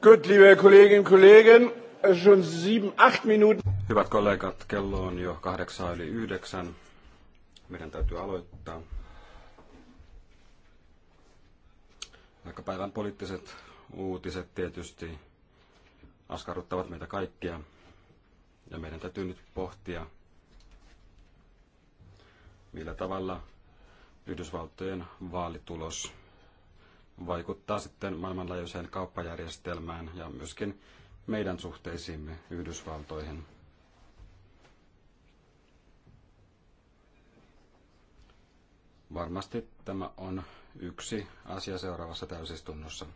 Good, liebe Kolleginnen und Kollegen, schon sieben, acht Minuten. Hyvät kollegat, kello on jo kahdeksan yli yhdeksän. Meidän täytyy aloittaa. Vaikka päivän poliittiset uutiset tietysti askarruttavat meitä kaikkia. Ja meidän täytyy nyt pohtia, millä tavalla Yhdysvaltojen vaalitulos vaikuttaa sitten maailmanlaajuiseen kauppajärjestelmään ja myöskin meidän suhteisiimme Yhdysvaltoihin. Varmasti tämä on yksi asia seuraavassa täysistunnossa.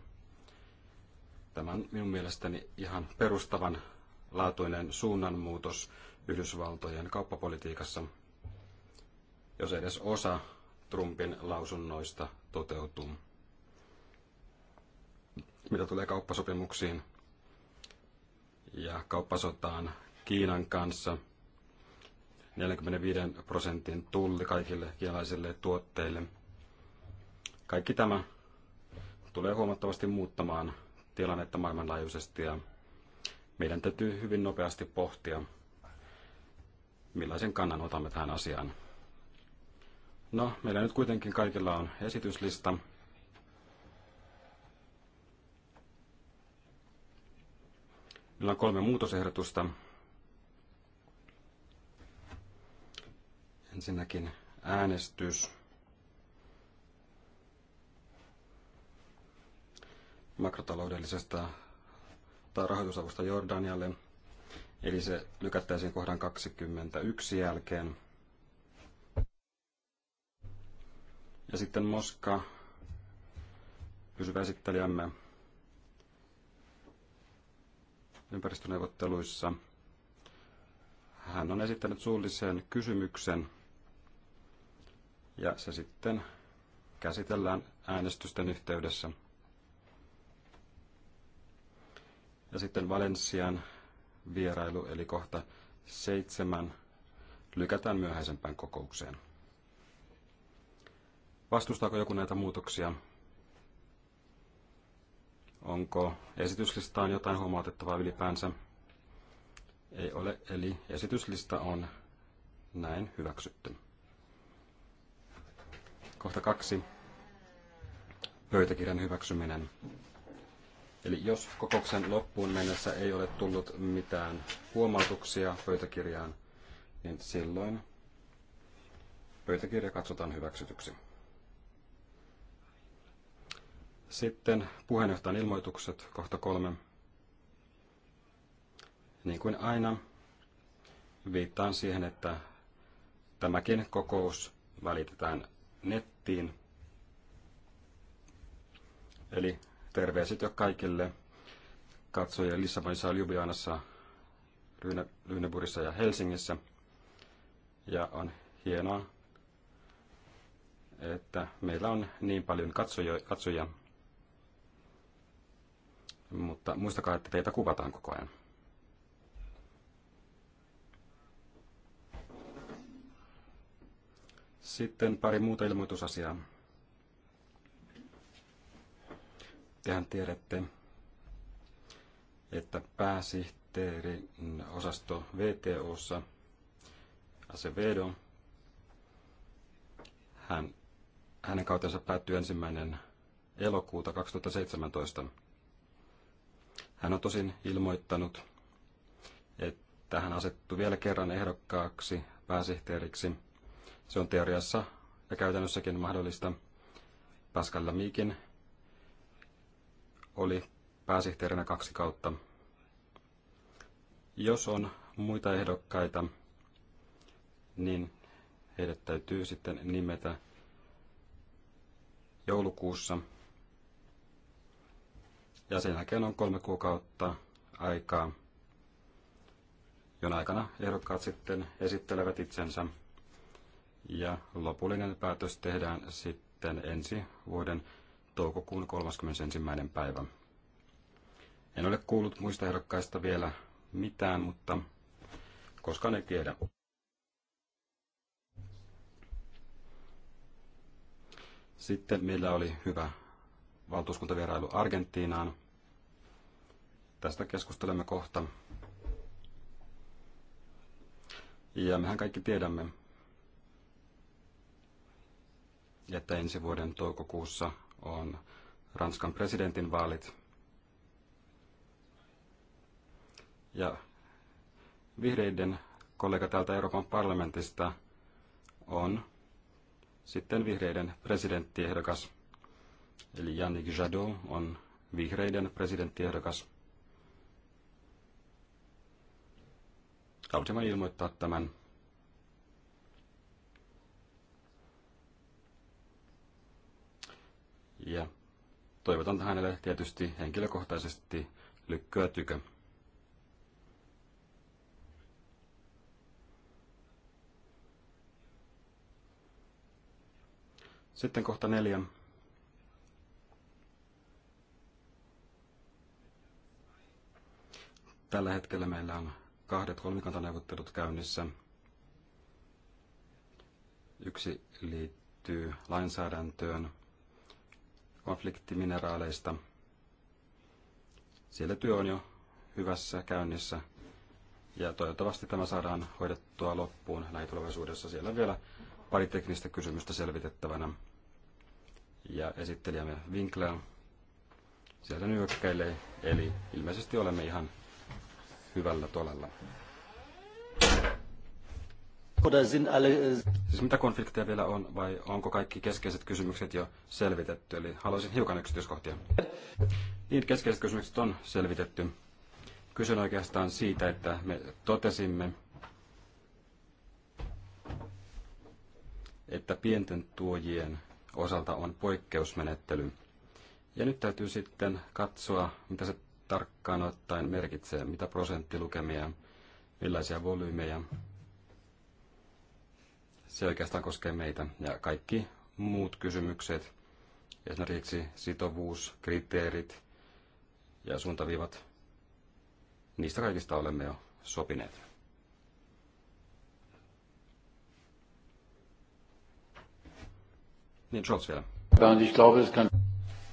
Tämä on minun mielestäni ihan perustavan laatuinen suunnanmuutos Yhdysvaltojen kauppapolitiikassa, jos edes osa Trumpin lausunnoista toteutuu mitä tulee kauppasopimuksiin ja kauppasotaan Kiinan kanssa. 45 prosentin tulli kaikille kielaisille tuotteille. Kaikki tämä tulee huomattavasti muuttamaan tilannetta maailmanlaajuisesti ja meidän täytyy hyvin nopeasti pohtia, millaisen kannan otamme tähän asiaan. No, meillä nyt kuitenkin kaikilla on esityslista, Meillä on kolme muutosehdotusta. Ensinnäkin äänestys. makrotaloudellisesta tai rahoitusavusta Jordanialle. Eli se lykättäisiin kohdan 21 jälkeen. Ja sitten Moska, pysyvä esittelijämme, ympäristöneuvotteluissa. Hän on esittänyt suullisen kysymyksen ja se sitten käsitellään äänestysten yhteydessä. Ja sitten Valensian vierailu, eli kohta seitsemän, lykätään myöhäisempään kokoukseen. Vastustaako joku näitä muutoksia? Onko esityslistaan jotain huomautettavaa ylipäänsä? Ei ole, eli esityslista on näin hyväksytty. Kohta kaksi. Pöytäkirjan hyväksyminen. Eli jos kokouksen loppuun mennessä ei ole tullut mitään huomautuksia pöytäkirjaan, niin silloin pöytäkirja katsotaan hyväksytyksi. Sitten puheenjohtajan ilmoitukset, kohta kolme. Niin kuin aina, viittaan siihen, että tämäkin kokous välitetään nettiin. Eli terveiset jo kaikille katsojille Lissabonissa, Ljubljanassa, Lyneburissa ja Helsingissä. Ja on hienoa, että meillä on niin paljon katsojia, katsojia mutta muistakaa, että teitä kuvataan koko ajan. Sitten pari muuta ilmoitusasiaa. Tehän tiedätte, että pääsihteerin osasto VTOssa, Asevedo, hän, hänen kautensa päättyy ensimmäinen elokuuta 2017. Hän on tosin ilmoittanut, että hän asettu vielä kerran ehdokkaaksi pääsihteeriksi. Se on teoriassa ja käytännössäkin mahdollista. Pascal Lamikin oli pääsihteerinä kaksi kautta. Jos on muita ehdokkaita, niin heidät täytyy sitten nimetä joulukuussa – ja sen jälkeen on kolme kuukautta aikaa, jona aikana ehdokkaat sitten esittelevät itsensä. Ja lopullinen päätös tehdään sitten ensi vuoden toukokuun 31. päivä. En ole kuullut muista ehdokkaista vielä mitään, mutta koska ne tiedä. Sitten meillä oli hyvä valtuuskuntavierailu Argentiinaan. Tästä keskustelemme kohta. Ja mehän kaikki tiedämme, että ensi vuoden toukokuussa on Ranskan presidentin vaalit. Ja vihreiden kollega täältä Euroopan parlamentista on sitten vihreiden presidenttiehdokas. Eli Yannick Jadot on vihreiden presidenttiehdokas. Halusimme ilmoittaa tämän. Ja toivotan hänelle tietysti henkilökohtaisesti lykkyä tykö. Sitten kohta neljä. Tällä hetkellä meillä on kahdet kolmikantaneuvottelut käynnissä. Yksi liittyy lainsäädäntöön konfliktimineraaleista. Siellä työ on jo hyvässä käynnissä ja toivottavasti tämä saadaan hoidettua loppuun lähitulevaisuudessa. Siellä on vielä pari teknistä kysymystä selvitettävänä. Ja esittelijämme Winkler siellä nyökkäilee, eli ilmeisesti olemme ihan hyvällä tolalla. Siis mitä konflikteja vielä on vai onko kaikki keskeiset kysymykset jo selvitetty? Eli haluaisin hiukan yksityiskohtia. Niin, keskeiset kysymykset on selvitetty. Kysyn oikeastaan siitä, että me totesimme, että pienten tuojien osalta on poikkeusmenettely. Ja nyt täytyy sitten katsoa, mitä se tarkkaan ottaen merkitsee, mitä prosenttilukemia, millaisia volyymeja. Se oikeastaan koskee meitä. Ja kaikki muut kysymykset, esimerkiksi sitovuus, kriteerit ja suuntaviivat, niistä kaikista olemme jo sopineet. Niin, Scholz vielä.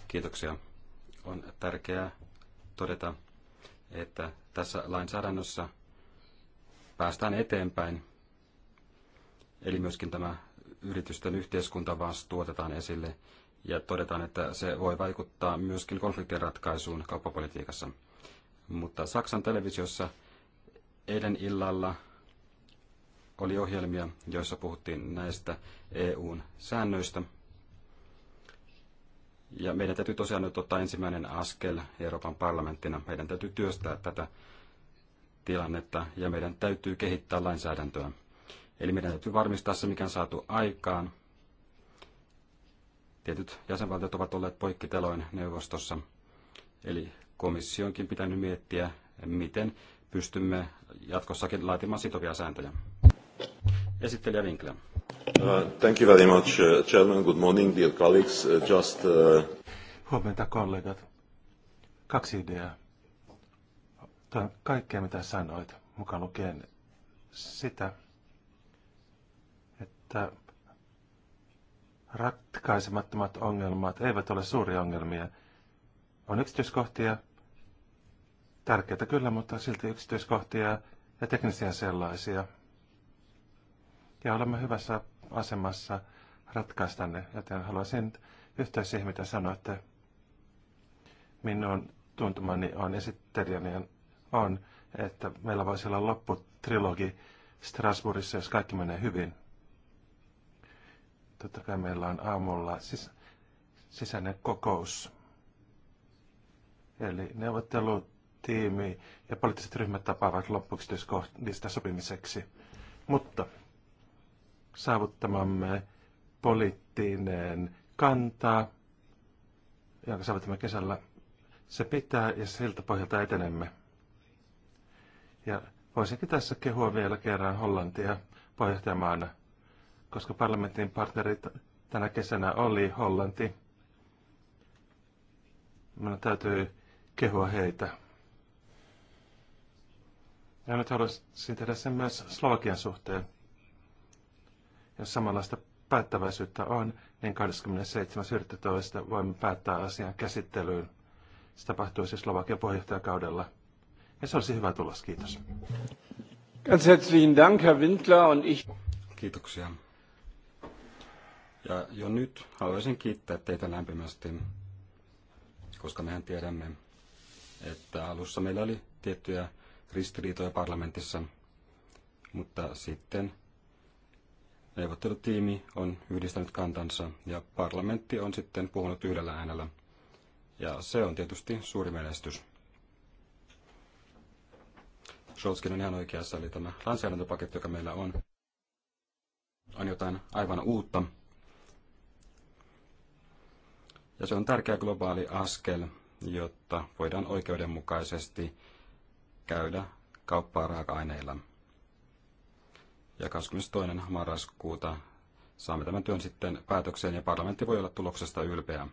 Kiitoksia. On tärkeää todeta, että tässä lainsäädännössä päästään eteenpäin. Eli myöskin tämä yritysten yhteiskuntavastuu otetaan esille ja todetaan, että se voi vaikuttaa myöskin konfliktien ratkaisuun kauppapolitiikassa. Mutta Saksan televisiossa eilen illalla oli ohjelmia, joissa puhuttiin näistä EUn säännöistä – ja meidän täytyy tosiaan nyt ottaa ensimmäinen askel Euroopan parlamenttina. Meidän täytyy työstää tätä tilannetta ja meidän täytyy kehittää lainsäädäntöä. Eli meidän täytyy varmistaa se, mikä on saatu aikaan. Tietyt jäsenvaltiot ovat olleet poikkiteloin neuvostossa. Eli komissionkin pitänyt miettiä, miten pystymme jatkossakin laatimaan sitovia sääntöjä. Esittelijä Winkler. Uh, thank you very much, uh, Chairman. Good morning, dear colleagues. Uh, just, uh... Huomenta, kollegat. Kaksi ideaa. on kaikkea, mitä sanoit, mukaan lukien sitä, että ratkaisemattomat ongelmat eivät ole suuria ongelmia. On yksityiskohtia, tärkeitä kyllä, mutta silti yksityiskohtia ja teknisiä sellaisia – ja olemme hyvässä asemassa ratkaista ne, joten haluaisin yhtyä siihen, mitä sanoitte. Minun tuntumani on esittelijäni on, että meillä voisi olla lopputrilogi Strasbourgissa, jos kaikki menee hyvin. Totta kai meillä on aamulla sis- sisäinen kokous. Eli neuvottelutiimi ja poliittiset ryhmät tapaavat loppuksi sopimiseksi. Mutta saavuttamamme poliittinen kanta, jonka saavutamme kesällä, se pitää ja siltä pohjalta etenemme. Ja voisinkin tässä kehua vielä kerran Hollantia puheenjohtajamaana, koska parlamentin partneri tänä kesänä oli Hollanti. Minun täytyy kehua heitä. Ja nyt haluaisin tehdä sen myös Slovakian suhteen. Jos samanlaista päättäväisyyttä on, niin 27.11. voimme päättää asian käsittelyyn. Se tapahtuu siis Slovakian puheenjohtajakaudella. Ja se olisi hyvä tulos. Kiitos. Ganz herzlichen Dank, Herr Windler und ich. Kiitoksia. Ja jo nyt haluaisin kiittää teitä lämpimästi, koska mehän tiedämme, että alussa meillä oli tiettyjä ristiriitoja parlamentissa, mutta sitten Neuvottelutiimi on yhdistänyt kantansa ja parlamentti on sitten puhunut yhdellä äänellä. Ja se on tietysti suuri menestys. Scholzkin on ihan oikeassa, eli tämä lainsäädäntöpaketti, joka meillä on, on jotain aivan uutta. Ja se on tärkeä globaali askel, jotta voidaan oikeudenmukaisesti käydä kauppaa raaka-aineilla ja 22. marraskuuta saamme tämän työn sitten päätökseen ja parlamentti voi olla tuloksesta ylpeä.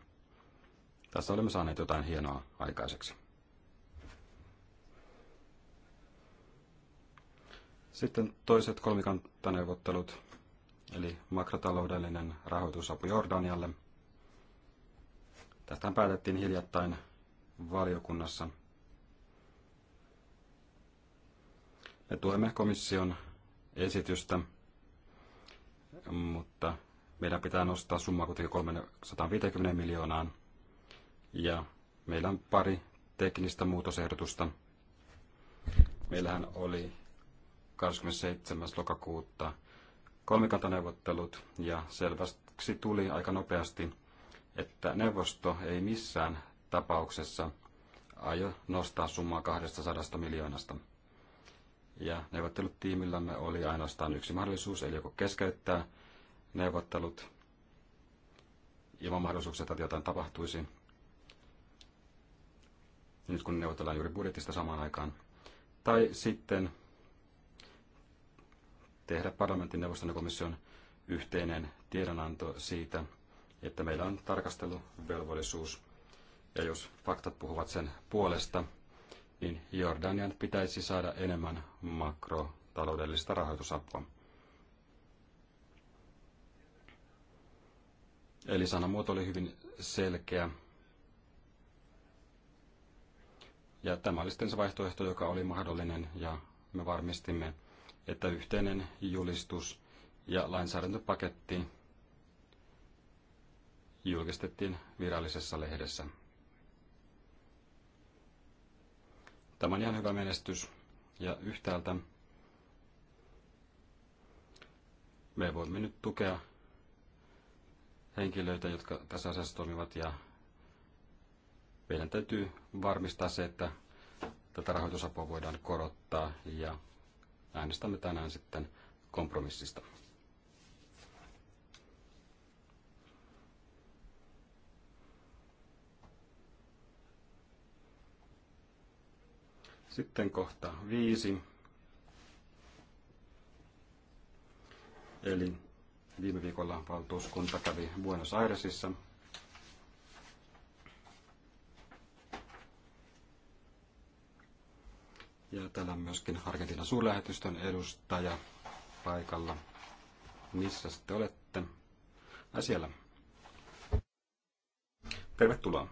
Tässä olemme saaneet jotain hienoa aikaiseksi. Sitten toiset kolmikantaneuvottelut, eli makrotaloudellinen rahoitusapu Jordanialle. Tästä päätettiin hiljattain valiokunnassa. Me tuemme komission esitystä, mutta meidän pitää nostaa summa kuitenkin 350 miljoonaan. Ja meillä on pari teknistä muutosehdotusta. Meillähän oli 27. lokakuuta kolmikantaneuvottelut ja selvästi tuli aika nopeasti, että neuvosto ei missään tapauksessa aio nostaa summaa 200 miljoonasta. Ja neuvottelutiimillämme oli ainoastaan yksi mahdollisuus, eli joko keskeyttää neuvottelut ilman mahdollisuuksia, että jotain tapahtuisi. nyt kun neuvotellaan juuri budjetista samaan aikaan. Tai sitten tehdä parlamentin neuvoston ja komission yhteinen tiedonanto siitä, että meillä on tarkasteluvelvollisuus. Ja jos faktat puhuvat sen puolesta, niin Jordanian pitäisi saada enemmän makrotaloudellista rahoitusapua. Eli sanamuoto oli hyvin selkeä. Ja tämä oli sitten se vaihtoehto, joka oli mahdollinen, ja me varmistimme, että yhteinen julistus ja lainsäädäntöpaketti julkistettiin virallisessa lehdessä. Tämä on ihan hyvä menestys ja yhtäältä me voimme nyt tukea henkilöitä, jotka tässä asiassa toimivat ja meidän täytyy varmistaa se, että tätä rahoitusapua voidaan korottaa ja äänestämme tänään sitten kompromissista. Sitten kohta viisi. Eli viime viikolla valtuuskunta kävi Buenos Airesissa. Ja täällä on myöskin Argentiinan suurlähetystön edustaja paikalla. Missä te olette? Ai siellä. Tervetuloa.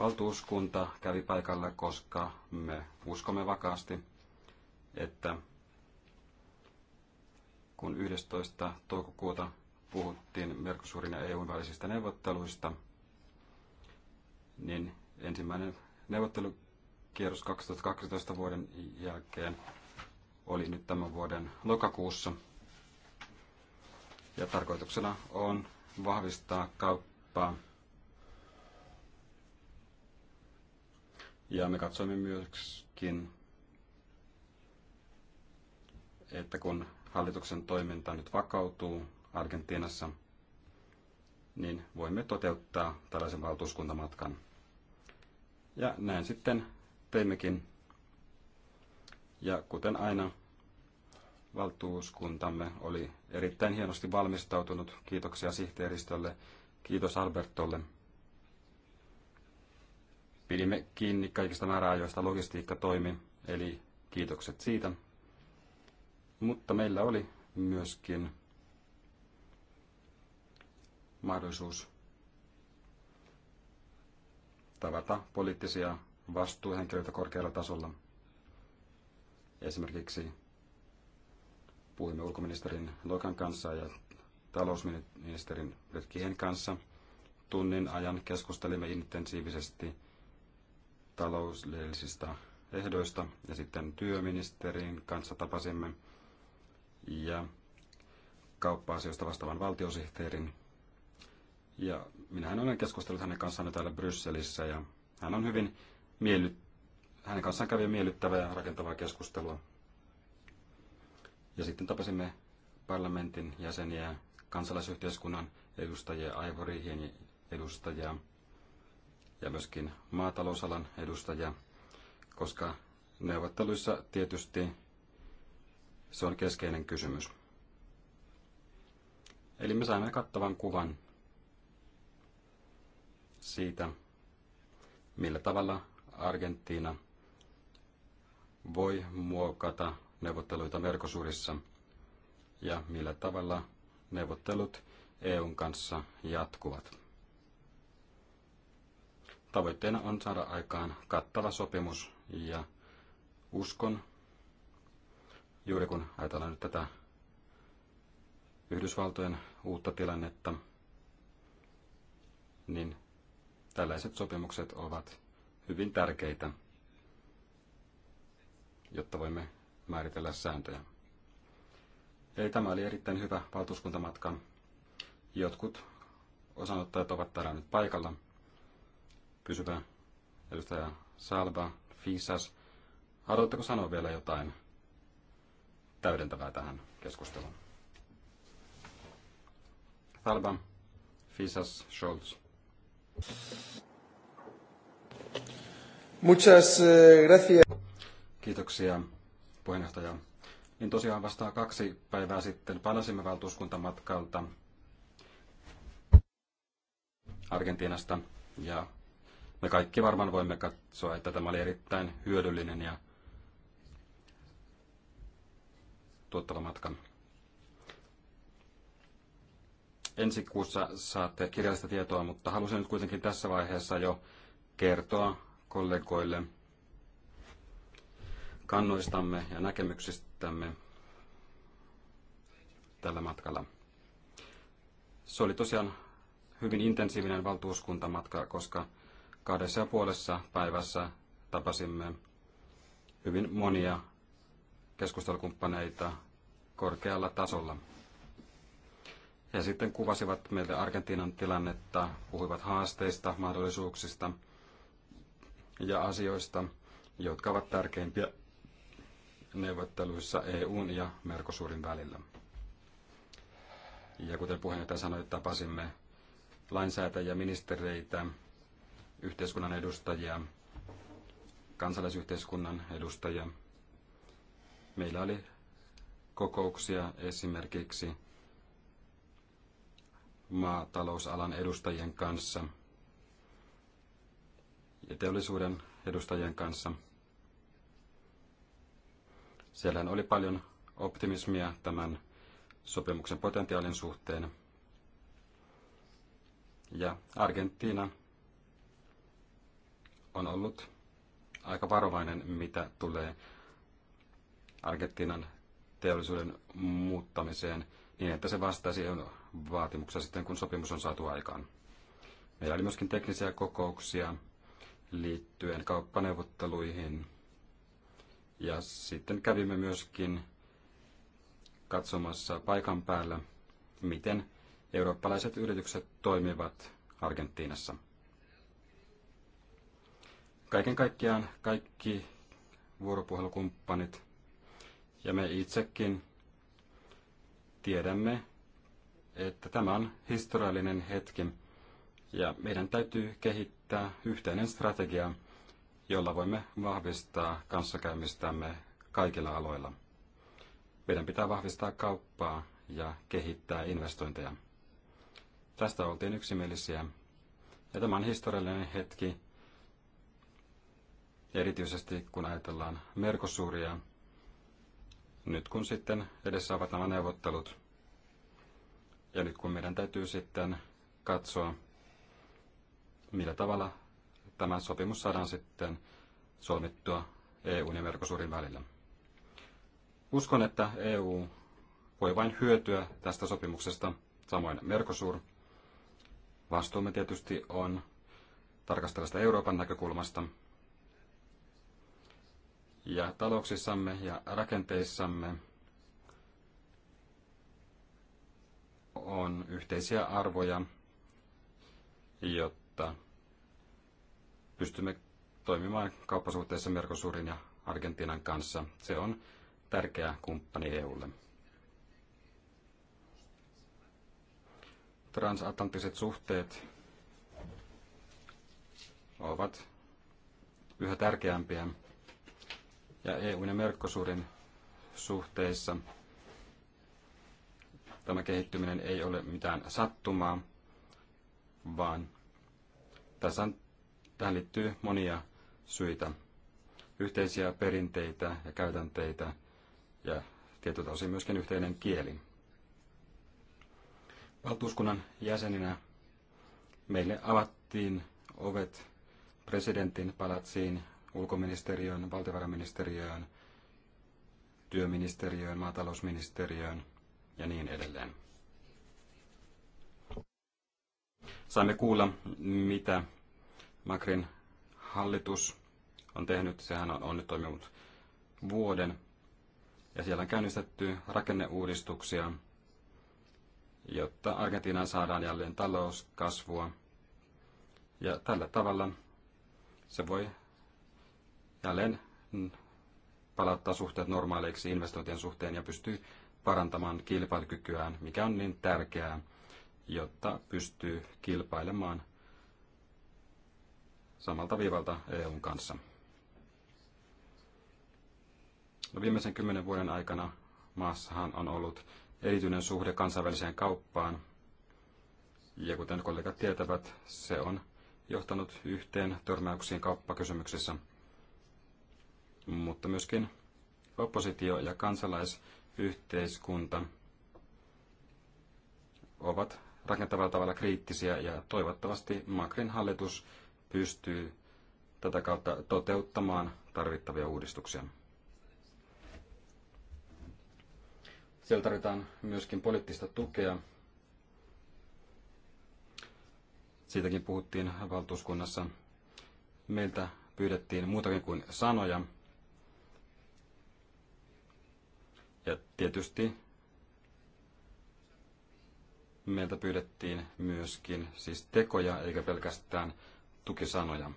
Valtuuskunta kävi paikalla, koska me uskomme vakaasti, että kun 11. toukokuuta puhuttiin Merkosurin ja EUn välisistä neuvotteluista, niin ensimmäinen neuvottelukierros 2012 vuoden jälkeen oli nyt tämän vuoden lokakuussa. Ja tarkoituksena on vahvistaa kauppaa Ja me katsoimme myöskin, että kun hallituksen toiminta nyt vakautuu Argentiinassa, niin voimme toteuttaa tällaisen valtuuskuntamatkan. Ja näin sitten teimmekin. Ja kuten aina, valtuuskuntamme oli erittäin hienosti valmistautunut. Kiitoksia sihteeristölle, kiitos Albertolle. Pidimme kiinni kaikista määräajoista logistiikka toimi, eli kiitokset siitä. Mutta meillä oli myöskin mahdollisuus tavata poliittisia vastuuhenkilöitä korkealla tasolla. Esimerkiksi puhuimme ulkoministerin Lokan kanssa ja talousministerin Rytkihen kanssa. Tunnin ajan keskustelimme intensiivisesti taloudellisista ehdoista ja sitten työministerin kanssa tapasimme ja kauppa-asioista vastaavan valtiosihteerin. Ja minähän olen keskustellut hänen kanssaan täällä Brysselissä ja hän on hyvin miellyt, hänen kanssaan kävi miellyttävää ja rakentavaa keskustelua. Ja sitten tapasimme parlamentin jäseniä, kansalaisyhteiskunnan edustajia, Aivoriihin edustajia, ja myöskin maatalousalan edustajia, koska neuvotteluissa tietysti se on keskeinen kysymys. Eli me saimme kattavan kuvan siitä, millä tavalla Argentiina voi muokata neuvotteluita Mercosurissa ja millä tavalla neuvottelut EUn kanssa jatkuvat. Tavoitteena on saada aikaan kattava sopimus ja uskon, juuri kun ajatellaan nyt tätä Yhdysvaltojen uutta tilannetta, niin tällaiset sopimukset ovat hyvin tärkeitä, jotta voimme määritellä sääntöjä. Eli tämä oli erittäin hyvä valtuuskuntamatka. Jotkut osanottajat ovat täällä nyt paikalla kysyvä edustaja Salva, Fisas. Haluatteko sanoa vielä jotain täydentävää tähän keskusteluun? Salva, Fisas, Scholz. Muchas eh, gracias. Kiitoksia puheenjohtaja. Niin tosiaan vastaan kaksi päivää sitten palasimme valtuuskuntamatkalta Argentiinasta ja me kaikki varmaan voimme katsoa, että tämä oli erittäin hyödyllinen ja tuottava matka. Ensi kuussa saatte kirjallista tietoa, mutta halusin nyt kuitenkin tässä vaiheessa jo kertoa kollegoille kannoistamme ja näkemyksistämme tällä matkalla. Se oli tosiaan hyvin intensiivinen valtuuskuntamatka, koska Kahdessa ja puolessa päivässä tapasimme hyvin monia keskustelukumppaneita korkealla tasolla. He sitten kuvasivat meiltä Argentiinan tilannetta, puhuivat haasteista, mahdollisuuksista ja asioista, jotka ovat tärkeimpiä neuvotteluissa EUn ja Mercosurin välillä. Ja kuten puheenjohtaja sanoi, tapasimme ministereitä, yhteiskunnan edustajia, kansalaisyhteiskunnan edustajia. Meillä oli kokouksia esimerkiksi maatalousalan edustajien kanssa ja teollisuuden edustajien kanssa. Siellä oli paljon optimismia tämän sopimuksen potentiaalin suhteen. Ja Argentiina on ollut aika varovainen, mitä tulee Argentiinan teollisuuden muuttamiseen niin, että se vastaisi vaatimuksia sitten, kun sopimus on saatu aikaan. Meillä oli myöskin teknisiä kokouksia liittyen kauppaneuvotteluihin. Ja sitten kävimme myöskin katsomassa paikan päällä, miten eurooppalaiset yritykset toimivat Argentiinassa. Kaiken kaikkiaan kaikki vuoropuhelukumppanit ja me itsekin tiedämme, että tämä on historiallinen hetki ja meidän täytyy kehittää yhteinen strategia, jolla voimme vahvistaa kanssakäymistämme kaikilla aloilla. Meidän pitää vahvistaa kauppaa ja kehittää investointeja. Tästä oltiin yksimielisiä. Ja tämä on historiallinen hetki, erityisesti kun ajatellaan Merkosuuria, nyt kun sitten edessä ovat nämä neuvottelut, ja nyt kun meidän täytyy sitten katsoa, millä tavalla tämä sopimus saadaan sitten solmittua EUn ja Merkosuurin välillä. Uskon, että EU voi vain hyötyä tästä sopimuksesta, samoin Merkosuur. Vastuumme tietysti on tarkastella sitä Euroopan näkökulmasta – ja talouksissamme ja rakenteissamme on yhteisiä arvoja, jotta pystymme toimimaan kauppasuhteessa Mercosurin ja Argentiinan kanssa. Se on tärkeä kumppani EUlle. Transatlanttiset suhteet ovat yhä tärkeämpiä ja EUn ja Merkosurin suhteissa tämä kehittyminen ei ole mitään sattumaa, vaan tässä on, tähän liittyy monia syitä, yhteisiä perinteitä ja käytänteitä ja tietyltä osin myöskin yhteinen kieli. Valtuuskunnan jäseninä meille avattiin ovet presidentin palatsiin ulkoministeriöön, valtiovarainministeriöön, työministeriöön, maatalousministeriöön ja niin edelleen. Saimme kuulla, mitä Makrin hallitus on tehnyt. Sehän on, on nyt toiminut vuoden. Ja siellä on käynnistetty rakenneuudistuksia, jotta Argentiinaan saadaan jälleen talouskasvua. Ja tällä tavalla se voi jälleen palauttaa suhteet normaaleiksi investointien suhteen ja pystyy parantamaan kilpailukykyään, mikä on niin tärkeää, jotta pystyy kilpailemaan samalta viivalta EUn kanssa. No viimeisen kymmenen vuoden aikana maassahan on ollut erityinen suhde kansainväliseen kauppaan, ja kuten kollegat tietävät, se on johtanut yhteen törmäyksiin kauppakysymyksissä – mutta myöskin oppositio ja kansalaisyhteiskunta ovat rakentavalla tavalla kriittisiä ja toivottavasti Makrin hallitus pystyy tätä kautta toteuttamaan tarvittavia uudistuksia. Siellä tarvitaan myöskin poliittista tukea. Siitäkin puhuttiin valtuuskunnassa. Meiltä pyydettiin muutakin kuin sanoja, Ja tietysti meiltä pyydettiin myöskin siis tekoja eikä pelkästään tukisanoja.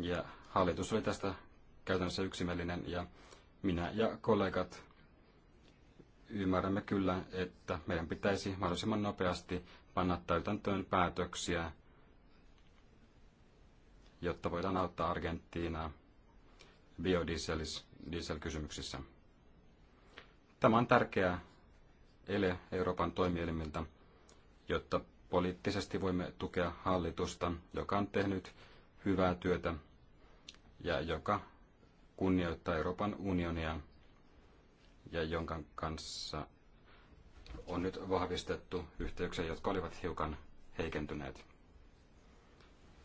Ja hallitus oli tästä käytännössä yksimielinen ja minä ja kollegat ymmärrämme kyllä, että meidän pitäisi mahdollisimman nopeasti panna täytäntöön päätöksiä, jotta voidaan auttaa Argentiinaa biodieselkysymyksissä. Tämä on tärkeä ele Euroopan toimielimiltä, jotta poliittisesti voimme tukea hallitusta, joka on tehnyt hyvää työtä ja joka kunnioittaa Euroopan unionia ja jonka kanssa on nyt vahvistettu yhteyksiä, jotka olivat hiukan heikentyneet.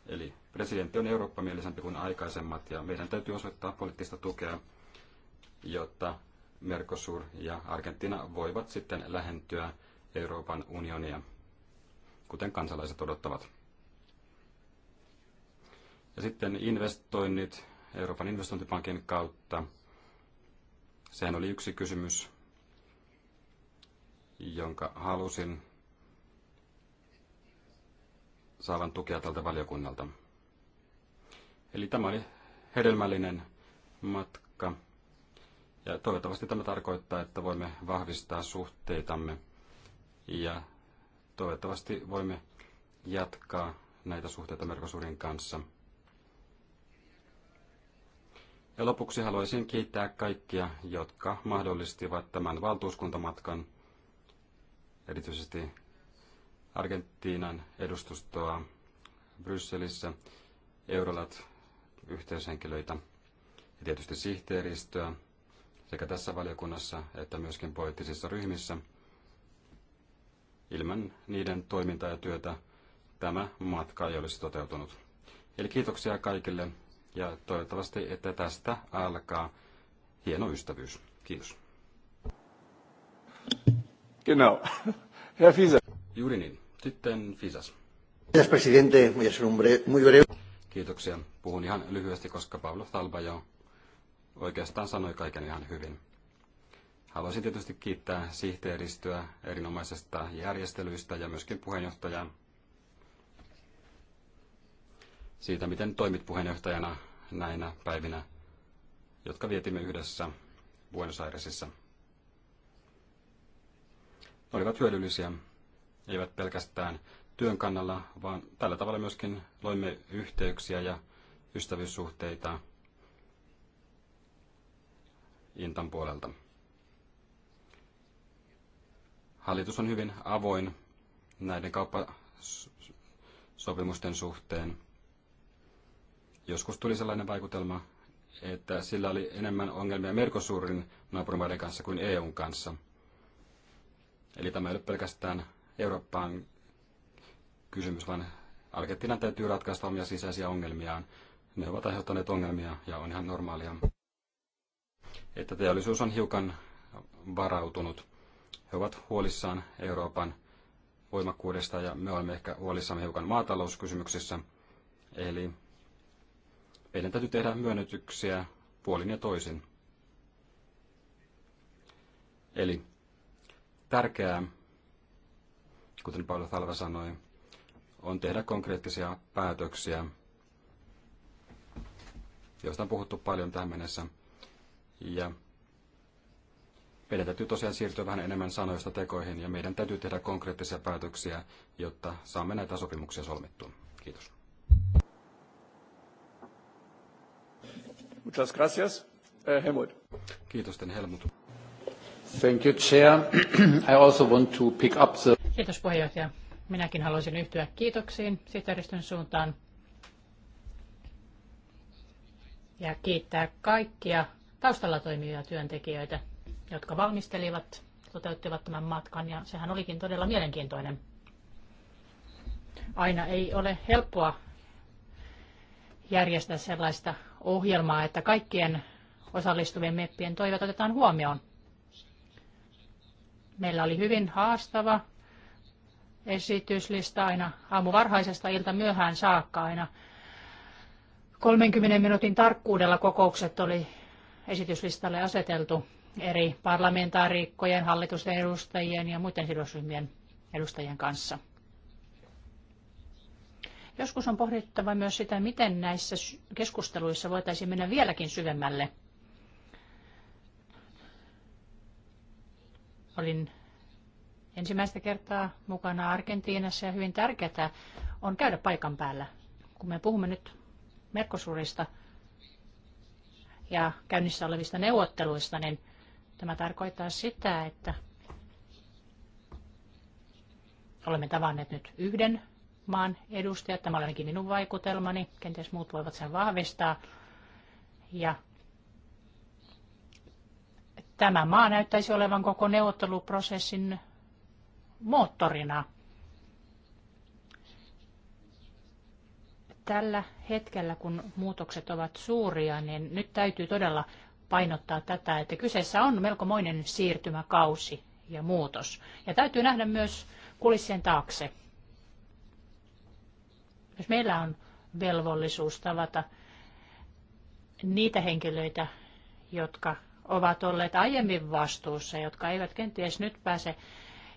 Eli presidentti on eurooppamielisempi kuin aikaisemmat ja meidän täytyy osoittaa poliittista tukea, jotta Mercosur ja Argentiina voivat sitten lähentyä Euroopan unionia, kuten kansalaiset odottavat. Ja sitten investoinnit Euroopan investointipankin kautta. Sehän oli yksi kysymys, jonka halusin saavan tukea tältä valiokunnalta. Eli tämä oli hedelmällinen matka. Ja toivottavasti tämä tarkoittaa, että voimme vahvistaa suhteitamme ja toivottavasti voimme jatkaa näitä suhteita Merkosurin kanssa. Ja lopuksi haluaisin kiittää kaikkia, jotka mahdollistivat tämän valtuuskuntamatkan, erityisesti Argentiinan edustustoa Brysselissä, Eurolat yhteyshenkilöitä ja tietysti sihteeristöä sekä tässä valiokunnassa että myöskin poliittisissa ryhmissä. Ilman niiden toimintaa ja työtä tämä matka ei olisi toteutunut. Eli kiitoksia kaikille ja toivottavasti, että tästä alkaa hieno ystävyys. Kiitos. Genau. Herr Fieser. Juuri niin. Sitten Fisas. Kiitos presidente, muy breve. Kiitoksia. Puhun ihan lyhyesti, koska Pablo Talba jo oikeastaan sanoi kaiken ihan hyvin. Haluaisin tietysti kiittää sihteeristöä erinomaisesta järjestelyistä ja myöskin puheenjohtajaa siitä, miten toimit puheenjohtajana näinä päivinä, jotka vietimme yhdessä Buenos Airesissa. Ne olivat hyödyllisiä eivät pelkästään työn kannalla, vaan tällä tavalla myöskin loimme yhteyksiä ja ystävyyssuhteita Intan puolelta. Hallitus on hyvin avoin näiden kauppasopimusten suhteen. Joskus tuli sellainen vaikutelma, että sillä oli enemmän ongelmia merkosuurin naapurimaiden kanssa kuin EUn kanssa. Eli tämä ei ole pelkästään Eurooppaan kysymys, vaan Argentiinan täytyy ratkaista omia sisäisiä ongelmiaan. Ne ovat aiheuttaneet ongelmia ja on ihan normaalia, että teollisuus on hiukan varautunut. He ovat huolissaan Euroopan voimakkuudesta ja me olemme ehkä huolissamme hiukan maatalouskysymyksissä. Eli meidän täytyy tehdä myönnytyksiä puolin ja toisin. Eli tärkeää kuten Paolo Talva sanoi, on tehdä konkreettisia päätöksiä, joista on puhuttu paljon tähän mennessä. Ja meidän täytyy tosiaan siirtyä vähän enemmän sanoista tekoihin ja meidän täytyy tehdä konkreettisia päätöksiä, jotta saamme näitä sopimuksia solmittua. Kiitos. Muchas gracias. Eh, Helmut. Kiitos, Helmut. Thank you, Chair. I also want to pick up the Kiitos puheenjohtaja. Minäkin haluaisin yhtyä kiitoksiin sihteeristön suuntaan ja kiittää kaikkia taustalla toimivia työntekijöitä, jotka valmistelivat, toteuttivat tämän matkan ja sehän olikin todella mielenkiintoinen. Aina ei ole helppoa järjestää sellaista ohjelmaa, että kaikkien osallistuvien meppien toivot otetaan huomioon. Meillä oli hyvin haastava esityslista aina aamuvarhaisesta ilta myöhään saakka aina. 30 minuutin tarkkuudella kokoukset oli esityslistalle aseteltu eri parlamentaarikkojen, hallitusten edustajien ja muiden sidosryhmien edustajien kanssa. Joskus on pohdittava myös sitä, miten näissä keskusteluissa voitaisiin mennä vieläkin syvemmälle. Olin ensimmäistä kertaa mukana Argentiinassa ja hyvin tärkeää on käydä paikan päällä. Kun me puhumme nyt Mercosurista ja käynnissä olevista neuvotteluista, niin tämä tarkoittaa sitä, että olemme tavanneet nyt yhden maan edustajat. Tämä oli ainakin minun vaikutelmani. Kenties muut voivat sen vahvistaa. Ja tämä maa näyttäisi olevan koko neuvotteluprosessin moottorina. Tällä hetkellä, kun muutokset ovat suuria, niin nyt täytyy todella painottaa tätä, että kyseessä on melkomoinen siirtymäkausi ja muutos. Ja täytyy nähdä myös kulissien taakse. Jos meillä on velvollisuus tavata niitä henkilöitä, jotka ovat olleet aiemmin vastuussa, jotka eivät kenties nyt pääse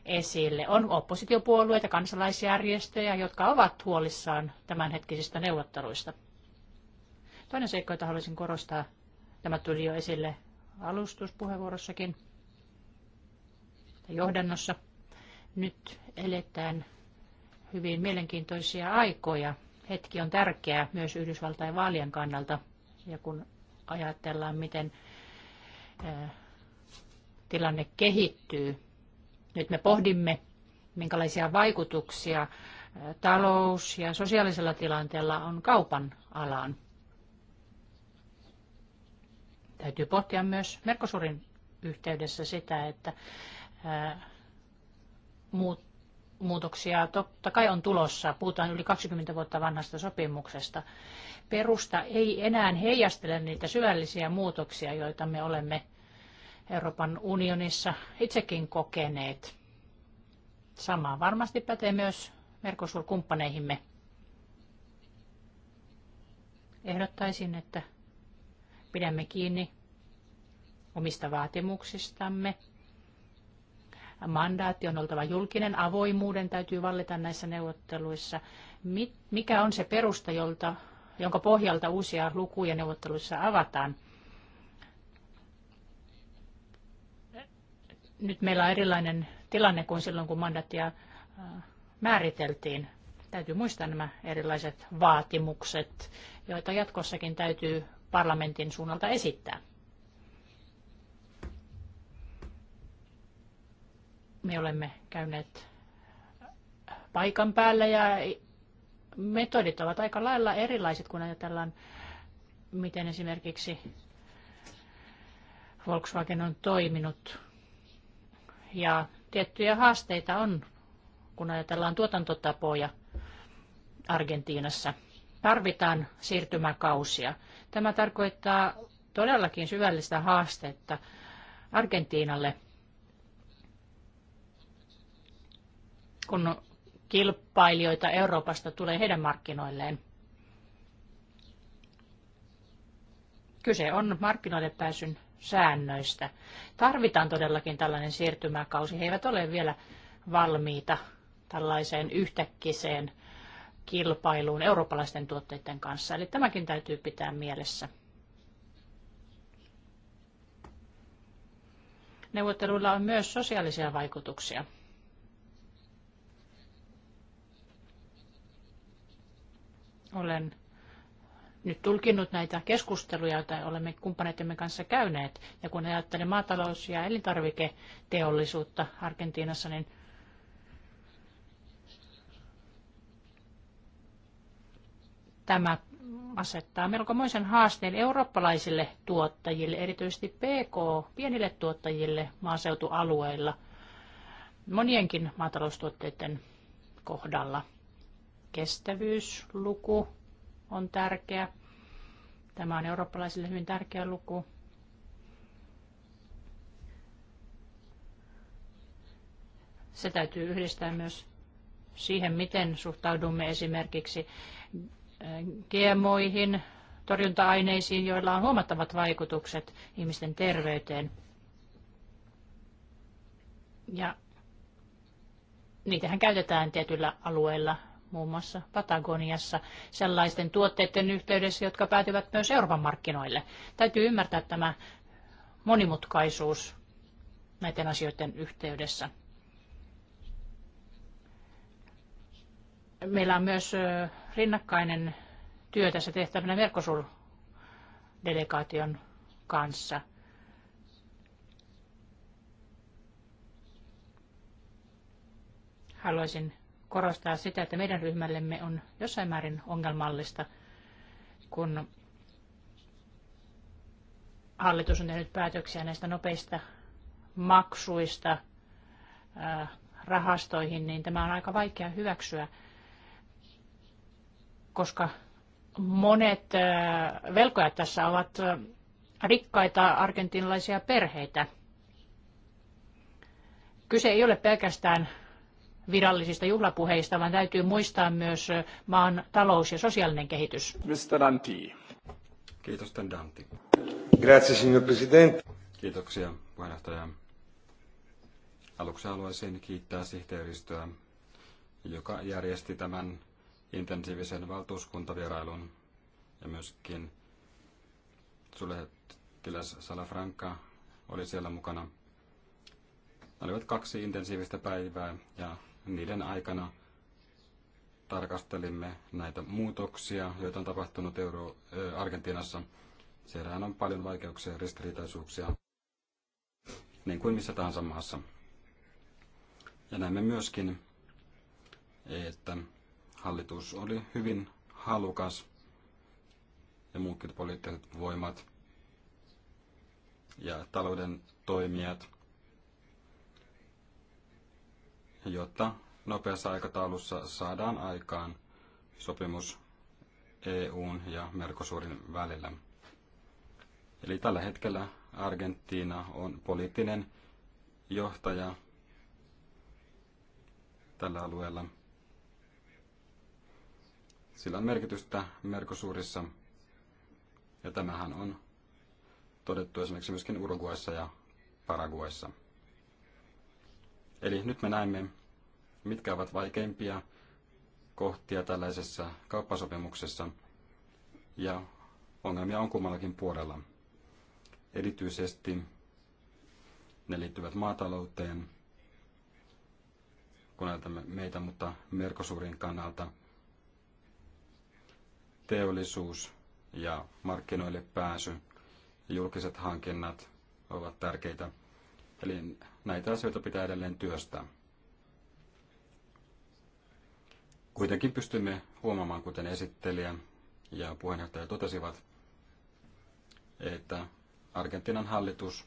esille. On oppositiopuolueita, kansalaisjärjestöjä, jotka ovat huolissaan tämänhetkisistä neuvotteluista. Toinen seikka, jota haluaisin korostaa, tämä tuli jo esille alustuspuheenvuorossakin johdannossa. Nyt eletään hyvin mielenkiintoisia aikoja. Hetki on tärkeä myös Yhdysvaltain vaalien kannalta. Ja kun ajatellaan, miten eh, tilanne kehittyy, nyt me pohdimme, minkälaisia vaikutuksia talous- ja sosiaalisella tilanteella on kaupan alaan. Täytyy pohtia myös Merkosurin yhteydessä sitä, että muutoksia totta kai on tulossa. Puhutaan yli 20 vuotta vanhasta sopimuksesta. Perusta ei enää heijastele niitä syvällisiä muutoksia, joita me olemme Euroopan unionissa itsekin kokeneet. Sama varmasti pätee myös Mercosur-kumppaneihimme. Ehdottaisin, että pidämme kiinni omista vaatimuksistamme. Mandaatti on oltava julkinen, avoimuuden täytyy vallita näissä neuvotteluissa. Mikä on se perusta, jolta, jonka pohjalta uusia lukuja neuvotteluissa avataan? Nyt meillä on erilainen tilanne kuin silloin, kun mandaattia määriteltiin. Täytyy muistaa nämä erilaiset vaatimukset, joita jatkossakin täytyy parlamentin suunnalta esittää. Me olemme käyneet paikan päällä ja metodit ovat aika lailla erilaiset, kun ajatellaan, miten esimerkiksi Volkswagen on toiminut ja tiettyjä haasteita on, kun ajatellaan tuotantotapoja Argentiinassa. Tarvitaan siirtymäkausia. Tämä tarkoittaa todellakin syvällistä haastetta Argentiinalle, kun kilpailijoita Euroopasta tulee heidän markkinoilleen. Kyse on markkinoille pääsyn säännöistä. Tarvitaan todellakin tällainen siirtymäkausi. He eivät ole vielä valmiita tällaiseen yhtäkkiseen kilpailuun eurooppalaisten tuotteiden kanssa. Eli tämäkin täytyy pitää mielessä. Neuvotteluilla on myös sosiaalisia vaikutuksia. Olen nyt tulkinnut näitä keskusteluja, joita olemme kumppaneitemme kanssa käyneet. Ja kun ajattelen maatalous- ja elintarviketeollisuutta Argentiinassa, niin tämä asettaa melkomoisen haasteen eurooppalaisille tuottajille, erityisesti PK, pienille tuottajille maaseutualueilla, monienkin maataloustuotteiden kohdalla. Kestävyysluku on tärkeä. Tämä on eurooppalaisille hyvin tärkeä luku. Se täytyy yhdistää myös siihen, miten suhtaudumme esimerkiksi eh, GMOihin, torjunta-aineisiin, joilla on huomattavat vaikutukset ihmisten terveyteen. Ja niitähän käytetään tietyillä alueilla muun muassa Patagoniassa sellaisten tuotteiden yhteydessä, jotka päätyvät myös Euroopan markkinoille. Täytyy ymmärtää tämä monimutkaisuus näiden asioiden yhteydessä. Meillä on myös rinnakkainen työ tässä tehtävänä Mercosur-delegaation kanssa. Haluaisin korostaa sitä, että meidän ryhmällemme on jossain määrin ongelmallista, kun hallitus on tehnyt päätöksiä näistä nopeista maksuista äh, rahastoihin, niin tämä on aika vaikea hyväksyä, koska monet äh, velkojat tässä ovat äh, rikkaita argentinlaisia perheitä. Kyse ei ole pelkästään virallisista juhlapuheista, vaan täytyy muistaa myös maan talous ja sosiaalinen kehitys. Mr. Danti. Kiitos, Danti. Grazie, signor Presidente. Kiitoksia, puheenjohtaja. Aluksi haluaisin kiittää sihteeristöä, joka järjesti tämän intensiivisen valtuuskuntavierailun ja myöskin suurlähettiläs Salafranca oli siellä mukana. Ne olivat kaksi intensiivistä päivää ja niiden aikana tarkastelimme näitä muutoksia, joita on tapahtunut Euro- Argentiinassa. Siellähän on paljon vaikeuksia ja ristiriitaisuuksia, niin kuin missä tahansa maassa. Ja näemme myöskin, että hallitus oli hyvin halukas ja muutkin poliittiset voimat ja talouden toimijat jotta nopeassa aikataulussa saadaan aikaan sopimus EUn ja Mercosurin välillä. Eli tällä hetkellä Argentiina on poliittinen johtaja tällä alueella. Sillä on merkitystä Mercosurissa ja tämähän on todettu esimerkiksi myöskin Uruguayssa ja Paraguayssa. Eli nyt me näemme, mitkä ovat vaikeimpia kohtia tällaisessa kauppasopimuksessa, ja ongelmia on kummallakin puolella. Erityisesti ne liittyvät maatalouteen, kun näytämme meitä, mutta Merkosuurin kannalta teollisuus ja markkinoille pääsy ja julkiset hankinnat ovat tärkeitä. Eli näitä asioita pitää edelleen työstää. Kuitenkin pystymme huomaamaan, kuten esittelijä ja puheenjohtaja totesivat, että Argentiinan hallitus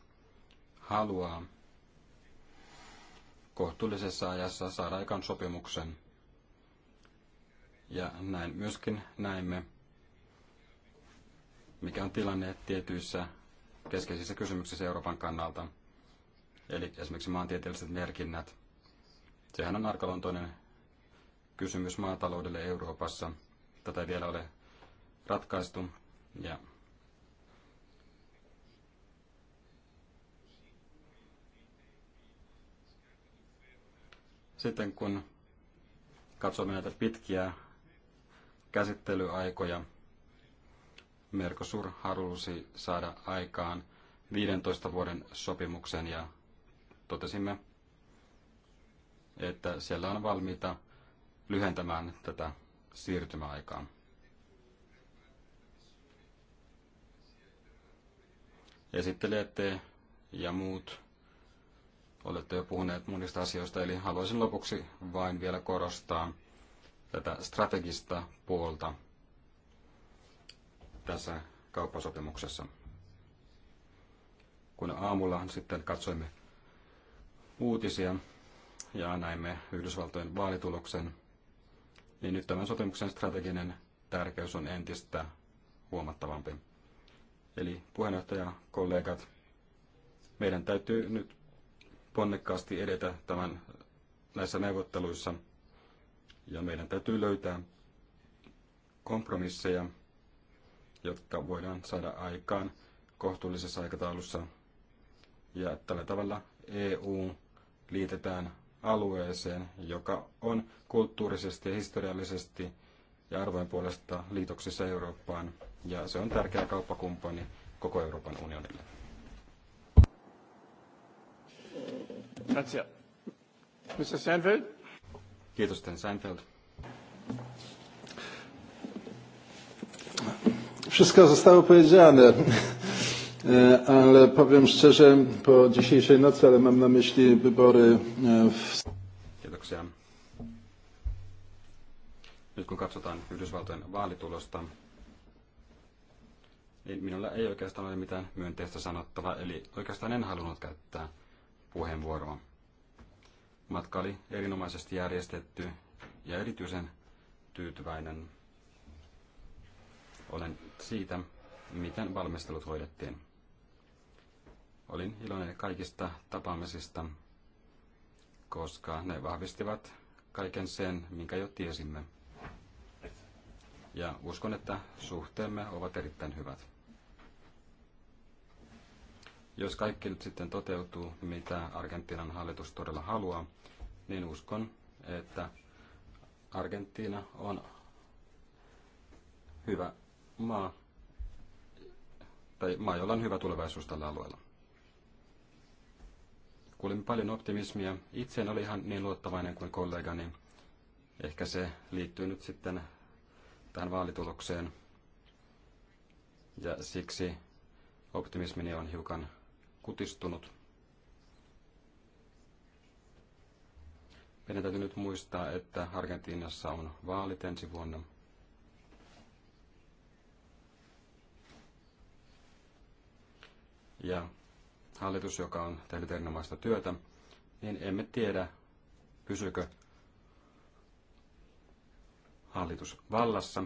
haluaa kohtuullisessa ajassa saada aikaan sopimuksen. Ja näin myöskin näemme, mikä on tilanne tietyissä keskeisissä kysymyksissä Euroopan kannalta – Eli esimerkiksi maantieteelliset merkinnät. Sehän on arkaluontoinen kysymys maataloudelle Euroopassa. Tätä ei vielä ole ratkaistu. Ja sitten kun katsomme näitä pitkiä käsittelyaikoja, Mercosur halusi saada aikaan 15 vuoden sopimuksen ja totesimme, että siellä on valmiita lyhentämään tätä siirtymäaikaa. Esittelijätte ja muut olette jo puhuneet monista asioista, eli haluaisin lopuksi vain vielä korostaa tätä strategista puolta tässä kauppasopimuksessa. Kun aamulla sitten katsoimme uutisia ja näimme Yhdysvaltojen vaalituloksen, niin nyt tämän sopimuksen strateginen tärkeys on entistä huomattavampi. Eli puheenjohtaja, kollegat, meidän täytyy nyt ponnekkaasti edetä tämän, näissä neuvotteluissa ja meidän täytyy löytää kompromisseja, jotka voidaan saada aikaan kohtuullisessa aikataulussa. Ja tällä tavalla EU liitetään alueeseen, joka on kulttuurisesti ja historiallisesti ja arvojen puolesta liitoksissa Eurooppaan, ja se on tärkeä kauppakumppani koko Euroopan unionille. Kiitoksia. Mr. Seinfeld. Kiitos, Sten Seinfeld. Wszystko zostało powiedziane. E, ale powiem szczerze po dzisiejszej nocy, ale mam na myśli wybory e, w... Kiitoksia. Nyt kun katsotaan Yhdysvaltojen vaalitulosta, niin minulla ei oikeastaan ole mitään myönteistä sanottavaa, eli oikeastaan en halunnut käyttää puheenvuoroa. Matka oli erinomaisesti järjestetty ja erityisen tyytyväinen olen siitä, miten valmistelut hoidettiin. Olin iloinen kaikista tapaamisista, koska ne vahvistivat kaiken sen, minkä jo tiesimme. Ja uskon, että suhteemme ovat erittäin hyvät. Jos kaikki nyt sitten toteutuu, mitä Argentiinan hallitus todella haluaa, niin uskon, että Argentiina on hyvä maa, tai maa, jolla on hyvä tulevaisuus tällä alueella kuulin paljon optimismia. Itse en ole ihan niin luottavainen kuin kollegani. Ehkä se liittyy nyt sitten tähän vaalitulokseen. Ja siksi optimismini on hiukan kutistunut. Meidän täytyy nyt muistaa, että Argentiinassa on vaalit ensi vuonna. Ja hallitus, joka on tehnyt erinomaista työtä, niin emme tiedä, pysykö hallitus vallassa.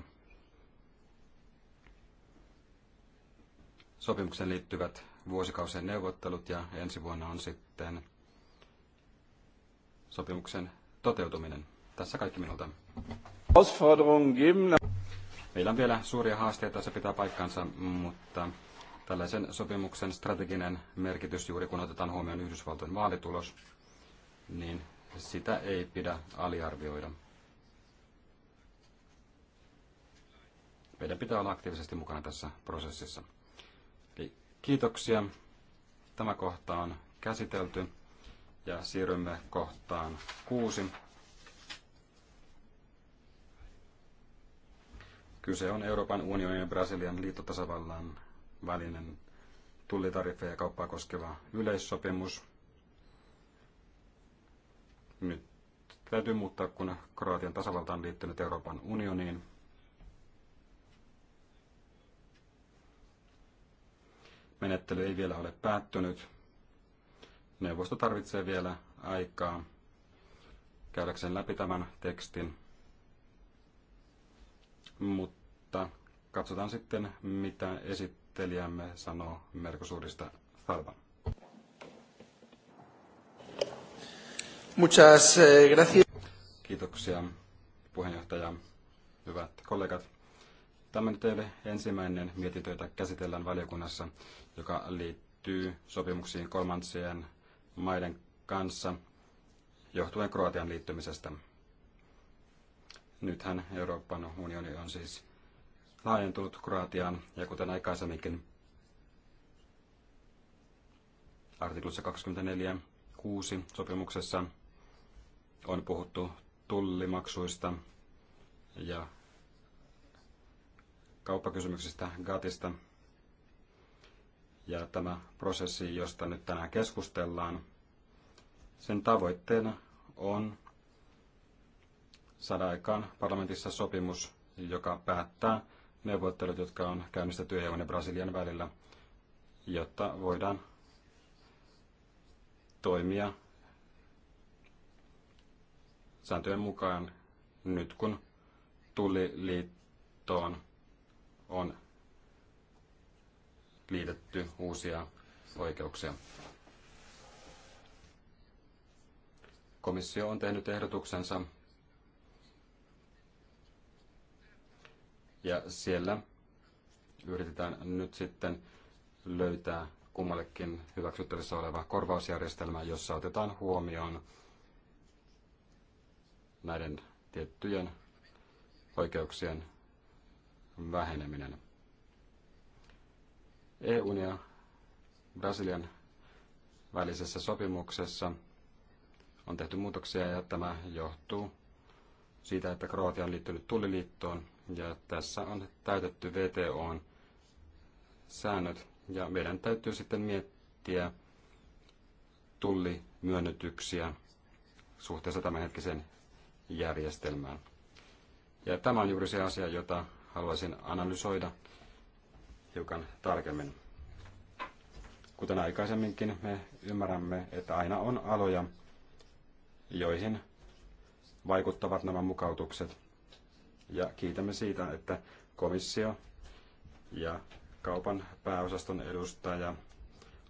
Sopimukseen liittyvät vuosikausien neuvottelut ja ensi vuonna on sitten sopimuksen toteutuminen. Tässä kaikki minulta. Meillä on vielä suuria haasteita, se pitää paikkansa, mutta Tällaisen sopimuksen strateginen merkitys juuri kun otetaan huomioon Yhdysvaltojen vaalitulos, niin sitä ei pidä aliarvioida. Meidän pitää olla aktiivisesti mukana tässä prosessissa. Eli kiitoksia. Tämä kohta on käsitelty ja siirrymme kohtaan kuusi. Kyse on Euroopan unionin ja Brasilian liittotasavallan välinen tullitariffeja ja kauppaa koskeva yleissopimus. Nyt täytyy muuttaa, kun Kroatian tasavalta on liittynyt Euroopan unioniin. Menettely ei vielä ole päättynyt. Neuvosto tarvitsee vielä aikaa käydäkseen läpi tämän tekstin. Mutta katsotaan sitten, mitä esittää esittelijämme sanoo Mercosurista Salva. Muchas eh, gracias. Kiitoksia puheenjohtaja, hyvät kollegat. Tämä nyt teille ensimmäinen mietintö, jota käsitellään valiokunnassa, joka liittyy sopimuksiin kolmansien maiden kanssa johtuen Kroatian liittymisestä. Nythän Euroopan unioni on siis laajentunut Kroatiaan ja kuten aikaisemminkin artiklussa 24.6 sopimuksessa on puhuttu tullimaksuista ja kauppakysymyksistä GATista. Ja tämä prosessi, josta nyt tänään keskustellaan, sen tavoitteena on saada aikaan parlamentissa sopimus, joka päättää neuvottelut, jotka on käynnistetty EUn ja Brasilian välillä, jotta voidaan toimia sääntöjen mukaan nyt kun tulliliittoon on liitetty uusia oikeuksia. Komissio on tehnyt ehdotuksensa Ja siellä yritetään nyt sitten löytää kummallekin hyväksyttävissä oleva korvausjärjestelmä, jossa otetaan huomioon näiden tiettyjen oikeuksien väheneminen. EUn ja Brasilian välisessä sopimuksessa on tehty muutoksia ja tämä johtuu siitä, että Kroatia on liittynyt tulliliittoon ja tässä on täytetty VTOn säännöt ja meidän täytyy sitten miettiä tullimyönnytyksiä suhteessa tämänhetkiseen järjestelmään. Ja tämä on juuri se asia, jota haluaisin analysoida hiukan tarkemmin. Kuten aikaisemminkin, me ymmärrämme, että aina on aloja, joihin vaikuttavat nämä mukautukset. Ja kiitämme siitä, että komissio ja kaupan pääosaston edustaja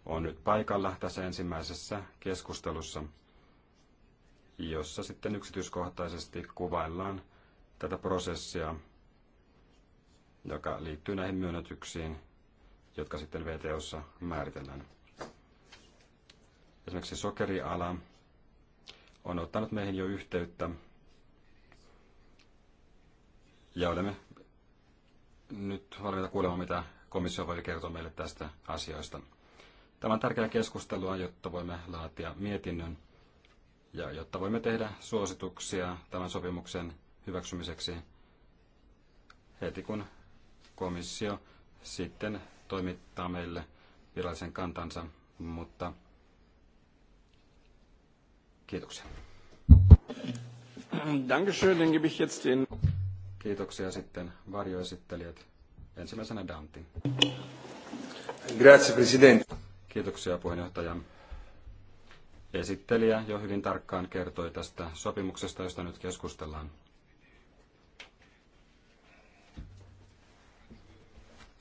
on nyt paikalla tässä ensimmäisessä keskustelussa, jossa sitten yksityiskohtaisesti kuvaillaan tätä prosessia, joka liittyy näihin myönnytyksiin, jotka sitten VTOssa määritellään. Esimerkiksi sokeriala on ottanut meihin jo yhteyttä ja olemme nyt valmiita kuulemaan, mitä komissio voi kertoa meille tästä asioista. Tämä on tärkeää keskustelua, jotta voimme laatia mietinnön ja jotta voimme tehdä suosituksia tämän sopimuksen hyväksymiseksi heti kun komissio sitten toimittaa meille virallisen kantansa, mutta kiitoksia. Dankeschön, den gebe ich jetzt den... Kiitoksia sitten varjoesittelijät. Ensimmäisenä Dantti. Grazie, Presidente. Kiitoksia puheenjohtaja. Esittelijä jo hyvin tarkkaan kertoi tästä sopimuksesta, josta nyt keskustellaan.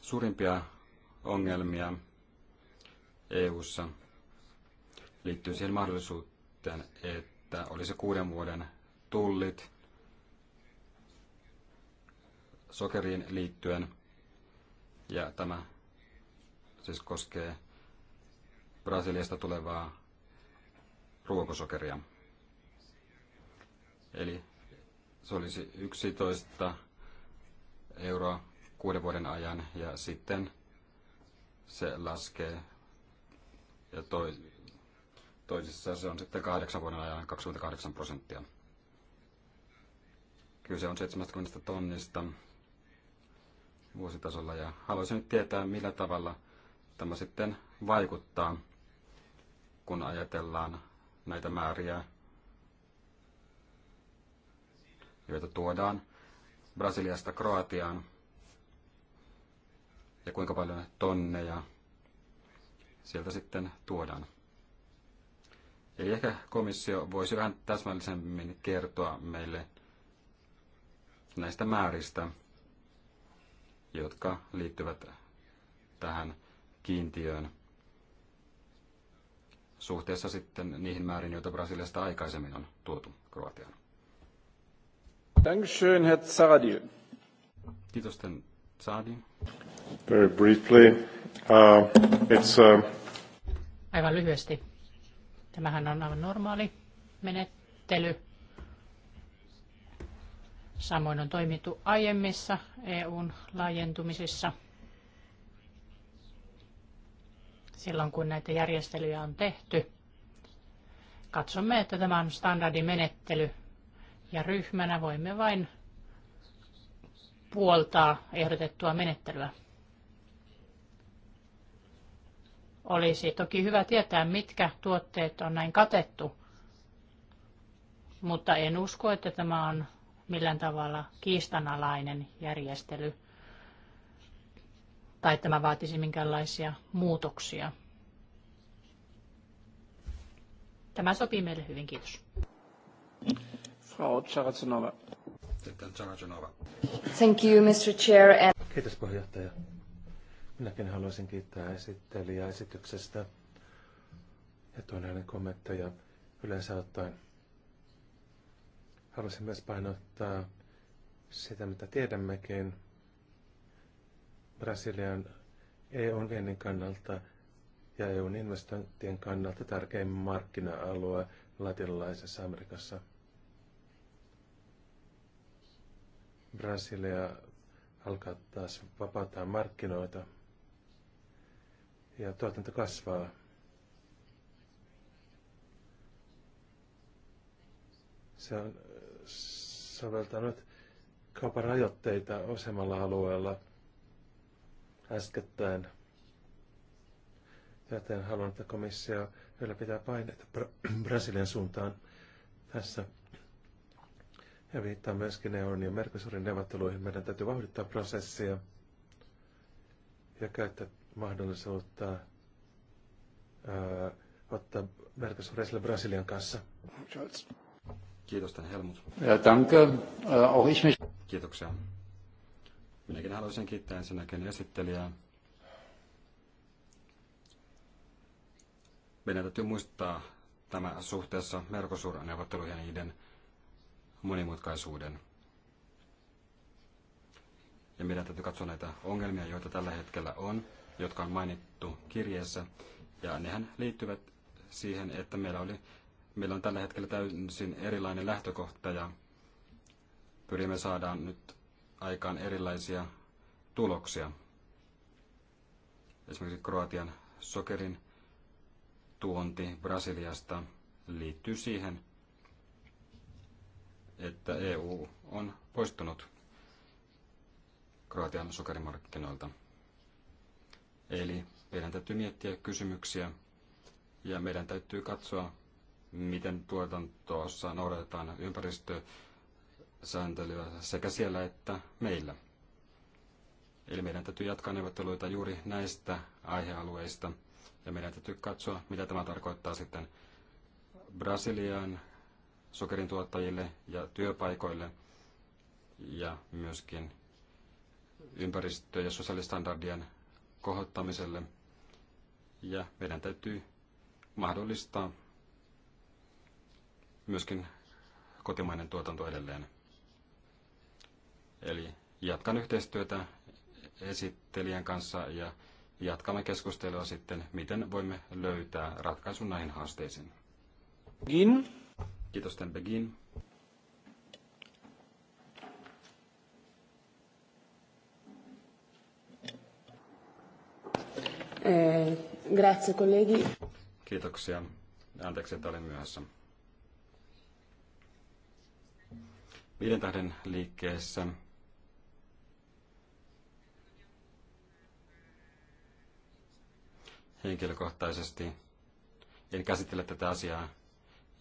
Suurimpia ongelmia EU:ssa liittyy siihen mahdollisuuteen, että olisi kuuden vuoden tullit sokeriin liittyen. Ja tämä siis koskee Brasiliasta tulevaa ruokosokeria. Eli se olisi 11 euroa kuuden vuoden ajan ja sitten se laskee ja toi, toisissa se on sitten kahdeksan vuoden ajan 28 prosenttia. Kyse on 70 tonnista vuositasolla ja haluaisin nyt tietää, millä tavalla tämä sitten vaikuttaa, kun ajatellaan näitä määriä, joita tuodaan Brasiliasta Kroatiaan ja kuinka paljon tonneja sieltä sitten tuodaan. Eli ehkä komissio voisi vähän täsmällisemmin kertoa meille näistä määristä, jotka liittyvät tähän kiintiöön suhteessa sitten niihin määrin, joita Brasiliasta aikaisemmin on tuotu Kroatiaan. Dankeschön, Herr Zaradi. Kiitos, Zaradi. Very briefly, uh, it's, uh... Aivan lyhyesti. Tämähän on aivan normaali menettely Samoin on toimittu aiemmissa EUn laajentumisissa silloin, kun näitä järjestelyjä on tehty. Katsomme, että tämä on standardimenettely ja ryhmänä voimme vain puoltaa ehdotettua menettelyä. Olisi toki hyvä tietää, mitkä tuotteet on näin katettu, mutta en usko, että tämä on millään tavalla kiistanalainen järjestely tai tämä vaatisi minkäänlaisia muutoksia. Tämä sopii meille hyvin, kiitos. Frau Tsaratunova. Sitten Thank you, Mr. Chair. And... Kiitos puheenjohtaja. Minäkin haluaisin kiittää esittelijää esityksestä ja tuon hänen kommentteja yleensä ottaen Haluaisin myös painottaa sitä, mitä tiedämmekin Brasilian EUn viennin kannalta ja EUn investointien kannalta tärkein markkina-alue latinalaisessa Amerikassa. Brasilia alkaa taas vapauttaa markkinoita ja tuotanto kasvaa. Se on soveltanut kaupan rajoitteita osemalla alueella äskettäin. Joten haluan, että komissio pitää paineita Br- Brasilian suuntaan tässä. Ja viittaa myöskin EUn ja Mercosurin neuvotteluihin. Meidän täytyy vauhdittaa prosessia ja käyttää mahdollisuutta ää, ottaa Mercosurisille Brasilian kanssa. Charles. Kiitos tämän Helmut. Ja danke. Äh, auch ich mich. Kiitoksia. Minäkin haluaisin kiittää ensinnäkin esittelijää. Meidän täytyy muistaa tämä suhteessa Mercosur-neuvotteluihin ja niiden monimutkaisuuden. Ja meidän täytyy katsoa näitä ongelmia, joita tällä hetkellä on, jotka on mainittu kirjeessä. Ja nehän liittyvät siihen, että meillä oli meillä on tällä hetkellä täysin erilainen lähtökohta ja pyrimme saadaan nyt aikaan erilaisia tuloksia. Esimerkiksi Kroatian sokerin tuonti Brasiliasta liittyy siihen, että EU on poistunut Kroatian sokerimarkkinoilta. Eli meidän täytyy miettiä kysymyksiä ja meidän täytyy katsoa, miten tuotantoossa noudatetaan ympäristösääntelyä sekä siellä että meillä. Eli meidän täytyy jatkaa neuvotteluita juuri näistä aihealueista ja meidän täytyy katsoa, mitä tämä tarkoittaa sitten Brasilian sokerin tuottajille ja työpaikoille ja myöskin ympäristö- ja sosiaalistandardien kohottamiselle. Ja meidän täytyy mahdollistaa myöskin kotimainen tuotanto edelleen. Eli jatkan yhteistyötä esittelijän kanssa ja jatkamme keskustelua sitten, miten voimme löytää ratkaisun näihin haasteisiin. Begin. Kiitos, Ten Begin. Eh, grazie, colleghi. Kiitoksia. Anteeksi, että olin myöhässä. viiden tähden liikkeessä. Henkilökohtaisesti en käsittele tätä asiaa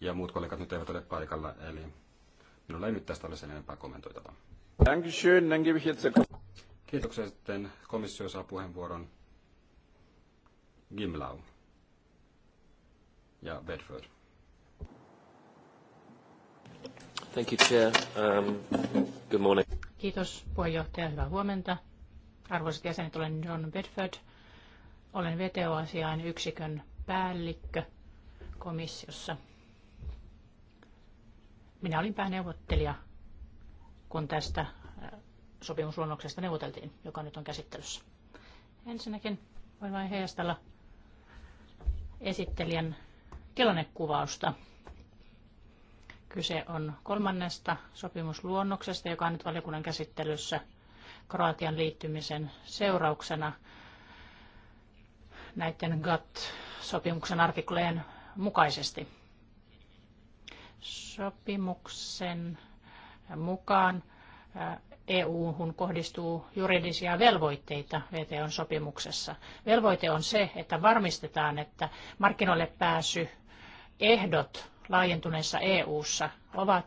ja muut kollegat nyt eivät ole paikalla, eli minulla ei nyt tästä ole sen enempää kommentoitavaa. Kiitoksia sitten. Komissio saa puheenvuoron. Gimlau ja Bedford. Thank you, Chair. Um, good morning. Kiitos puheenjohtaja. Hyvää huomenta. Arvoisat jäsenet, olen John Bedford. Olen VTO-asiain yksikön päällikkö komissiossa. Minä olin pääneuvottelija, kun tästä äh, sopimusluonnoksesta neuvoteltiin, joka nyt on käsittelyssä. Ensinnäkin voin vain heijastella esittelijän tilannekuvausta Kyse on kolmannesta sopimusluonnoksesta, joka on nyt valiokunnan käsittelyssä Kroatian liittymisen seurauksena näiden GATT-sopimuksen artikleen mukaisesti. Sopimuksen mukaan EU-hun kohdistuu juridisia velvoitteita VTOn sopimuksessa. Velvoite on se, että varmistetaan, että markkinoille pääsy ehdot laajentuneessa EU:ssa ovat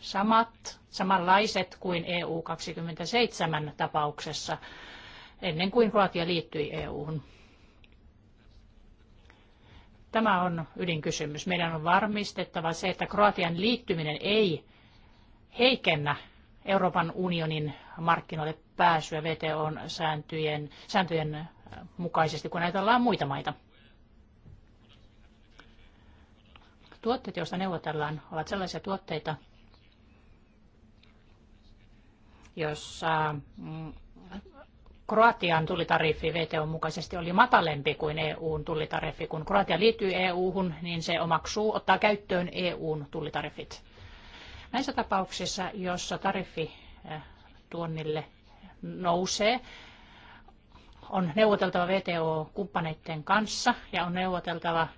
samat, samanlaiset kuin EU 27 tapauksessa ennen kuin Kroatia liittyi EU:hun. Tämä on ydinkysymys. Meidän on varmistettava se, että Kroatian liittyminen ei heikennä Euroopan unionin markkinoille pääsyä WTO: sääntöjen, sääntöjen mukaisesti, kun ajatellaan muita maita. tuotteet, joista neuvotellaan, ovat sellaisia tuotteita, jossa mm, Kroatian tulitariffi VTOn mukaisesti oli matalempi kuin EUn tulitariffi. Kun Kroatia liittyy EUhun, niin se omaksuu, ottaa käyttöön EUn tulitariffit. Näissä tapauksissa, jossa tariffi eh, tuonnille nousee, on neuvoteltava VTO-kumppaneiden kanssa ja on neuvoteltava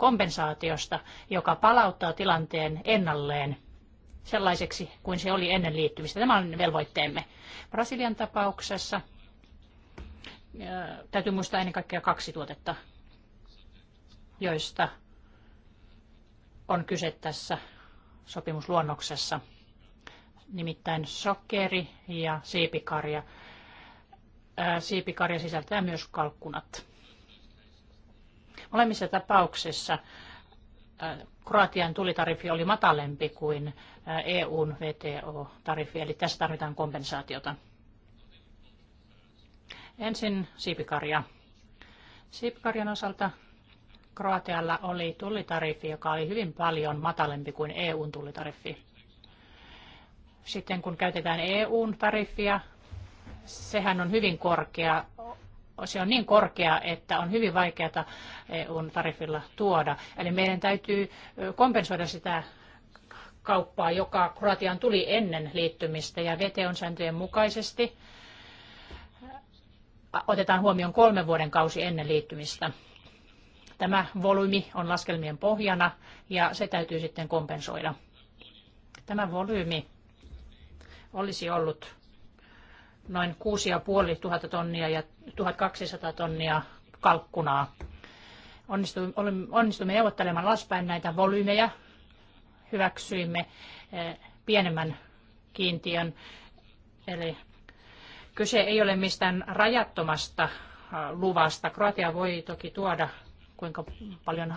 kompensaatiosta, joka palauttaa tilanteen ennalleen sellaiseksi kuin se oli ennen liittymistä. Tämä on velvoitteemme. Brasilian tapauksessa täytyy muistaa ennen kaikkea kaksi tuotetta, joista on kyse tässä sopimusluonnoksessa, nimittäin sokeri ja siipikarja. Siipikarja sisältää myös kalkkunat. Molemmissa tapauksissa äh, Kroatian tulitariffi oli matalempi kuin äh, EUn VTO-tariffi, eli tässä tarvitaan kompensaatiota. Ensin siipikarja. Siipikarjan osalta Kroatialla oli tullitariffi, joka oli hyvin paljon matalempi kuin EUn tullitariffi. Sitten kun käytetään EUn tariffia, sehän on hyvin korkea se on niin korkea, että on hyvin vaikeata EUn tarifilla tuoda. Eli meidän täytyy kompensoida sitä kauppaa, joka Kroatiaan tuli ennen liittymistä ja VTOn sääntöjen mukaisesti otetaan huomioon kolmen vuoden kausi ennen liittymistä. Tämä volyymi on laskelmien pohjana ja se täytyy sitten kompensoida. Tämä volyymi olisi ollut noin 6500 tonnia ja 1200 tonnia kalkkunaa. Onnistuimme neuvottelemaan laspäin näitä volyymeja. Hyväksyimme eh, pienemmän kiintiön. Eli kyse ei ole mistään rajattomasta eh, luvasta. Kroatia voi toki tuoda kuinka paljon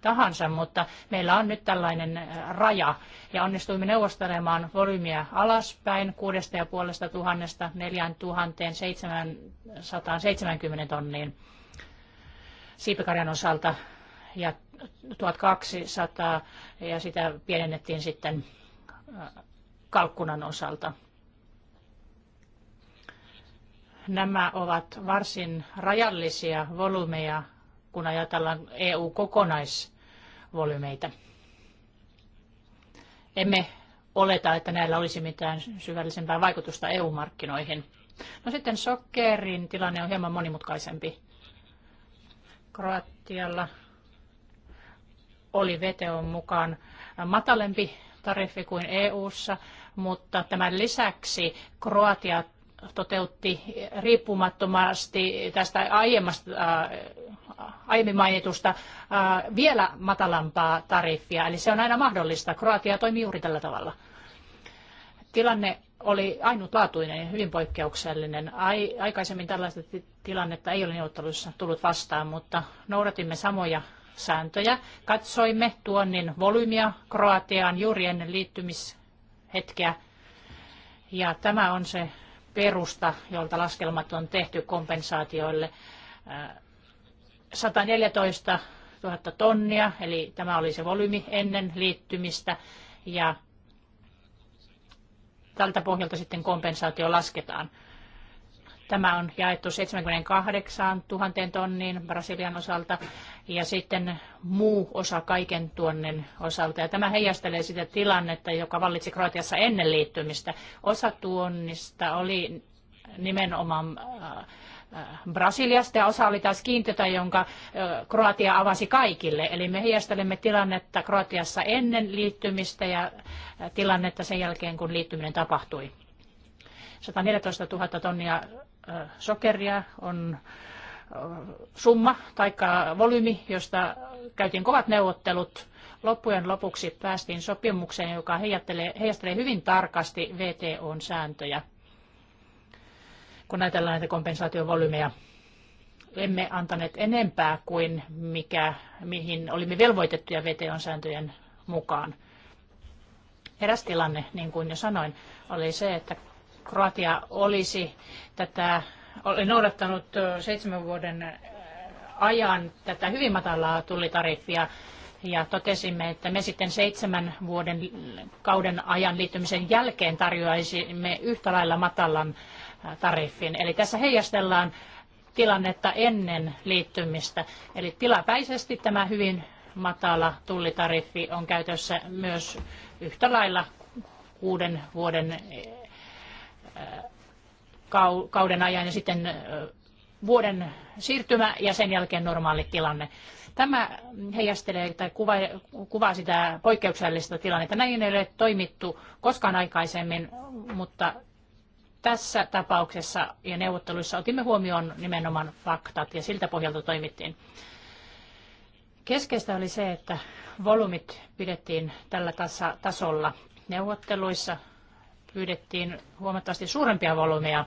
tahansa, mutta meillä on nyt tällainen äh, raja ja onnistuimme neuvostelemaan volyymiä alaspäin 6500 4770 tonniin siipikarjan osalta ja 1200 ja sitä pienennettiin sitten äh, kalkkunan osalta. Nämä ovat varsin rajallisia volyymeja kun ajatellaan EU-kokonaisvolyymeitä. Emme oleta, että näillä olisi mitään syvällisempää vaikutusta EU-markkinoihin. No sitten sokerin tilanne on hieman monimutkaisempi. Kroatialla oli VTOn mukaan matalempi tariffi kuin EU:ssa, mutta tämän lisäksi Kroatia toteutti riippumattomasti tästä aiemmasta, äh, aiemmin mainitusta äh, vielä matalampaa tariffia. Eli se on aina mahdollista. Kroatia toimii juuri tällä tavalla. Tilanne oli ainutlaatuinen ja hyvin poikkeuksellinen. Ai, aikaisemmin tällaista tilannetta ei ole neuvotteluissa tullut vastaan, mutta noudatimme samoja sääntöjä. Katsoimme tuonnin volyymia Kroatiaan juuri ennen liittymishetkeä. Ja tämä on se perusta, jolta laskelmat on tehty kompensaatioille. 114 000 tonnia, eli tämä oli se volyymi ennen liittymistä, ja tältä pohjalta sitten kompensaatio lasketaan. Tämä on jaettu 78 000 tonniin Brasilian osalta ja sitten muu osa kaiken tuonnen osalta. Ja tämä heijastelee sitä tilannetta, joka vallitsi Kroatiassa ennen liittymistä. Osa tuonnista oli nimenomaan äh, äh, Brasiliasta ja osa oli taas kiintiötä, jonka äh, Kroatia avasi kaikille. Eli me heijastelemme tilannetta Kroatiassa ennen liittymistä ja tilannetta sen jälkeen, kun liittyminen tapahtui. 114 000 tonnia sokeria on summa tai volyymi, josta käytiin kovat neuvottelut. Loppujen lopuksi päästiin sopimukseen, joka heijastelee hyvin tarkasti VTOn sääntöjä, kun ajatellaan näitä kompensaatiovolyymeja. Emme antaneet enempää kuin mikä, mihin olimme velvoitettuja VTOn sääntöjen mukaan. Eräs tilanne, niin kuin jo sanoin, oli se, että Kroatia olisi tätä, oli noudattanut seitsemän vuoden ajan tätä hyvin matalaa tullitariffia ja totesimme, että me sitten seitsemän vuoden kauden ajan liittymisen jälkeen tarjoaisimme yhtä lailla matalan tariffin. Eli tässä heijastellaan tilannetta ennen liittymistä. Eli tilapäisesti tämä hyvin matala tullitariffi on käytössä myös yhtä lailla kuuden vuoden Äh, kauden ajan ja sitten äh, vuoden siirtymä ja sen jälkeen normaali tilanne. Tämä heijastelee tai kuva, kuvaa sitä poikkeuksellista tilannetta. Näin ei ole toimittu koskaan aikaisemmin, mutta tässä tapauksessa ja neuvotteluissa otimme huomioon nimenomaan faktat ja siltä pohjalta toimittiin. Keskeistä oli se, että volyymit pidettiin tällä tasolla neuvotteluissa pyydettiin huomattavasti suurempia volyymeja.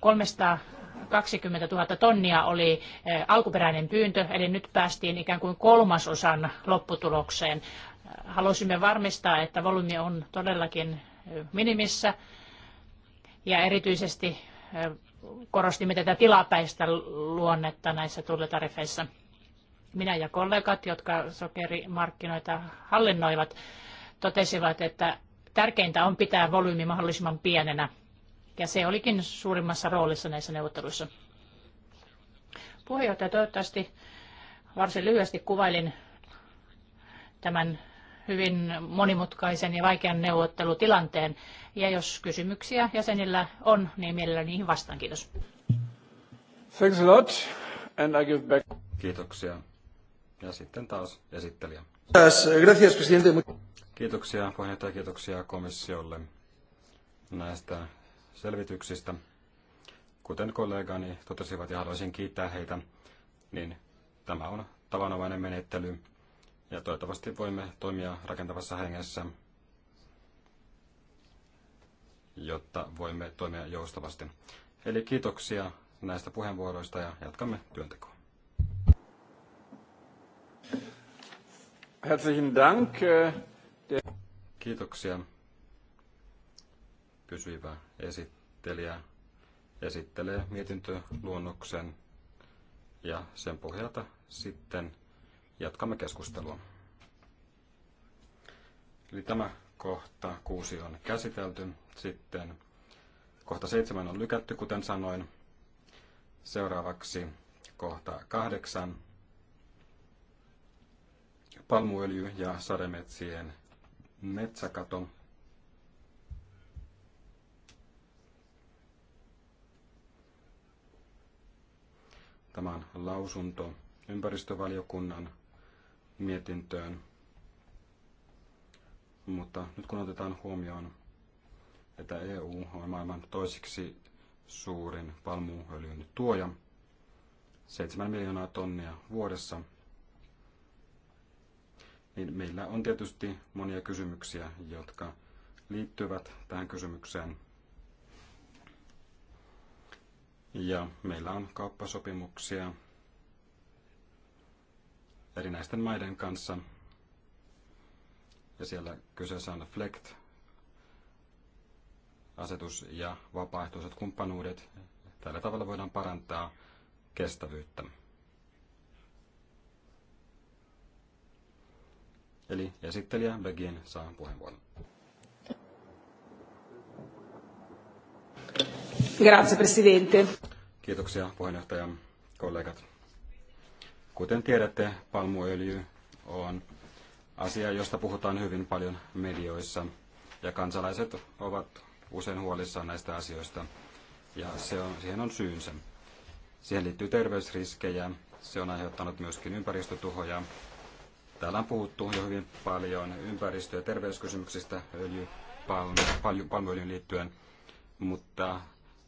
320 000 tonnia oli eh, alkuperäinen pyyntö, eli nyt päästiin ikään kuin kolmasosan lopputulokseen. Halusimme varmistaa, että volyymi on todellakin eh, minimissä ja erityisesti eh, korostimme tätä tilapäistä luonnetta näissä tullitarifeissa. Minä ja kollegat, jotka sokerimarkkinoita hallinnoivat, totesivat, että Tärkeintä on pitää volyymi mahdollisimman pienenä, ja se olikin suurimmassa roolissa näissä neuvotteluissa. Puheenjohtaja, toivottavasti varsin lyhyesti kuvailin tämän hyvin monimutkaisen ja vaikean neuvottelutilanteen. Ja jos kysymyksiä jäsenillä on, niin mielelläni niihin vastaan. Kiitos. Thanks a lot. And I give back. Kiitoksia. Ja sitten taas esittelijä. Kiitoksia puheenjohtaja, kiitoksia komissiolle näistä selvityksistä. Kuten kollegani totesivat ja haluaisin kiittää heitä, niin tämä on tavanomainen menettely ja toivottavasti voimme toimia rakentavassa hengessä, jotta voimme toimia joustavasti. Eli kiitoksia näistä puheenvuoroista ja jatkamme työntekoa. Herzlichen Dank. Äh, Kiitoksia. Pysyvä esittelijä esittelee mietintöluonnoksen ja sen pohjalta sitten jatkamme keskustelua. Eli tämä kohta kuusi on käsitelty. Sitten kohta seitsemän on lykätty, kuten sanoin. Seuraavaksi kohta kahdeksan palmuöljy ja sademetsien metsäkato. Tämä on lausunto ympäristövaliokunnan mietintöön. Mutta nyt kun otetaan huomioon, että EU on maailman toiseksi suurin palmuöljyn tuoja, 7 miljoonaa tonnia vuodessa – niin meillä on tietysti monia kysymyksiä, jotka liittyvät tähän kysymykseen. Ja meillä on kauppasopimuksia erinäisten maiden kanssa. Ja siellä kyseessä on FLECT, asetus ja vapaaehtoiset kumppanuudet. Tällä tavalla voidaan parantaa kestävyyttä. Eli esittelijä Begin saa puheenvuoron. Grazie, Presidente. Kiitoksia puheenjohtaja, kollegat. Kuten tiedätte, palmuöljy on asia, josta puhutaan hyvin paljon medioissa ja kansalaiset ovat usein huolissaan näistä asioista ja se on, siihen on syynsä. Siihen liittyy terveysriskejä, se on aiheuttanut myöskin ympäristötuhoja Täällä on puhuttu jo hyvin paljon ympäristö- ja terveyskysymyksistä palmu, liittyen, mutta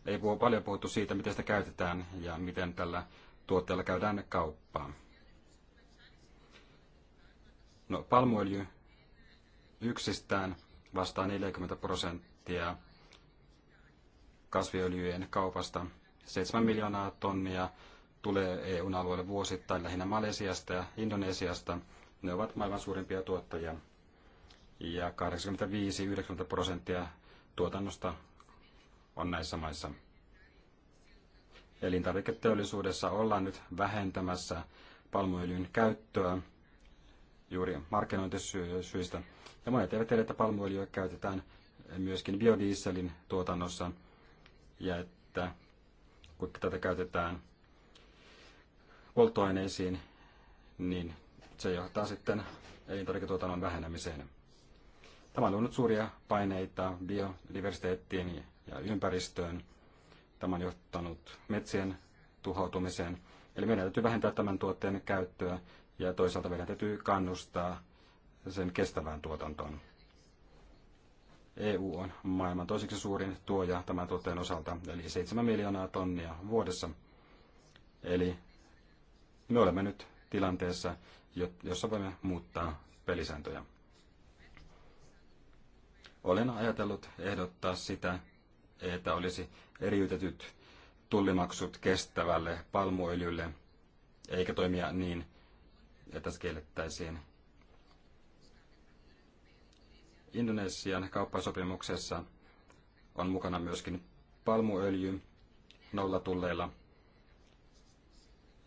ei puhu, paljon puhuttu siitä, miten sitä käytetään ja miten tällä tuotteella käydään kauppaa. No, palmuöljy yksistään vastaa 40 prosenttia kasviöljyjen kaupasta. 7 miljoonaa tonnia tulee eu alueelle vuosittain lähinnä Malesiasta ja Indonesiasta – ne ovat maailman suurimpia tuottajia ja 85-90 prosenttia tuotannosta on näissä maissa. Elintarviketeollisuudessa ollaan nyt vähentämässä palmuöljyn käyttöä juuri markkinointisyistä. Ja monet eivät tiedä, että palmuöljyä käytetään myöskin biodieselin tuotannossa ja että kun tätä käytetään polttoaineisiin, niin se johtaa sitten elintarviketuotannon vähenemiseen. Tämä on luonut suuria paineita biodiversiteettiin ja ympäristöön. Tämä on johtanut metsien tuhoutumiseen. Eli meidän täytyy vähentää tämän tuotteen käyttöä ja toisaalta meidän täytyy kannustaa sen kestävään tuotantoon. EU on maailman toiseksi suurin tuoja tämän tuotteen osalta, eli 7 miljoonaa tonnia vuodessa. Eli me olemme nyt tilanteessa, jossa voimme muuttaa pelisääntöjä. Olen ajatellut ehdottaa sitä, että olisi eriytetyt tullimaksut kestävälle palmuöljylle, eikä toimia niin, että se kiellettäisiin. Indonesian kauppasopimuksessa on mukana myöskin palmuöljy nollatulleilla –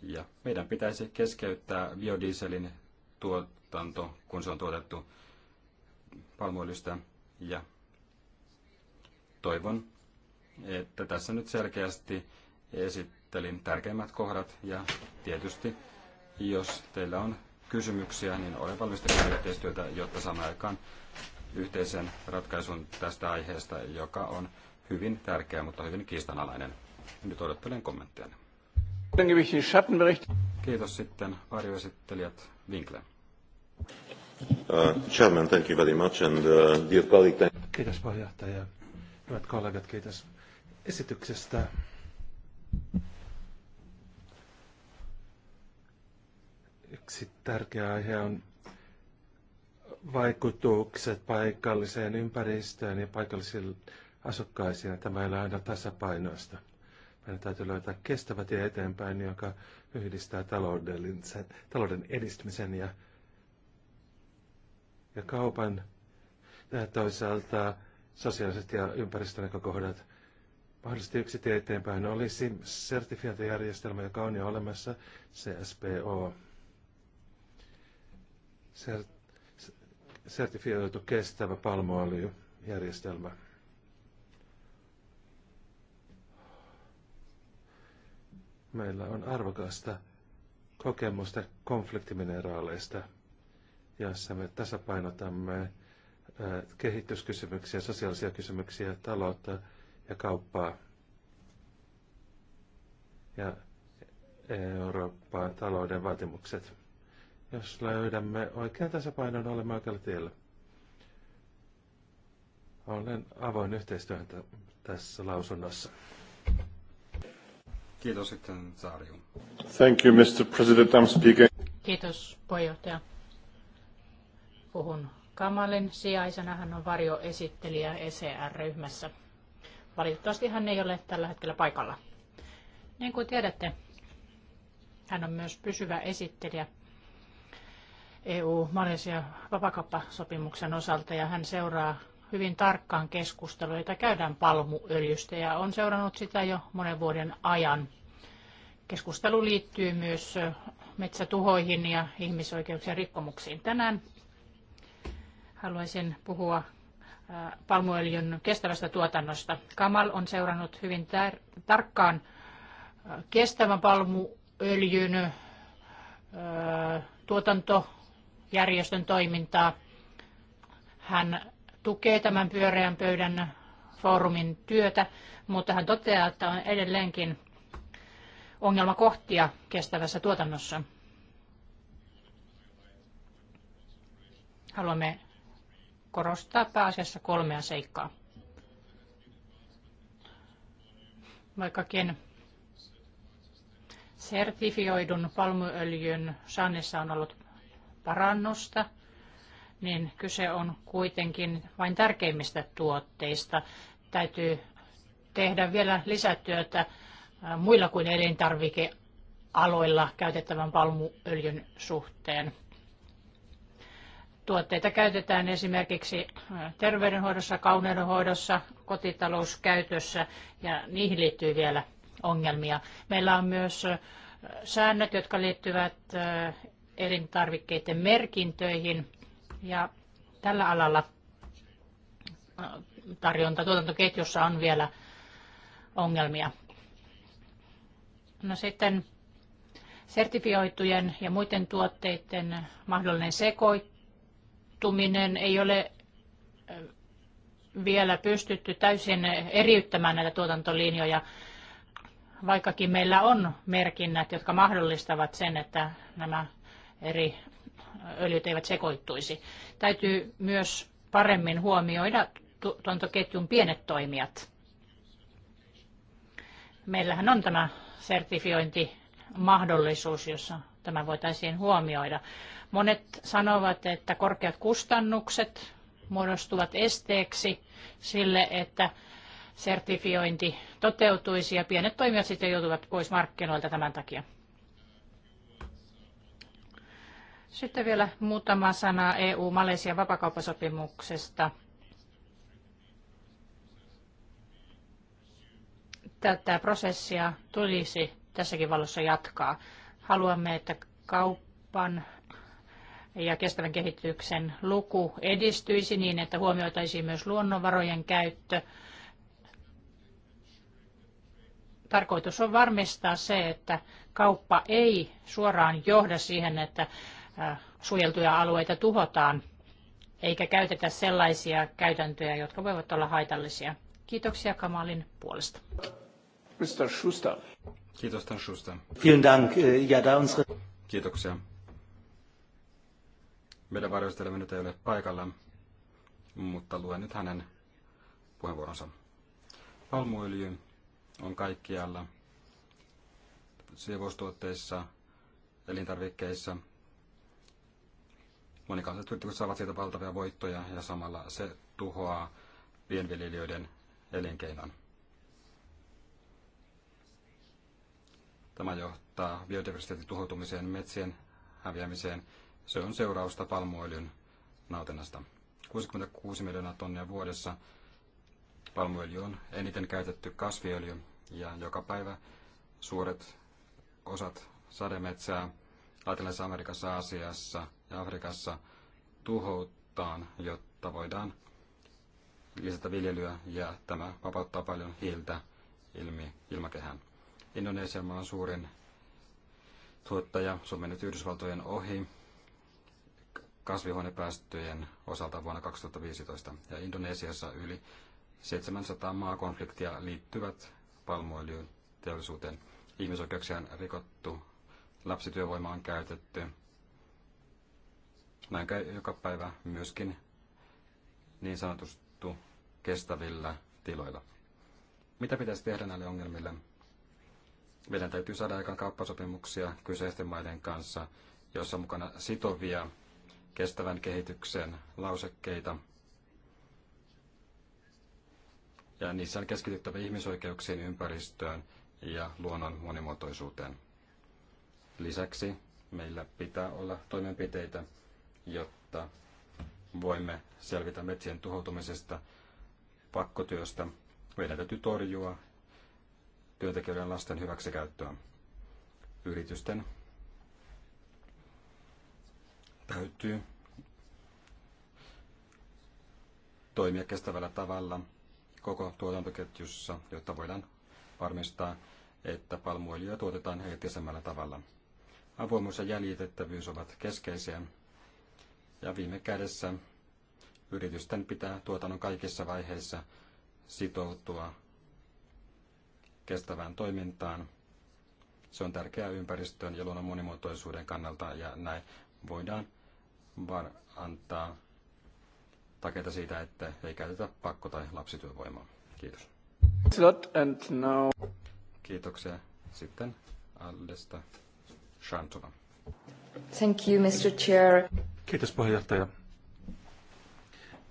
ja meidän pitäisi keskeyttää biodieselin tuotanto, kun se on tuotettu palmuöljystä. Ja toivon, että tässä nyt selkeästi esittelin tärkeimmät kohdat ja tietysti jos teillä on kysymyksiä, niin olen valmis tekemään yhteistyötä, jotta saamme aikaan yhteisen ratkaisun tästä aiheesta, joka on hyvin tärkeä, mutta hyvin kiistanalainen. Nyt odottelen kommentteja. Kiitos sitten varjoesittelijät Winkler. Uh, chairman, thank you very much and uh, dear colleague. Kiitos puheenjohtaja. Hyvät kollegat, kiitos esityksestä. Yksi tärkeä aihe on vaikutukset paikalliseen ympäristöön ja paikallisiin asukkaisiin. Tämä ei ole aina tasapainoista. Meidän täytyy löytää kestävä tie eteenpäin, joka yhdistää taloudellisen, talouden edistymisen ja, ja kaupan ja toisaalta sosiaaliset ja ympäristönäkökohdat. Mahdollisesti yksi tie eteenpäin olisi sertifiointijärjestelmä, joka on jo olemassa, CSPO. Sert- sertifioitu kestävä palmuöljyjärjestelmä. järjestelmä Meillä on arvokasta kokemusta konfliktimineraaleista, jossa me tasapainotamme kehityskysymyksiä, sosiaalisia kysymyksiä, taloutta ja kauppaa. Ja Euroopan talouden vaatimukset. Jos löydämme oikean tasapainon, olemme oikealla tiellä. Olen avoin yhteistyöhön tässä lausunnossa. Kiitos sitten Saariu. Thank you, Mr. President. I'm speaking. Kiitos puheenjohtaja. Puhun Kamalin sijaisena. Hän on varjoesittelijä ECR-ryhmässä. Valitettavasti hän ei ole tällä hetkellä paikalla. Niin kuin tiedätte, hän on myös pysyvä esittelijä EU-Malesia vapakauppasopimuksen osalta ja hän seuraa hyvin tarkkaan keskustelua, jota käydään palmuöljystä ja on seurannut sitä jo monen vuoden ajan. Keskustelu liittyy myös metsätuhoihin ja ihmisoikeuksien rikkomuksiin. Tänään haluaisin puhua palmuöljyn kestävästä tuotannosta. Kamal on seurannut hyvin tarkkaan kestävän palmuöljyn tuotantojärjestön toimintaa. Hän tukee tämän pyöreän pöydän foorumin työtä, mutta hän toteaa, että on edelleenkin ongelmakohtia kestävässä tuotannossa. Haluamme korostaa pääasiassa kolmea seikkaa. Vaikkakin sertifioidun palmuöljyn saannissa on ollut parannusta – niin kyse on kuitenkin vain tärkeimmistä tuotteista. Täytyy tehdä vielä lisätyötä muilla kuin elintarvikealoilla käytettävän palmuöljyn suhteen. Tuotteita käytetään esimerkiksi terveydenhoidossa, kauneudenhoidossa, kotitalouskäytössä ja niihin liittyy vielä ongelmia. Meillä on myös säännöt, jotka liittyvät elintarvikkeiden merkintöihin ja tällä alalla äh, tarjonta tuotantoketjussa on vielä ongelmia. No sitten sertifioitujen ja muiden tuotteiden mahdollinen sekoittuminen ei ole äh, vielä pystytty täysin eriyttämään näitä tuotantolinjoja, vaikkakin meillä on merkinnät, jotka mahdollistavat sen, että nämä eri öljyt eivät sekoittuisi. Täytyy myös paremmin huomioida tuontoketjun pienet toimijat. Meillähän on tämä sertifiointimahdollisuus, jossa tämä voitaisiin huomioida. Monet sanovat, että korkeat kustannukset muodostuvat esteeksi sille, että sertifiointi toteutuisi ja pienet toimijat sitten joutuvat pois markkinoilta tämän takia. Sitten vielä muutama sana EU-Malesian vapakauppasopimuksesta. Tätä prosessia tulisi tässäkin valossa jatkaa. Haluamme, että kauppan ja kestävän kehityksen luku edistyisi niin, että huomioitaisiin myös luonnonvarojen käyttö. Tarkoitus on varmistaa se, että kauppa ei suoraan johda siihen, että suojeltuja alueita tuhotaan, eikä käytetä sellaisia käytäntöjä, jotka voivat olla haitallisia. Kiitoksia Kamalin puolesta. Mr. Schuster. Kiitos, Schuster. Vielen Dank. Äh, ja, da unsere... Kiitoksia. Meidän varjostelemme nyt ei ole paikalla, mutta luen nyt hänen puheenvuoronsa. Palmuöljy on kaikkialla siivoustuotteissa, elintarvikkeissa – Monikansalliset yritykset saavat siitä valtavia voittoja ja samalla se tuhoaa pienviljelijöiden elinkeinon. Tämä johtaa biodiversiteetin tuhoutumiseen, metsien häviämiseen. Se on seurausta palmuöljyn nautinnasta. 66 miljoonaa tonnia vuodessa palmuöljy on eniten käytetty kasviöljy ja joka päivä suuret osat sademetsää Latinalaisessa Amerikassa, Aasiassa – ja Afrikassa tuhoutaan, jotta voidaan lisätä viljelyä ja tämä vapauttaa paljon hiiltä ilmi, ilmakehään. Indonesia on suurin tuottaja, se on mennyt Yhdysvaltojen ohi kasvihuonepäästöjen osalta vuonna 2015. Ja Indonesiassa yli 700 maakonfliktia liittyvät palmuöljyteollisuuteen. Ihmisoikeuksia on rikottu, lapsityövoimaa on käytetty, näin käy joka päivä myöskin niin sanotustu kestävillä tiloilla. Mitä pitäisi tehdä näille ongelmille? Meidän täytyy saada aikaan kauppasopimuksia kyseisten maiden kanssa, joissa on mukana sitovia kestävän kehityksen lausekkeita. Ja niissä on keskityttävä ihmisoikeuksiin, ympäristöön ja luonnon monimuotoisuuteen. Lisäksi meillä pitää olla toimenpiteitä, jotta voimme selvitä metsien tuhoutumisesta, pakkotyöstä. Meidän täytyy torjua työntekijöiden lasten hyväksikäyttöä. Yritysten täytyy toimia kestävällä tavalla koko tuotantoketjussa, jotta voidaan varmistaa, että palmuöljyä tuotetaan eettisemmällä tavalla. Avoimuus ja jäljitettävyys ovat keskeisiä ja viime kädessä yritysten pitää tuotannon kaikissa vaiheissa sitoutua kestävään toimintaan. Se on tärkeää ympäristön ja luonnon monimuotoisuuden kannalta ja näin voidaan var- antaa takeita siitä, että ei käytetä pakko- tai lapsityövoimaa. Kiitos. Kiitoksia. Sitten Aldesta Shantova. Thank you, Mr. Chair. Kiitos puheenjohtaja.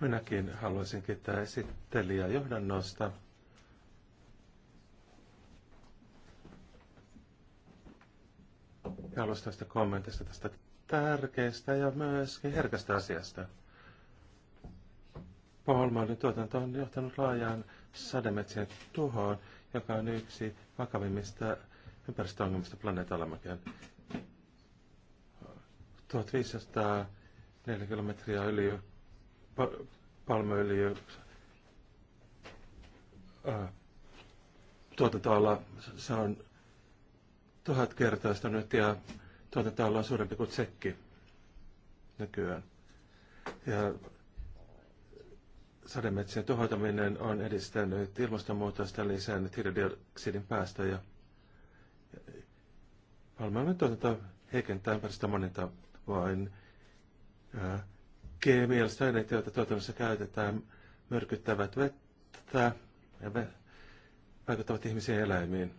Minäkin haluaisin kiittää esittelijää johdannosta. Ja tästä kommentista tästä tärkeästä ja myöskin herkästä asiasta. Pohjelmoiden tuotanto on johtanut laajaan sademetsien tuhoon, joka on yksi vakavimmista ympäristöongelmista planeetallamme. 1504 kilometriä öljy, pa, palmuöljy äh, tuotantoala, se on tuhat nyt ja tuotantoala on suurempi kuin tsekki nykyään. Ja sademetsien tuhoitaminen on edistänyt ilmastonmuutosta lisännyt hiilidioksidin päästöjä. Palmuöljyn tuotanto heikentää ympäristöä monin tavoin vain kemialliset aineet, joita tuotannossa käytetään, myrkyttävät vettä ja vaikuttavat ihmisiin eläimiin.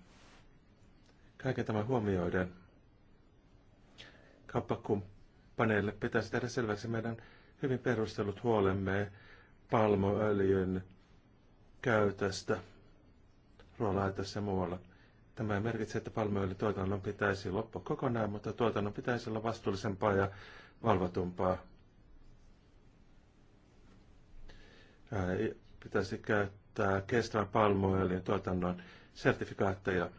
Kaiken tämän huomioiden kauppakumppaneille pitäisi tehdä selväksi meidän hyvin perustellut huolemme palmoöljyn käytöstä ruoanlaitossa ja muualla. Tämä merkitsee, että palmuöljytuotannon pitäisi loppua kokonaan, mutta tuotannon pitäisi olla vastuullisempaa ja valvotumpaa. Pitäisi käyttää kestävän palmuöljyn tuotannon sertifikaatteja.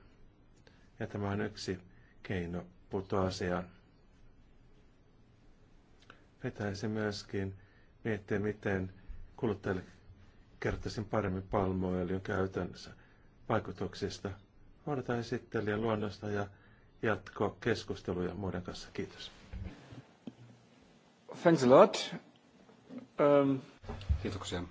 Ja tämä on yksi keino puuttua asiaan. Pitäisi myöskin miettiä, miten kuluttajille kertoisin paremmin palmuöljyn käytännössä vaikutuksista – Odotan esittelijän luonnosta ja jatko keskusteluja muiden kanssa. Kiitos. Thanks a lot. Um... Kiitoksia.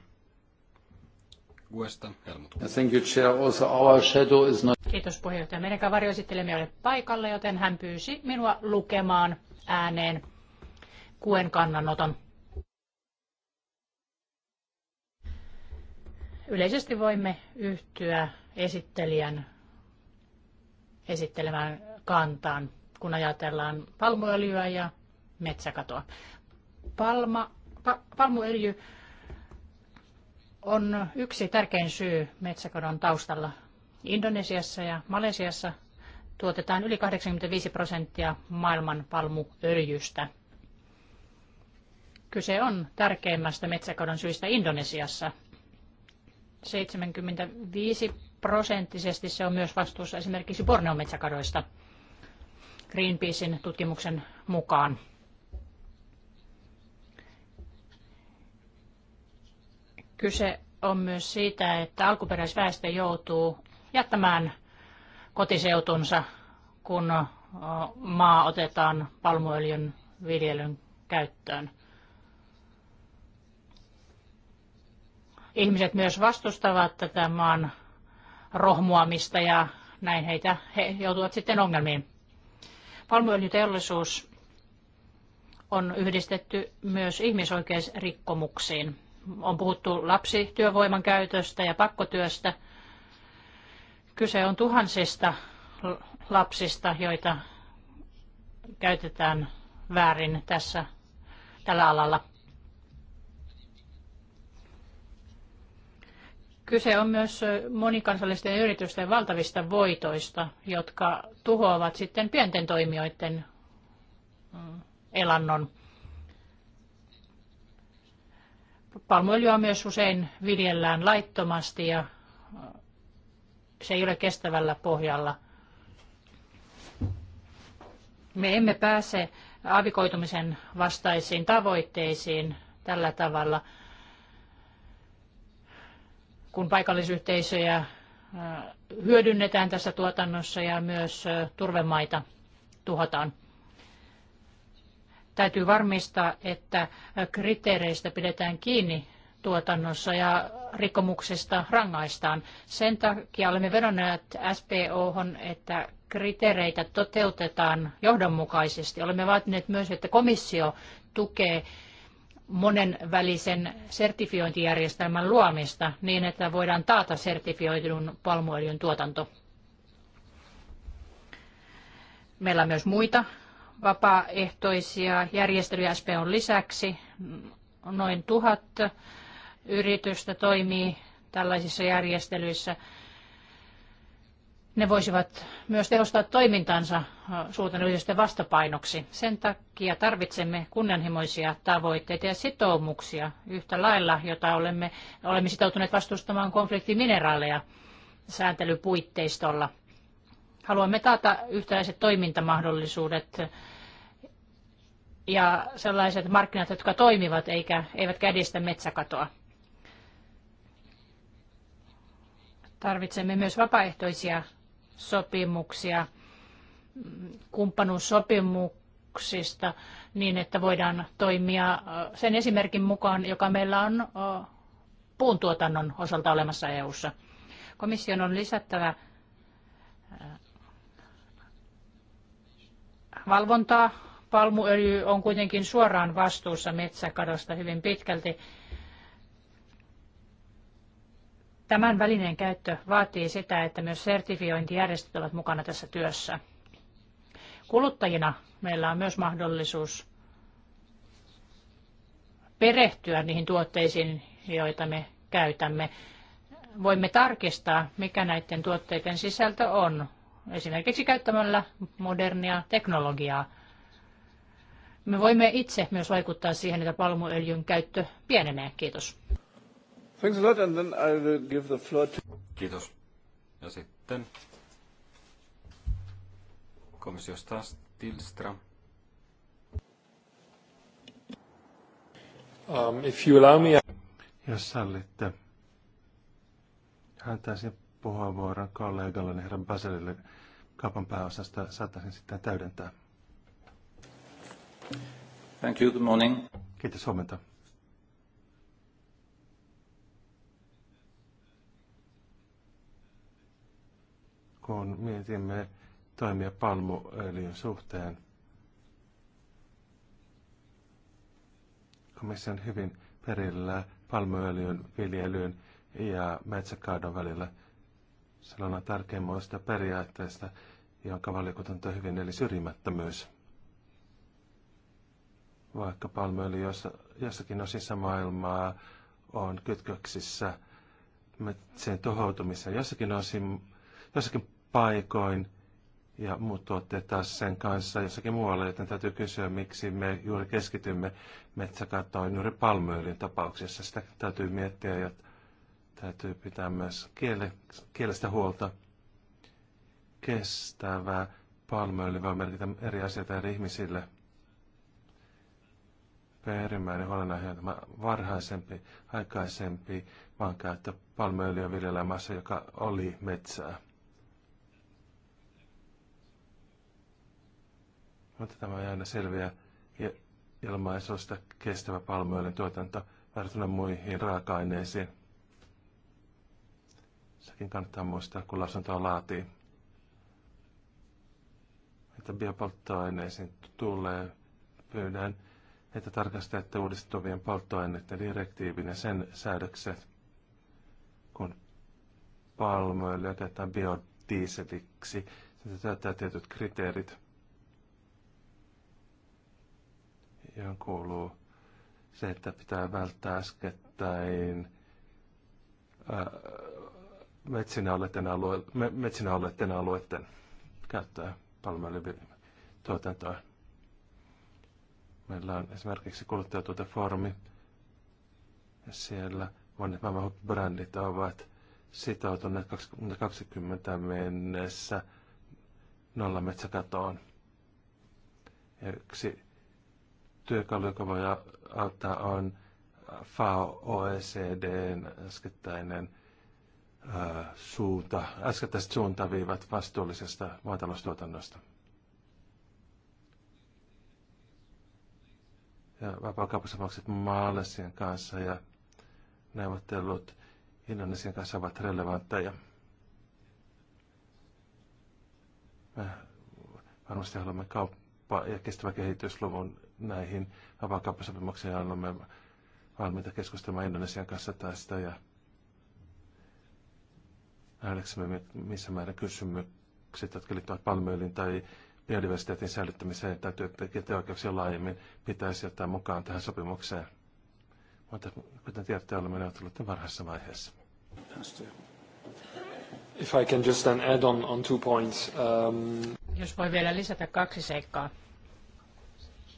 Uesta, Helmut. Thank you, Chair. Also our shadow is not... Kiitos puheenjohtaja. Meidän varjoesittelemme ole paikalle, joten hän pyysi minua lukemaan ääneen kuen kannanoton. Yleisesti voimme yhtyä esittelijän esittelemään kantaan, kun ajatellaan palmuöljyä ja metsäkatoa. Palma, pa, palmuöljy on yksi tärkein syy metsäkadon taustalla. Indonesiassa ja Malesiassa tuotetaan yli 85 prosenttia maailman palmuöljystä. Kyse on tärkeimmästä metsäkadon syistä Indonesiassa. 75 prosenttisesti se on myös vastuussa esimerkiksi Borneon metsäkadoista Greenpeacein tutkimuksen mukaan. Kyse on myös siitä, että alkuperäisväestö joutuu jättämään kotiseutunsa, kun maa otetaan palmuöljyn viljelyn käyttöön. Ihmiset myös vastustavat tätä maan rohmuamista ja näin heitä, he joutuvat sitten ongelmiin. Palmuöljyteollisuus on yhdistetty myös ihmisoikeusrikkomuksiin. On puhuttu lapsityövoiman käytöstä ja pakkotyöstä. Kyse on tuhansista lapsista, joita käytetään väärin tässä tällä alalla. Kyse on myös monikansallisten yritysten valtavista voitoista, jotka tuhoavat sitten pienten toimijoiden mm, elannon. Palmuöljyä myös usein viljellään laittomasti ja se ei ole kestävällä pohjalla. Me emme pääse aavikoitumisen vastaisiin tavoitteisiin tällä tavalla – kun paikallisyhteisöjä äh, hyödynnetään tässä tuotannossa ja myös äh, turvemaita tuhotaan. Täytyy varmistaa, että äh, kriteereistä pidetään kiinni tuotannossa ja rikkomuksista rangaistaan. Sen takia olemme vedonneet SPO, että kriteereitä toteutetaan johdonmukaisesti. Olemme vaatineet myös, että komissio tukee monenvälisen sertifiointijärjestelmän luomista niin, että voidaan taata sertifioidun palmuöljyn tuotanto. Meillä on myös muita vapaaehtoisia järjestelyjä SPOn lisäksi. Noin tuhat yritystä toimii tällaisissa järjestelyissä ne voisivat myös tehostaa toimintansa suurten yritysten vastapainoksi. Sen takia tarvitsemme kunnianhimoisia tavoitteita ja sitoumuksia yhtä lailla, jota olemme, olemme sitoutuneet vastustamaan konfliktimineraaleja sääntelypuitteistolla. Haluamme taata yhtäläiset toimintamahdollisuudet ja sellaiset markkinat, jotka toimivat eikä, eivät kädistä metsäkatoa. Tarvitsemme myös vapaaehtoisia sopimuksia kumppanuussopimuksista niin, että voidaan toimia sen esimerkin mukaan, joka meillä on puuntuotannon osalta olemassa EU-ssa. Komission on lisättävä valvontaa. Palmuöljy on kuitenkin suoraan vastuussa metsäkadosta hyvin pitkälti Tämän välineen käyttö vaatii sitä, että myös sertifiointijärjestöt ovat mukana tässä työssä. Kuluttajina meillä on myös mahdollisuus perehtyä niihin tuotteisiin, joita me käytämme. Voimme tarkistaa, mikä näiden tuotteiden sisältö on, esimerkiksi käyttämällä modernia teknologiaa. Me voimme itse myös vaikuttaa siihen, että palmuöljyn käyttö pienenee. Kiitos. Thanks a lot, and then I will give the floor to... Kiitos. Ja sitten komissiosta Stilstra. Um, if you allow me... Jos sallitte, antaisin puheenvuoron kollegalle, niin herran Baselille kaupan pääosasta. Saattaisin sitten täydentää. Thank you, good morning. Kiitos huomenta. kun mietimme toimia palmuöljyn suhteen. Komissio on hyvin perillä palmuöljyn viljelyyn ja metsäkaadon välillä. Silloin on tärkeimmäistä periaatteista jonka valiokunta on hyvin, eli syrjimättömyys. Vaikka palmuöljy jossakin osissa maailmaa on kytköksissä sen tuhoutumiseen, jossakin osin jossakin paikoin ja muut tuotteet taas sen kanssa jossakin muualla, joten täytyy kysyä, miksi me juuri keskitymme metsäkatoon juuri palmöörin tapauksessa. Sitä täytyy miettiä ja täytyy pitää myös kiele, kielestä huolta. Kestävää palmööli voi merkitä eri asioita eri ihmisille. Perimmäinen huolenaihe on tämä varhaisempi, aikaisempi maankäyttö palmööljyä viljelemässä, joka oli metsää. Mutta tämä ei aina selviä ilmaisusta kestävä palmuöljyn tuotanto verrattuna muihin raaka-aineisiin. Sekin kannattaa muistaa, kun lausuntoa laatii. Että biopolttoaineisiin tulee, pyydän, että tarkastatte uudistuvien polttoaineiden direktiivin ja sen säädökset, kun palmuöljy otetaan biodieseliksi. Se täyttää tietyt kriteerit johon kuuluu se, että pitää välttää äskettäin metsinä olleiden, me, alueiden käyttää palmuöljytuotantoa. Meillä on esimerkiksi kuluttajatuotefoorumi. Siellä monet maailman brändit ovat sitoutuneet 2020 mennessä nollametsäkatoon. Ja yksi työkalu, joka voi auttaa, on FAO OECDn äskettäinen suunta, äskettäiset suuntaviivat vastuullisesta maataloustuotannosta. Ja vapaakaupasopimukset Maalesian kanssa ja neuvottelut Indonesian kanssa ovat relevantteja. Me varmasti haluamme kauppa- ja kestävä kehitysluvun näihin vapaakauppasopimuksiin ja olemme valmiita keskustelemaan Indonesian kanssa tästä ja nähdäksemme, missä määrin kysymykset, jotka liittyvät palmuöljyn tai biodiversiteetin säilyttämiseen tai työntekijöiden oikeuksien laajemmin, pitäisi ottaa mukaan tähän sopimukseen. Mutta kuten tiedätte, olemme neuvottelut varhaisessa vaiheessa. If I can just then add on, on two points. Um... Jos voi vielä lisätä kaksi seikkaa.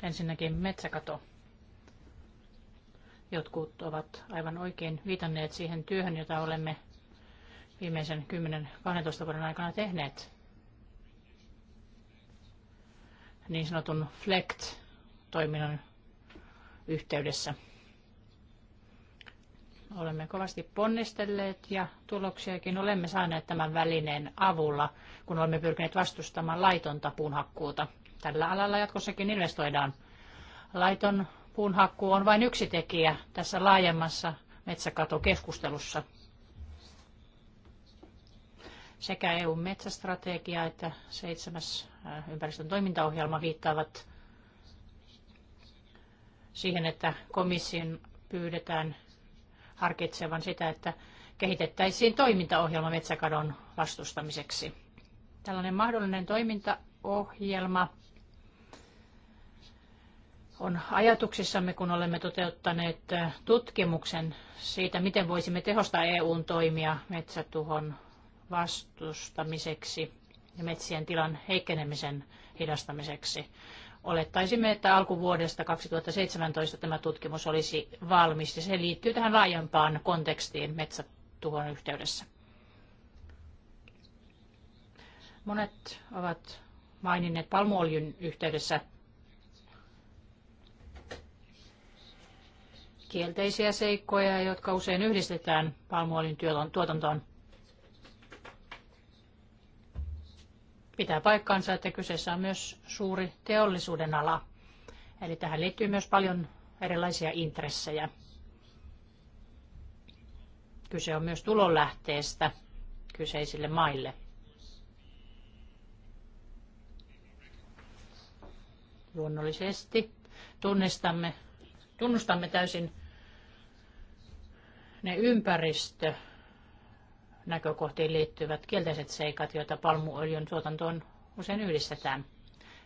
Ensinnäkin metsäkato. Jotkut ovat aivan oikein viitanneet siihen työhön, jota olemme viimeisen 10-12 vuoden aikana tehneet. Niin sanotun FLECT-toiminnan yhteydessä. Olemme kovasti ponnistelleet ja tuloksiakin olemme saaneet tämän välineen avulla, kun olemme pyrkineet vastustamaan laitonta puunhakkuuta – tällä alalla jatkossakin investoidaan. Laiton puunhakku on vain yksi tekijä tässä laajemmassa metsäkatokeskustelussa. Sekä EUn metsästrategia että seitsemäs äh, ympäristön toimintaohjelma viittaavat siihen, että komission pyydetään harkitsevan sitä, että kehitettäisiin toimintaohjelma metsäkadon vastustamiseksi. Tällainen mahdollinen toimintaohjelma on ajatuksissamme, kun olemme toteuttaneet tutkimuksen siitä, miten voisimme tehostaa EUn toimia metsätuhon vastustamiseksi ja metsien tilan heikkenemisen hidastamiseksi. Olettaisimme, että alkuvuodesta 2017 tämä tutkimus olisi valmis ja se liittyy tähän laajempaan kontekstiin metsätuhon yhteydessä. Monet ovat maininneet palmuöljyn yhteydessä kielteisiä seikkoja, jotka usein yhdistetään palmuolin tuotantoon. Pitää paikkaansa, että kyseessä on myös suuri teollisuuden ala. Eli tähän liittyy myös paljon erilaisia intressejä. Kyse on myös tulonlähteestä kyseisille maille. Luonnollisesti tunnistamme, tunnustamme täysin ne ympäristö näkökohtiin liittyvät kielteiset seikat, joita palmuöljyn tuotantoon usein yhdistetään.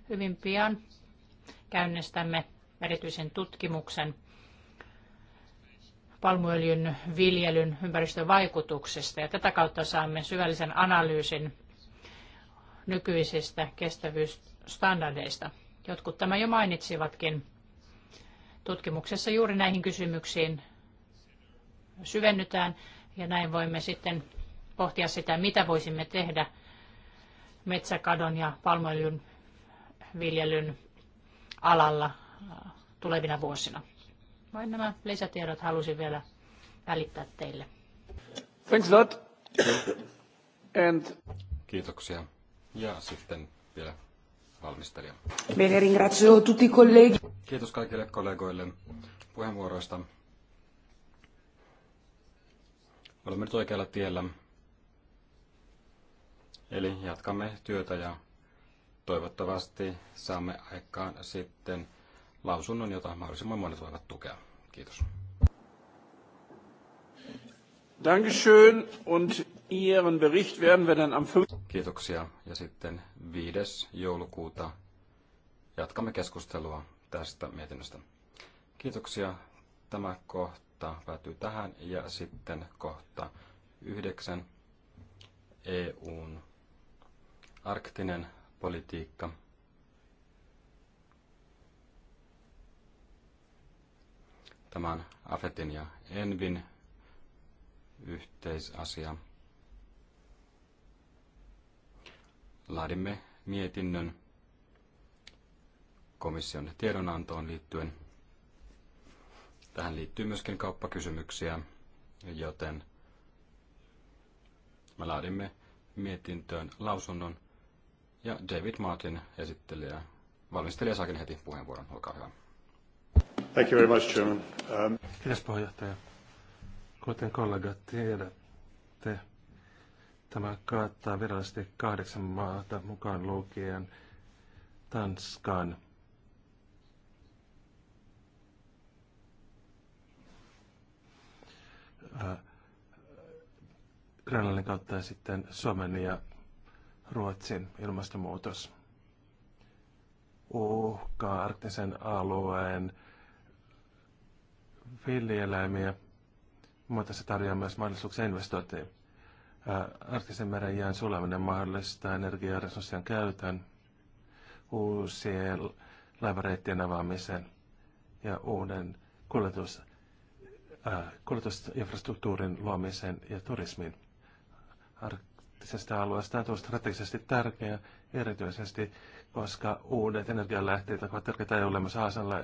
Hyvin pian käynnistämme erityisen tutkimuksen palmuöljyn viljelyn ympäristövaikutuksista ja tätä kautta saamme syvällisen analyysin nykyisistä kestävyysstandardeista. Jotkut tämä jo mainitsivatkin. Tutkimuksessa juuri näihin kysymyksiin syvennytään ja näin voimme sitten pohtia sitä, mitä voisimme tehdä metsäkadon ja palmuöljyn viljelyn alalla äh, tulevina vuosina. Vain nämä lisätiedot halusin vielä välittää teille. Thanks a lot. And... Kiitoksia. Ja sitten vielä valmistelija. Bene, ringrazio tutti colleghi. Kiitos kaikille kollegoille puheenvuoroista olemme nyt oikealla tiellä. Eli jatkamme työtä ja toivottavasti saamme aikaan sitten lausunnon, jota mahdollisimman monet voivat tukea. Kiitos. Dankeschön und Ihren Bericht werden wir dann am 5. Kiitoksia ja sitten 5. joulukuuta jatkamme keskustelua tästä mietinnöstä. Kiitoksia. Tämä kohta kohta päätyy tähän ja sitten kohta yhdeksän EUn arktinen politiikka. Tämä on Afetin ja Envin yhteisasia. Laadimme mietinnön komission tiedonantoon liittyen. Tähän liittyy myöskin kauppakysymyksiä, joten me laadimme mietintöön lausunnon ja David Martin esittelijä, valmistelija saakin heti puheenvuoron. Olkaa hyvä. Thank you very much, Chairman. Um... Kiitos puheenjohtaja. Kuten kollegat tiedätte, tämä kaattaa virallisesti kahdeksan maata mukaan lukien Tanskan. Äh, Grönlannin kautta ja sitten Suomen ja Ruotsin ilmastonmuutos uhkaa arktisen alueen villieläimiä, mutta se tarjoaa myös mahdollisuuksia investointiin. Äh, arktisen meren jään sulaminen mahdollistaa energiaresurssien käytön, uusien laivareittien avaamisen ja uuden kuljetus- Äh, kuljetusinfrastruktuurin luomiseen ja turismiin. Arktisesta alueesta on strategisesti tärkeä, erityisesti koska uudet energialähteet ovat tärkeitä EUlle, myös Aasalle,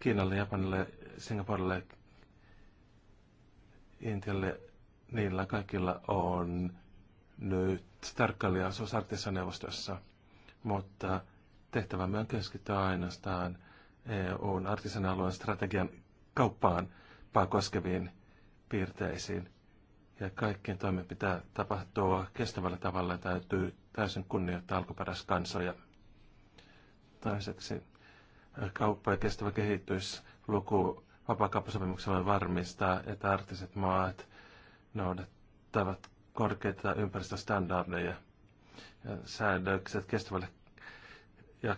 Kiinalle, Japanille, Singaporelle, Intialle. Niillä kaikilla on nyt tarkkailijaisuus arktisessa neuvostossa, mutta tehtävämme on keskittyä ainoastaan EUn arktisen alueen strategian kauppaan – kroppaa koskeviin piirteisiin. Ja kaikkien toimen pitää tapahtua kestävällä tavalla ja täytyy täysin kunnioittaa alkuperäiskansoja. Toiseksi äh, kauppa ja kestävä kehitys luku vapaakauppasopimuksella varmistaa, että arktiset maat noudattavat korkeita ympäristöstandardeja ja säädökset kestävälle ja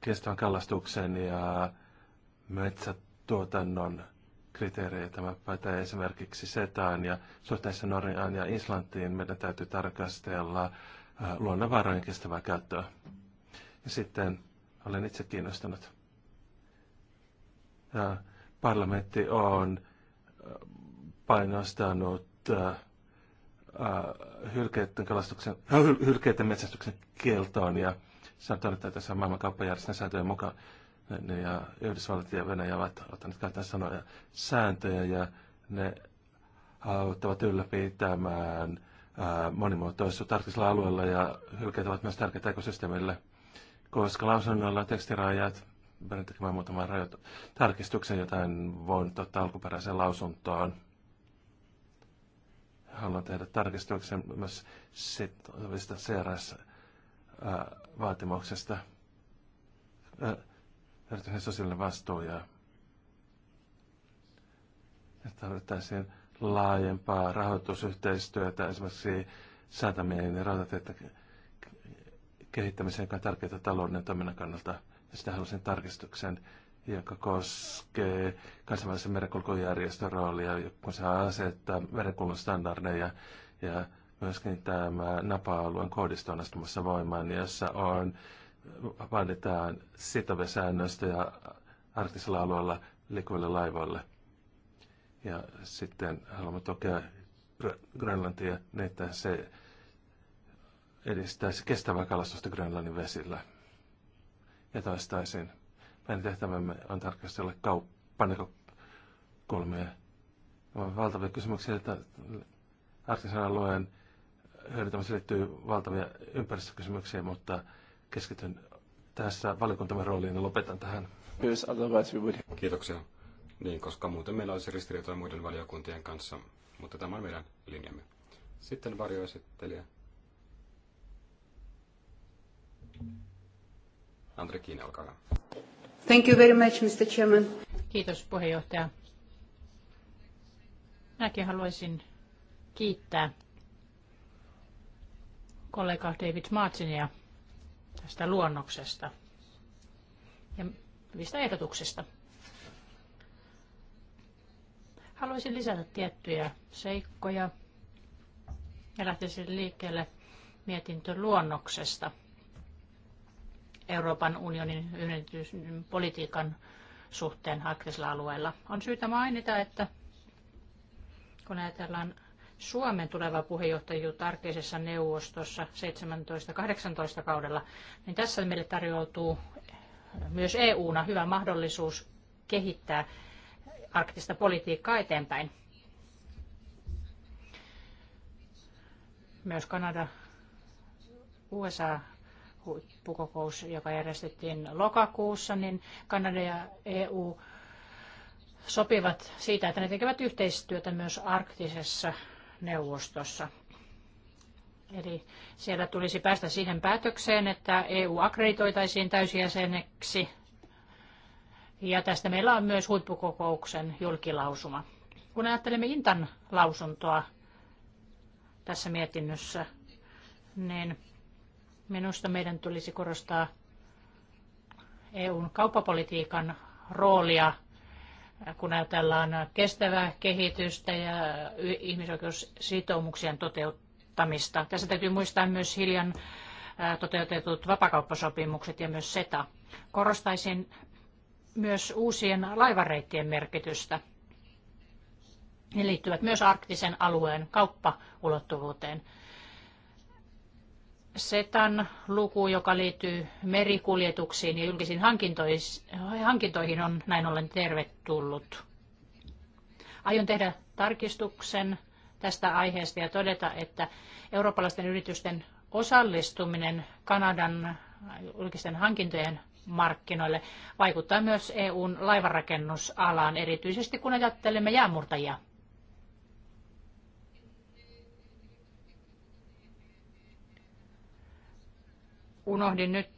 kestävän kallastuksen ja metsätuotannon kriteerejä. Tämä pätee esimerkiksi SETAan ja suhteessa Norjaan ja Islantiin meidän täytyy tarkastella äh, luonnonvarojen kestävää käyttöä. Ja sitten olen itse kiinnostunut. Ja äh, parlamentti on äh, painostanut hylkeiden, kalastuksen, hylkeiden metsästyksen kieltoon ja sanotaan, että tässä on maailmankauppajärjestön sääntöjen mukaan ne ja Yhdysvallat ja Venäjä ovat ottaneet käyttöön sanoja sääntöjä ja ne auttavat ylläpitämään monimuotoisuutta arktisella alueella ja hylkeet ovat myös tärkeitä ekosysteemille, koska lausunnoilla tekstirajat, pyrin tekemään muutaman rajoit- tarkistuksen, jotain voin ottaa alkuperäiseen lausuntoon. Haluan tehdä tarkistuksen myös sitovista CRS-vaatimuksesta yritysten sosiaalinen vastuu ja että tarvittaisiin laajempaa rahoitusyhteistyötä esimerkiksi säätämien ja rautateiden kehittämiseen, joka on tärkeää talouden toiminnan kannalta. Ja sitä halusin tarkistuksen, joka koskee kansainvälisen merenkulkujärjestön roolia, kun se asettaa merenkulun standardeja ja myöskin tämä NAPA-alueen koodisto on astumassa voimaan, jossa on mainitaan ja arktisella alueella liikkuville laivoille. Ja sitten haluamme tukea Grönlantia, niin että se edistäisi kestävää kalastusta Grönlannin vesillä. Ja toistaisin. Meidän tehtävämme on tarkastella kauppanäkökulmia. On valtavia kysymyksiä, että arktisen alueen hyödyntämiseen liittyy valtavia ympäristökysymyksiä, mutta keskityn tässä valiokuntamme rooliin ja lopetan tähän. Kiitoksia. Niin, koska muuten meillä olisi ristiriitoja muiden valiokuntien kanssa, mutta tämä on meidän linjamme. Sitten varjoesittelijä. Andre Kiin, olkaa hyvä. Thank you very much, Mr. Chairman. Kiitos puheenjohtaja. Minäkin haluaisin kiittää kollega David Martinia tästä luonnoksesta ja hyvistä ehdotuksista. Haluaisin lisätä tiettyjä seikkoja ja lähtisin liikkeelle luonnoksesta Euroopan unionin politiikan suhteen arktisella alueella. On syytä mainita, että kun ajatellaan Suomen tuleva puheenjohtajuutta arktisessa neuvostossa 17-18 kaudella, niin tässä meille tarjoutuu myös EUna hyvä mahdollisuus kehittää arktista politiikkaa eteenpäin. Myös Kanada, USA huippukokous, joka järjestettiin lokakuussa, niin Kanada ja EU sopivat siitä, että ne tekevät yhteistyötä myös arktisessa neuvostossa. Eli siellä tulisi päästä siihen päätökseen, että EU akkreditoitaisiin täysjäseneksi. Ja tästä meillä on myös huippukokouksen julkilausuma. Kun ajattelemme Intan lausuntoa tässä mietinnössä, niin minusta meidän tulisi korostaa EUn kauppapolitiikan roolia kun ajatellaan kestävää kehitystä ja ihmisoikeussitoumuksien toteuttamista. Tässä täytyy muistaa myös hiljan toteutetut vapakauppasopimukset ja myös SETA. Korostaisin myös uusien laivareittien merkitystä. Ne liittyvät myös arktisen alueen kauppaulottuvuuteen. SETAN luku, joka liittyy merikuljetuksiin ja julkisiin hankintoihin, on näin ollen tervetullut. Aion tehdä tarkistuksen tästä aiheesta ja todeta, että eurooppalaisten yritysten osallistuminen Kanadan julkisten hankintojen markkinoille vaikuttaa myös EUn laivanrakennusalaan, erityisesti kun ajattelemme jäänmurtajia. unohdin nyt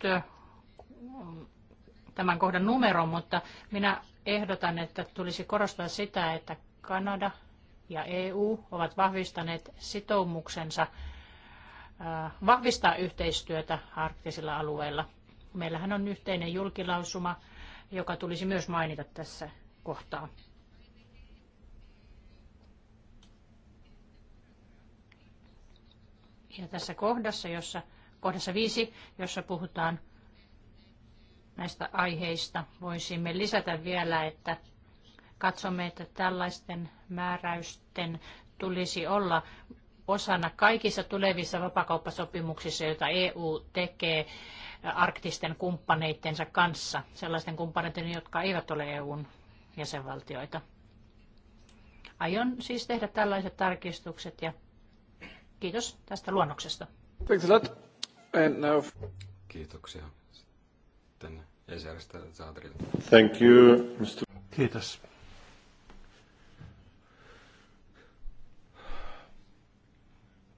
tämän kohdan numeron, mutta minä ehdotan, että tulisi korostaa sitä, että Kanada ja EU ovat vahvistaneet sitoumuksensa vahvistaa yhteistyötä arktisilla alueilla. Meillähän on yhteinen julkilausuma, joka tulisi myös mainita tässä kohtaa. Ja tässä kohdassa, jossa kohdassa viisi, jossa puhutaan näistä aiheista, voisimme lisätä vielä, että katsomme, että tällaisten määräysten tulisi olla osana kaikissa tulevissa vapakauppasopimuksissa, joita EU tekee arktisten kumppaneittensa kanssa, sellaisten kumppaneiden, jotka eivät ole EUn jäsenvaltioita. Aion siis tehdä tällaiset tarkistukset ja kiitos tästä luonnoksesta. Thanks a lot. And now... Kiitoksia. Sitten ECRstä Zaatrille. Thank you, Mr. Kiitos.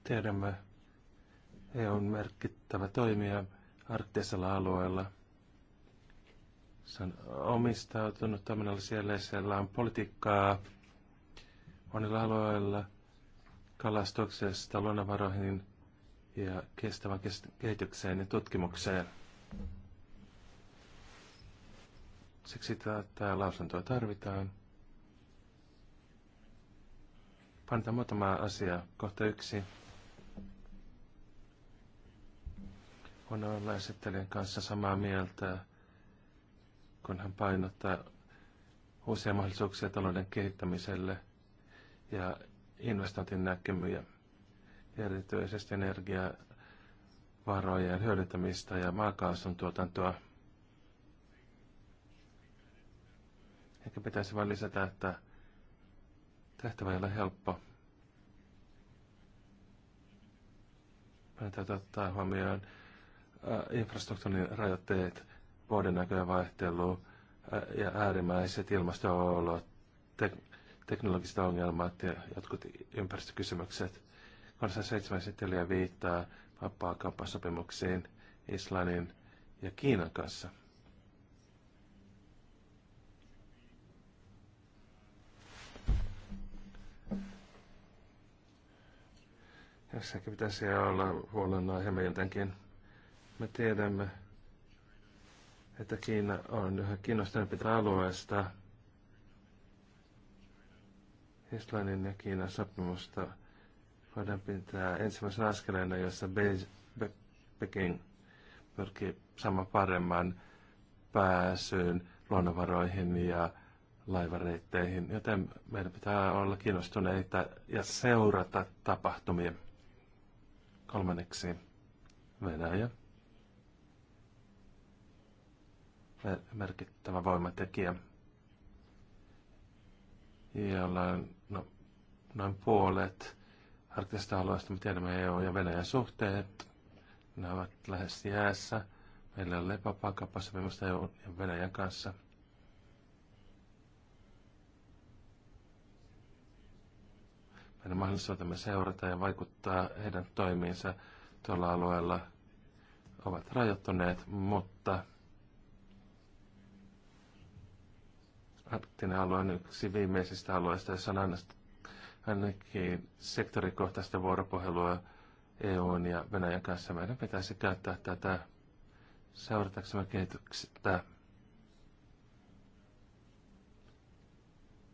Tiedämme on merkittävä toimija arktisella alueella. Se on omistautunut toiminnallisella siellä, siellä on politiikkaa monilla alueilla kalastuksesta luonnonvaroihin ja kestävän kehitykseen ja tutkimukseen. Siksi tätä lausuntoa tarvitaan. Panta muutama asia. Kohta yksi. On olla esittelijän kanssa samaa mieltä, kun hän painottaa uusia mahdollisuuksia talouden kehittämiselle ja investointin näkymiä erityisesti energiavarojen hyödyntämistä ja maakaasun tuotantoa. Ehkä pitäisi vain lisätä, että tehtävä ei ole helppo. Meidän täytyy ottaa huomioon äh, infrastruktuurin rajoitteet, vuoden näköjen vaihtelu äh, ja äärimmäiset ilmasto-olot, teknologiset ongelmat ja jotkut ympäristökysymykset. Varsa 7 esittelijä viittaa vapaakauppasopimuksiin Islannin ja Kiinan kanssa. Tässäkin pitäisi olla huolenaiheemme meiltäkin. Me tiedämme, että Kiina on yhä kiinnostuneempi alueesta. Islannin ja Kiinan sopimusta voidaan pitää ensimmäisenä askeleena, jossa Peking pyrkii saamaan paremman pääsyyn luonnonvaroihin ja laivareitteihin, joten meidän pitää olla kiinnostuneita ja seurata tapahtumia. Kolmanneksi Venäjä. Merkittävä voimatekijä, jolla on no, noin puolet arktisesta alueesta. Me tiedämme EU- ja Venäjän suhteet. Ne ovat lähes jäässä. Meillä on lepäpaakapasopimusta EU ja Venäjän kanssa. Meidän mahdollisuutemme seurata ja vaikuttaa heidän toimiinsa tuolla alueella ovat rajoittuneet, mutta arktinen alue on yksi viimeisistä alueista, jossa on ainakin sektorikohtaista vuoropuhelua EUn ja Venäjän kanssa. Meidän pitäisi käyttää tätä seurataksemme kehityksestä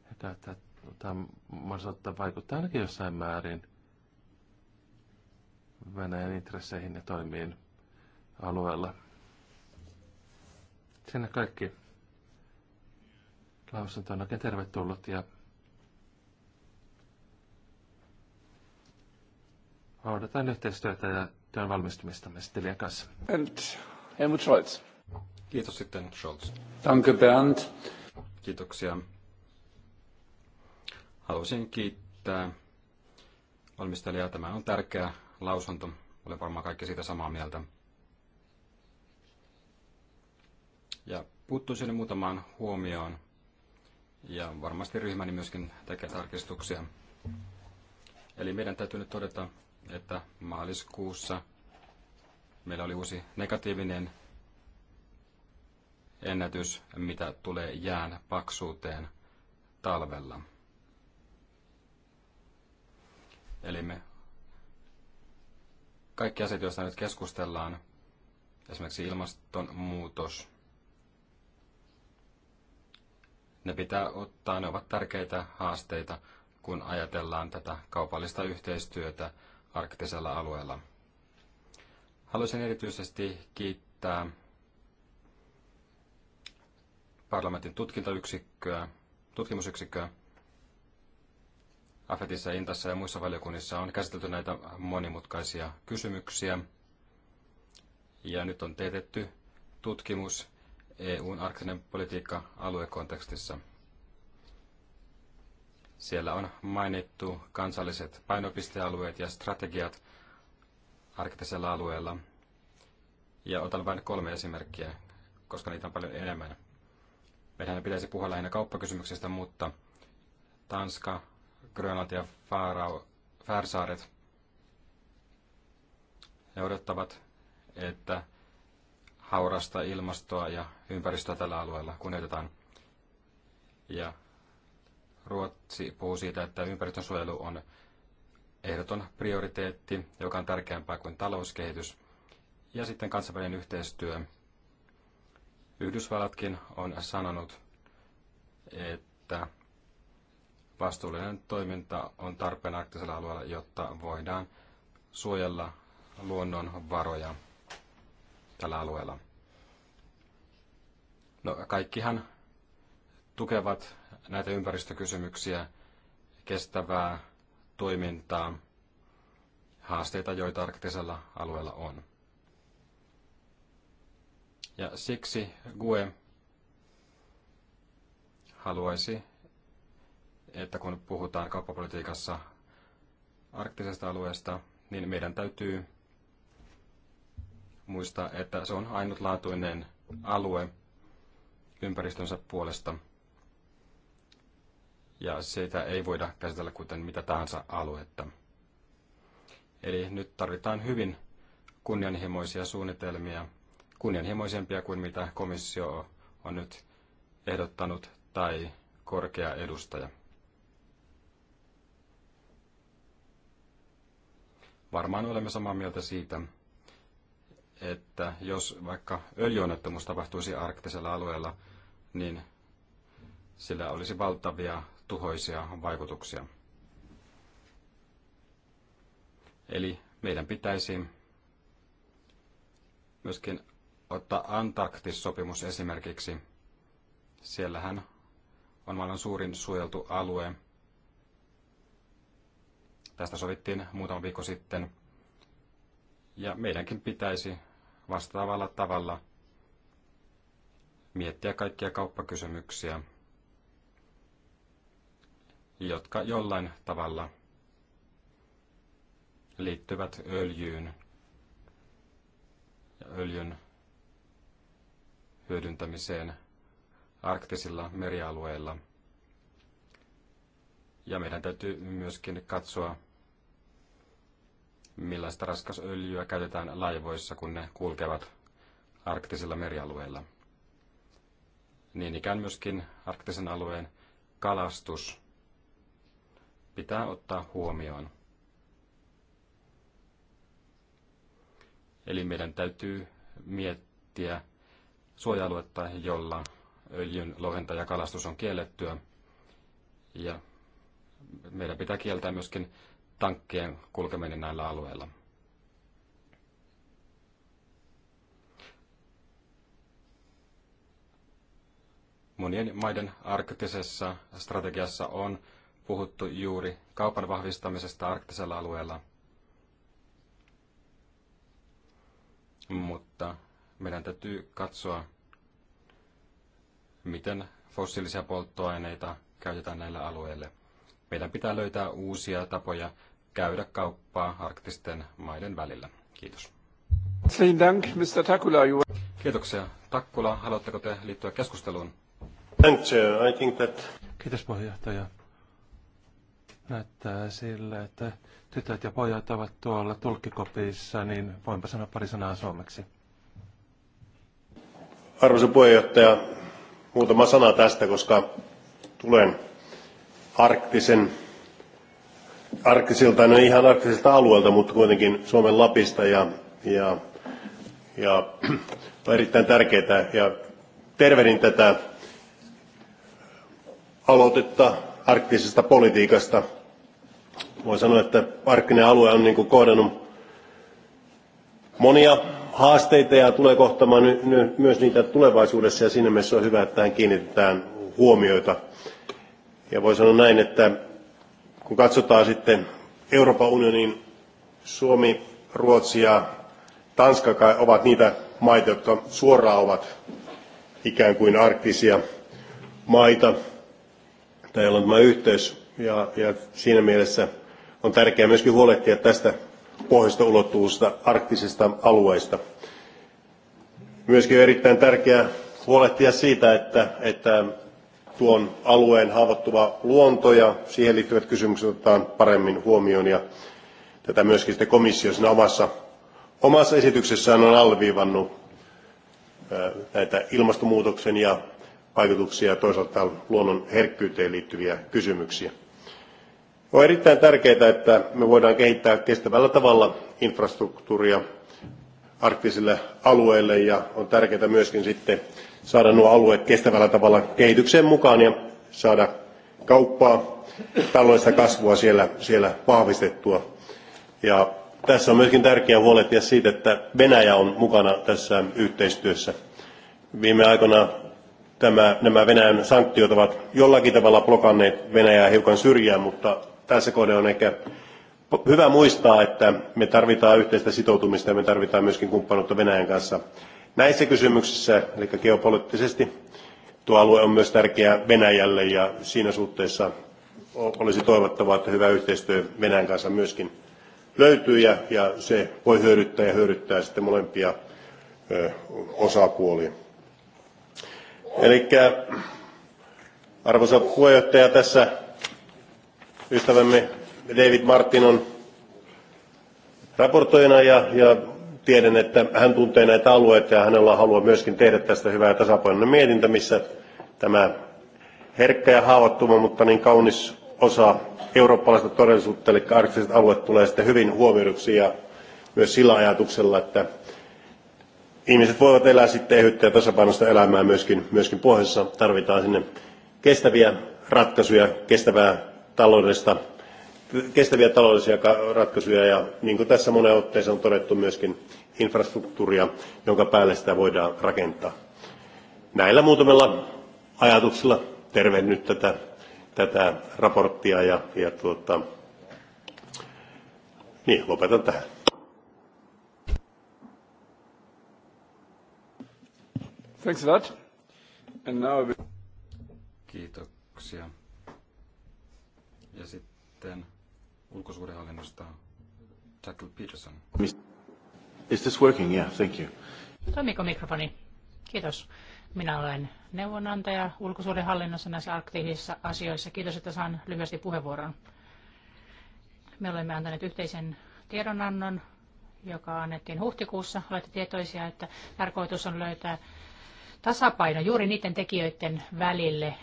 ja käyttää tämä mahdollisuutta vaikuttaa ainakin jossain määrin Venäjän intresseihin ja toimiin alueella. Sinne kaikki lausunto on oikein tervetullut ja Odotan yhteistyötä ja työn valmistumista Mesteliä kanssa. And Helmut Scholz. Kiitos sitten Scholz. Danke Bernd. Kiitoksia. Haluaisin kiittää valmistelijaa. Tämä on tärkeä lausunto. Olen varmaan kaikki siitä samaa mieltä. Ja puuttuisin muutamaan huomioon. Ja varmasti ryhmäni myöskin tekee tarkistuksia. Eli meidän täytyy nyt todeta, että maaliskuussa meillä oli uusi negatiivinen ennätys, mitä tulee jään paksuuteen talvella. Eli me kaikki asiat, joista nyt keskustellaan, esimerkiksi ilmastonmuutos, ne pitää ottaa, ne ovat tärkeitä haasteita, kun ajatellaan tätä kaupallista yhteistyötä arktisella alueella. Haluaisin erityisesti kiittää parlamentin tutkintayksikköä, tutkimusyksikköä. AFETissa, Intassa ja muissa valiokunnissa on käsitelty näitä monimutkaisia kysymyksiä. Ja nyt on teetetty tutkimus EUn arktinen politiikka aluekontekstissa – siellä on mainittu kansalliset painopistealueet ja strategiat arktisella alueella. Ja otan vain kolme esimerkkiä, koska niitä on paljon enemmän. Meidän pitäisi puhua lähinnä kauppakysymyksistä, mutta Tanska, Grönland ja Färsaaret, ne odottavat, että haurasta ilmastoa ja ympäristöä tällä alueella kunnioitetaan. Ja Ruotsi puhuu siitä, että ympäristönsuojelu on ehdoton prioriteetti, joka on tärkeämpää kuin talouskehitys. Ja sitten kansainvälinen yhteistyö. Yhdysvallatkin on sanonut, että vastuullinen toiminta on tarpeen arktisella alueella, jotta voidaan suojella luonnonvaroja tällä alueella. No, kaikkihan tukevat näitä ympäristökysymyksiä, kestävää toimintaa, haasteita, joita arktisella alueella on. Ja siksi GUE haluaisi, että kun puhutaan kauppapolitiikassa arktisesta alueesta, niin meidän täytyy muistaa, että se on ainutlaatuinen alue ympäristönsä puolesta – ja sitä ei voida käsitellä kuten mitä tahansa aluetta. Eli nyt tarvitaan hyvin kunnianhimoisia suunnitelmia, kunnianhimoisempia kuin mitä komissio on nyt ehdottanut tai korkea edustaja. Varmaan olemme samaa mieltä siitä, että jos vaikka öljyonnettomuus tapahtuisi arktisella alueella, niin sillä olisi valtavia tuhoisia vaikutuksia. Eli meidän pitäisi myöskin ottaa Antarktis-sopimus esimerkiksi. Siellähän on maailman suurin suojeltu alue. Tästä sovittiin muutama viikko sitten. Ja meidänkin pitäisi vastaavalla tavalla miettiä kaikkia kauppakysymyksiä jotka jollain tavalla liittyvät öljyyn ja öljyn hyödyntämiseen arktisilla merialueilla. Ja meidän täytyy myöskin katsoa, millaista raskasöljyä käytetään laivoissa, kun ne kulkevat arktisilla merialueilla. Niin ikään myöskin arktisen alueen kalastus pitää ottaa huomioon. Eli meidän täytyy miettiä suoja-aluetta, jolla öljyn lohenta ja kalastus on kiellettyä. Ja meidän pitää kieltää myöskin tankkien kulkeminen näillä alueilla. Monien maiden arktisessa strategiassa on puhuttu juuri kaupan vahvistamisesta arktisella alueella. Mutta meidän täytyy katsoa, miten fossiilisia polttoaineita käytetään näillä alueilla. Meidän pitää löytää uusia tapoja käydä kauppaa arktisten maiden välillä. Kiitos. Dank, Mr. Takula. Kiitoksia. Takkula, haluatteko te liittyä keskusteluun? Thank you. I think that... Kiitos puheenjohtaja Näyttää sille, että tytöt ja pojat ovat tuolla tulkkikopissa, niin voinpa sanoa pari sanaa suomeksi. Arvoisa puheenjohtaja, muutama sana tästä, koska tulen arktisen, arktisilta, no ihan arktisilta alueelta, mutta kuitenkin Suomen Lapista ja, ja, ja on erittäin tärkeää ja tervehdin tätä aloitetta arktisesta politiikasta. Voi sanoa, että arktinen alue on niin kuin kohdannut monia haasteita ja tulee kohtamaan myös niitä tulevaisuudessa ja siinä mielessä on hyvä, että tähän kiinnitetään huomioita. Ja voi sanoa näin, että kun katsotaan sitten Euroopan unionin Suomi, Ruotsi ja Tanska kai ovat niitä maita, jotka suoraan ovat ikään kuin arktisia maita. Täällä on tämä yhteys ja, ja siinä mielessä on tärkeää myöskin huolehtia tästä pohjoista ulottuvuudesta arktisista alueista. Myöskin on erittäin tärkeää huolehtia siitä, että, että tuon alueen haavoittuva luonto ja siihen liittyvät kysymykset otetaan paremmin huomioon ja tätä myöskin sitten komissio siinä omassa, omassa esityksessään on alviivannut näitä ilmastonmuutoksen ja vaikutuksia ja toisaalta luonnon herkkyyteen liittyviä kysymyksiä. On erittäin tärkeää, että me voidaan kehittää kestävällä tavalla infrastruktuuria arktisille alueille ja on tärkeää myöskin sitten saada nuo alueet kestävällä tavalla kehitykseen mukaan ja saada kauppaa, taloudellista kasvua siellä, siellä vahvistettua. Ja tässä on myöskin tärkeää huolehtia siitä, että Venäjä on mukana tässä yhteistyössä. Viime aikoina tämä, nämä Venäjän sanktiot ovat jollakin tavalla blokanneet Venäjää hiukan syrjään, mutta tässä kohde on ehkä hyvä muistaa, että me tarvitaan yhteistä sitoutumista ja me tarvitaan myöskin kumppanuutta Venäjän kanssa näissä kysymyksissä, eli geopoliittisesti tuo alue on myös tärkeä Venäjälle ja siinä suhteessa olisi toivottavaa, että hyvä yhteistyö Venäjän kanssa myöskin löytyy ja, ja se voi hyödyttää ja hyödyttää sitten molempia ö, osapuolia. Eli arvoisa puheenjohtaja, tässä ystävämme David Martin on raportoijana ja, ja tiedän, että hän tuntee näitä alueita ja hänellä on halua myöskin tehdä tästä hyvää tasapainoinen mietintä, missä tämä herkkä ja haavoittuva, mutta niin kaunis osa eurooppalaista todellisuutta, eli arktiset alueet tulee sitten hyvin huomioiduksi ja myös sillä ajatuksella, että ihmiset voivat elää sitten ehyttä ja tasapainoista elämää myöskin, myöskin pohjoisessa. Tarvitaan sinne kestäviä ratkaisuja, kestävää taloudellista, kestäviä taloudellisia ratkaisuja ja niin kuin tässä monen otteeseen on todettu myöskin infrastruktuuria, jonka päälle sitä voidaan rakentaa. Näillä muutamilla ajatuksilla nyt tätä, tätä raporttia ja, ja tuota, niin, lopetan tähän. Thanks a lot. And now... Kiitoksia. Ja sitten ulkosuhdehallinnosta Jackal Peterson. Is this working? Yeah, thank you. Toimiko mikrofoni? Kiitos. Minä olen neuvonantaja ulkosuhdehallinnossa näissä arktisissa asioissa. Kiitos, että saan lyhyesti puheenvuoron. Me olemme antaneet yhteisen tiedonannon, joka annettiin huhtikuussa. Olette tietoisia, että tarkoitus on löytää tasapaino juuri niiden tekijöiden välille,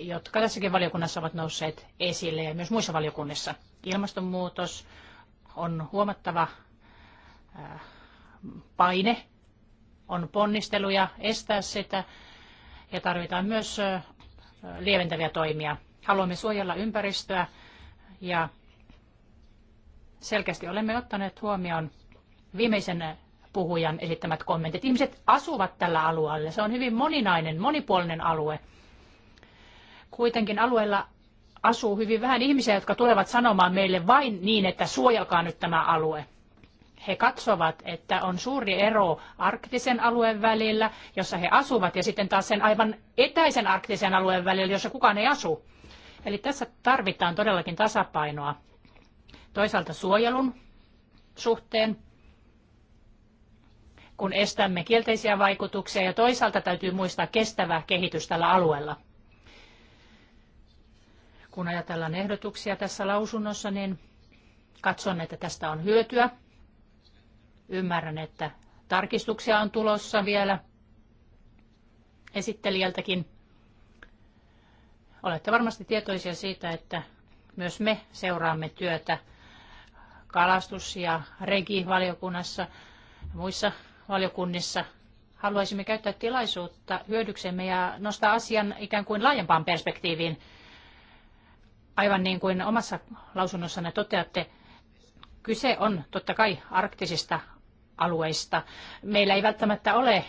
jotka tässäkin valiokunnassa ovat nousseet esille ja myös muissa valiokunnissa. Ilmastonmuutos on huomattava äh, paine, on ponnisteluja estää sitä ja tarvitaan myös äh, lieventäviä toimia. Haluamme suojella ympäristöä ja selkeästi olemme ottaneet huomioon viimeisen puhujan esittämät kommentit. Ihmiset asuvat tällä alueella. Se on hyvin moninainen, monipuolinen alue. Kuitenkin alueella asuu hyvin vähän ihmisiä, jotka tulevat sanomaan meille vain niin, että suojelkaa nyt tämä alue. He katsovat, että on suuri ero arktisen alueen välillä, jossa he asuvat, ja sitten taas sen aivan etäisen arktisen alueen välillä, jossa kukaan ei asu. Eli tässä tarvitaan todellakin tasapainoa toisaalta suojelun suhteen kun estämme kielteisiä vaikutuksia ja toisaalta täytyy muistaa kestävä kehitys tällä alueella. Kun ajatellaan ehdotuksia tässä lausunnossa, niin katson, että tästä on hyötyä. Ymmärrän, että tarkistuksia on tulossa vielä esittelijältäkin. Olette varmasti tietoisia siitä, että myös me seuraamme työtä kalastus- ja regivaliokunnassa ja muissa valiokunnissa haluaisimme käyttää tilaisuutta hyödyksemme ja nostaa asian ikään kuin laajempaan perspektiiviin. Aivan niin kuin omassa lausunnossanne toteatte, kyse on totta kai arktisista alueista. Meillä ei välttämättä ole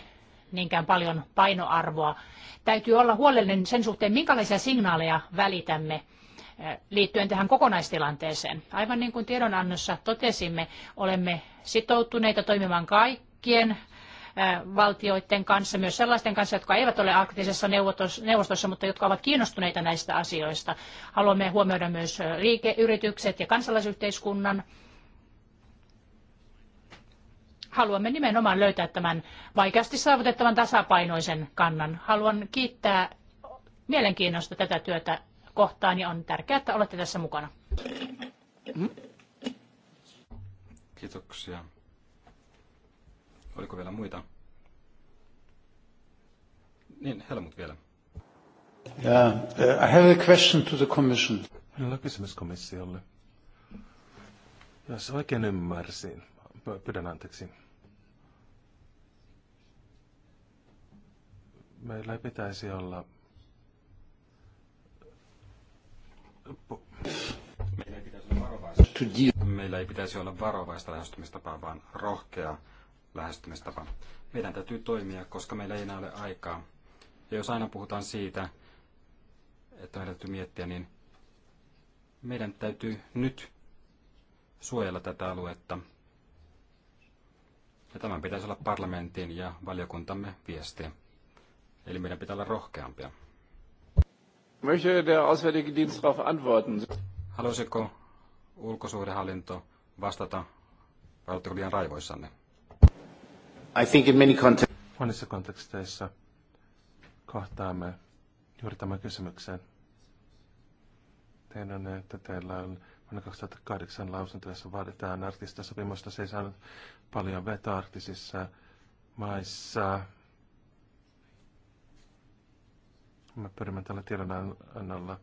niinkään paljon painoarvoa. Täytyy olla huolellinen sen suhteen, minkälaisia signaaleja välitämme eh, liittyen tähän kokonaistilanteeseen. Aivan niin kuin tiedonannossa totesimme, olemme sitoutuneita toimimaan kaikki kaikkien valtioiden kanssa, myös sellaisten kanssa, jotka eivät ole arktisessa neuvostossa, mutta jotka ovat kiinnostuneita näistä asioista. Haluamme huomioida myös liikeyritykset ja kansalaisyhteiskunnan. Haluamme nimenomaan löytää tämän vaikeasti saavutettavan tasapainoisen kannan. Haluan kiittää mielenkiinnosta tätä työtä kohtaan ja on tärkeää, että olette tässä mukana. Kiitoksia. Oliko vielä muita? Niin, Helmut vielä. Yeah, uh, I have a question to the commission. Minulla on kysymys komissiolle. Jos oikein ymmärsin, pyydän anteeksi. Meillä ei pitäisi olla... Meillä ei pitäisi olla varovaista, Meillä ei pitäisi olla varovaista lähestymistapaa, vaan rohkea lähestymistapa. Meidän täytyy toimia, koska meillä ei enää ole aikaa. Ja jos aina puhutaan siitä, että meidän täytyy miettiä, niin meidän täytyy nyt suojella tätä aluetta. Ja tämän pitäisi olla parlamentin ja valiokuntamme viesti. Eli meidän pitää olla rohkeampia. Haluaisiko ulkosuhdehallinto vastata? Vai raivoissanne? I think in many context... Monissa konteksteissa kohtaamme juuri tämän kysymyksen. Teidän, että teillä on vuonna 2008 lausunto, jossa vaaditaan arktista sopimusta. Se ei saanut paljon vetoa arktisissa maissa. Me pyrimme tällä tiedonannolla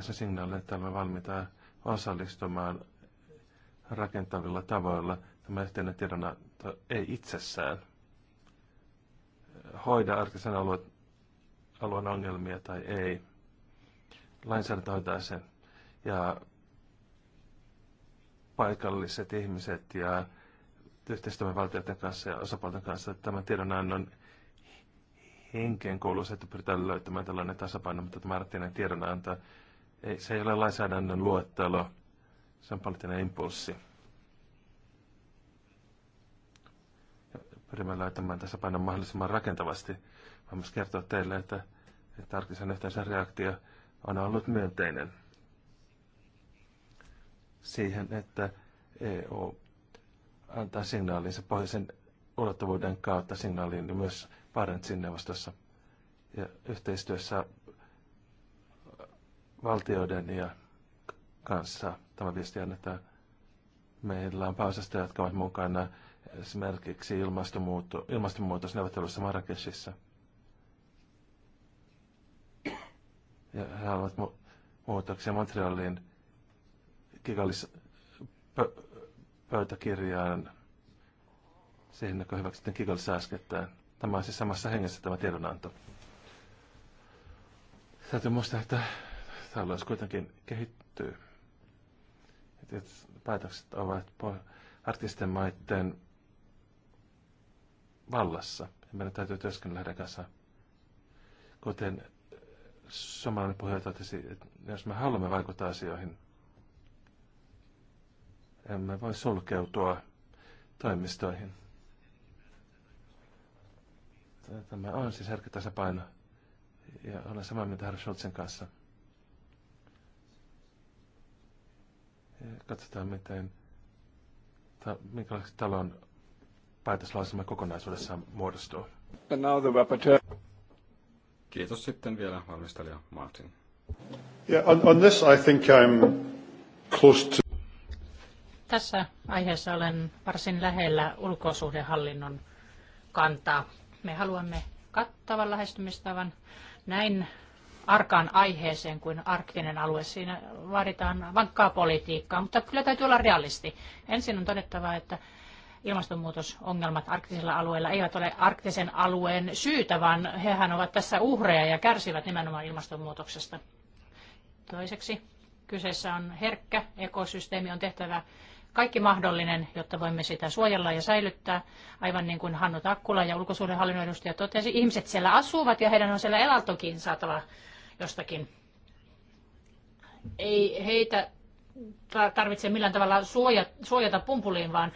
sen signaaleja, että olemme valmiita osallistumaan rakentavilla tavoilla – Tämä yhteinen tiedonanto ei itsessään hoida arkisen alue, alueen ongelmia tai ei. Lainsäädäntö hoitaa sen. Ja paikalliset ihmiset ja yhteistyömme valtioiden kanssa ja osapuolten kanssa tämän tiedonannon henkeen kuuluu että pyritään löytämään tällainen tasapaino, mutta tämä arktinen tiedonanto, ei, se ei ole lainsäädännön luettelo, se on poliittinen impulssi. Pyrimme laittamaan tässä painon mahdollisimman rakentavasti. Voin myös kertoa teille, että, että arkisen yhteisön reaktio on ollut myönteinen siihen, että EU antaa signaalinsa pohjoisen ulottuvuuden kautta signaaliin, myös Barentsin neuvostossa ja yhteistyössä valtioiden ja kanssa. Tämä viesti annetaan. Meillä on pääosasta, jotka ovat mukana esimerkiksi ilmastonmuuto, ilmastonmuutosneuvottelussa Marrakeshissa. Ja he haluavat mu- muutoksia Montrealin gigalis siihen, joka hyväksyttiin gigalissa äskettäin. Tämä on siis samassa hengessä tämä tiedonanto. Täytyy muistaa, että talous kuitenkin kehittyy. Päätökset ovat arktisten maiden vallassa. Meidän täytyy työskennellä heidän kanssaan. Kuten suomalainen puheenjohtaja totesi, että jos me haluamme vaikuttaa asioihin, emme voi sulkeutua toimistoihin. Tämä on siis herkkä tasapaino. Ja olen samaa mieltä herra Schulzen kanssa. Ja katsotaan, miten, ta, minkälaiset talon päätöslausuma kokonaisuudessaan muodostuu. Kiitos sitten vielä valmistelija Martin. Yeah, on, on this I think I'm close to... Tässä aiheessa olen varsin lähellä ulkosuhdehallinnon kantaa. Me haluamme kattavan lähestymistavan näin arkaan aiheeseen kuin arktinen alue. Siinä vaaditaan vankkaa politiikkaa, mutta kyllä täytyy olla realisti. Ensin on todettava, että ilmastonmuutosongelmat arktisilla alueilla eivät ole arktisen alueen syytä, vaan hehän ovat tässä uhreja ja kärsivät nimenomaan ilmastonmuutoksesta. Toiseksi kyseessä on herkkä ekosysteemi, on tehtävä kaikki mahdollinen, jotta voimme sitä suojella ja säilyttää. Aivan niin kuin Hannu Takkula ja ulkosuudenhallinnon edustaja totesi, ihmiset siellä asuvat ja heidän on siellä elantokin saatava jostakin. Ei heitä tarvitse millään tavalla suojata pumpuliin, vaan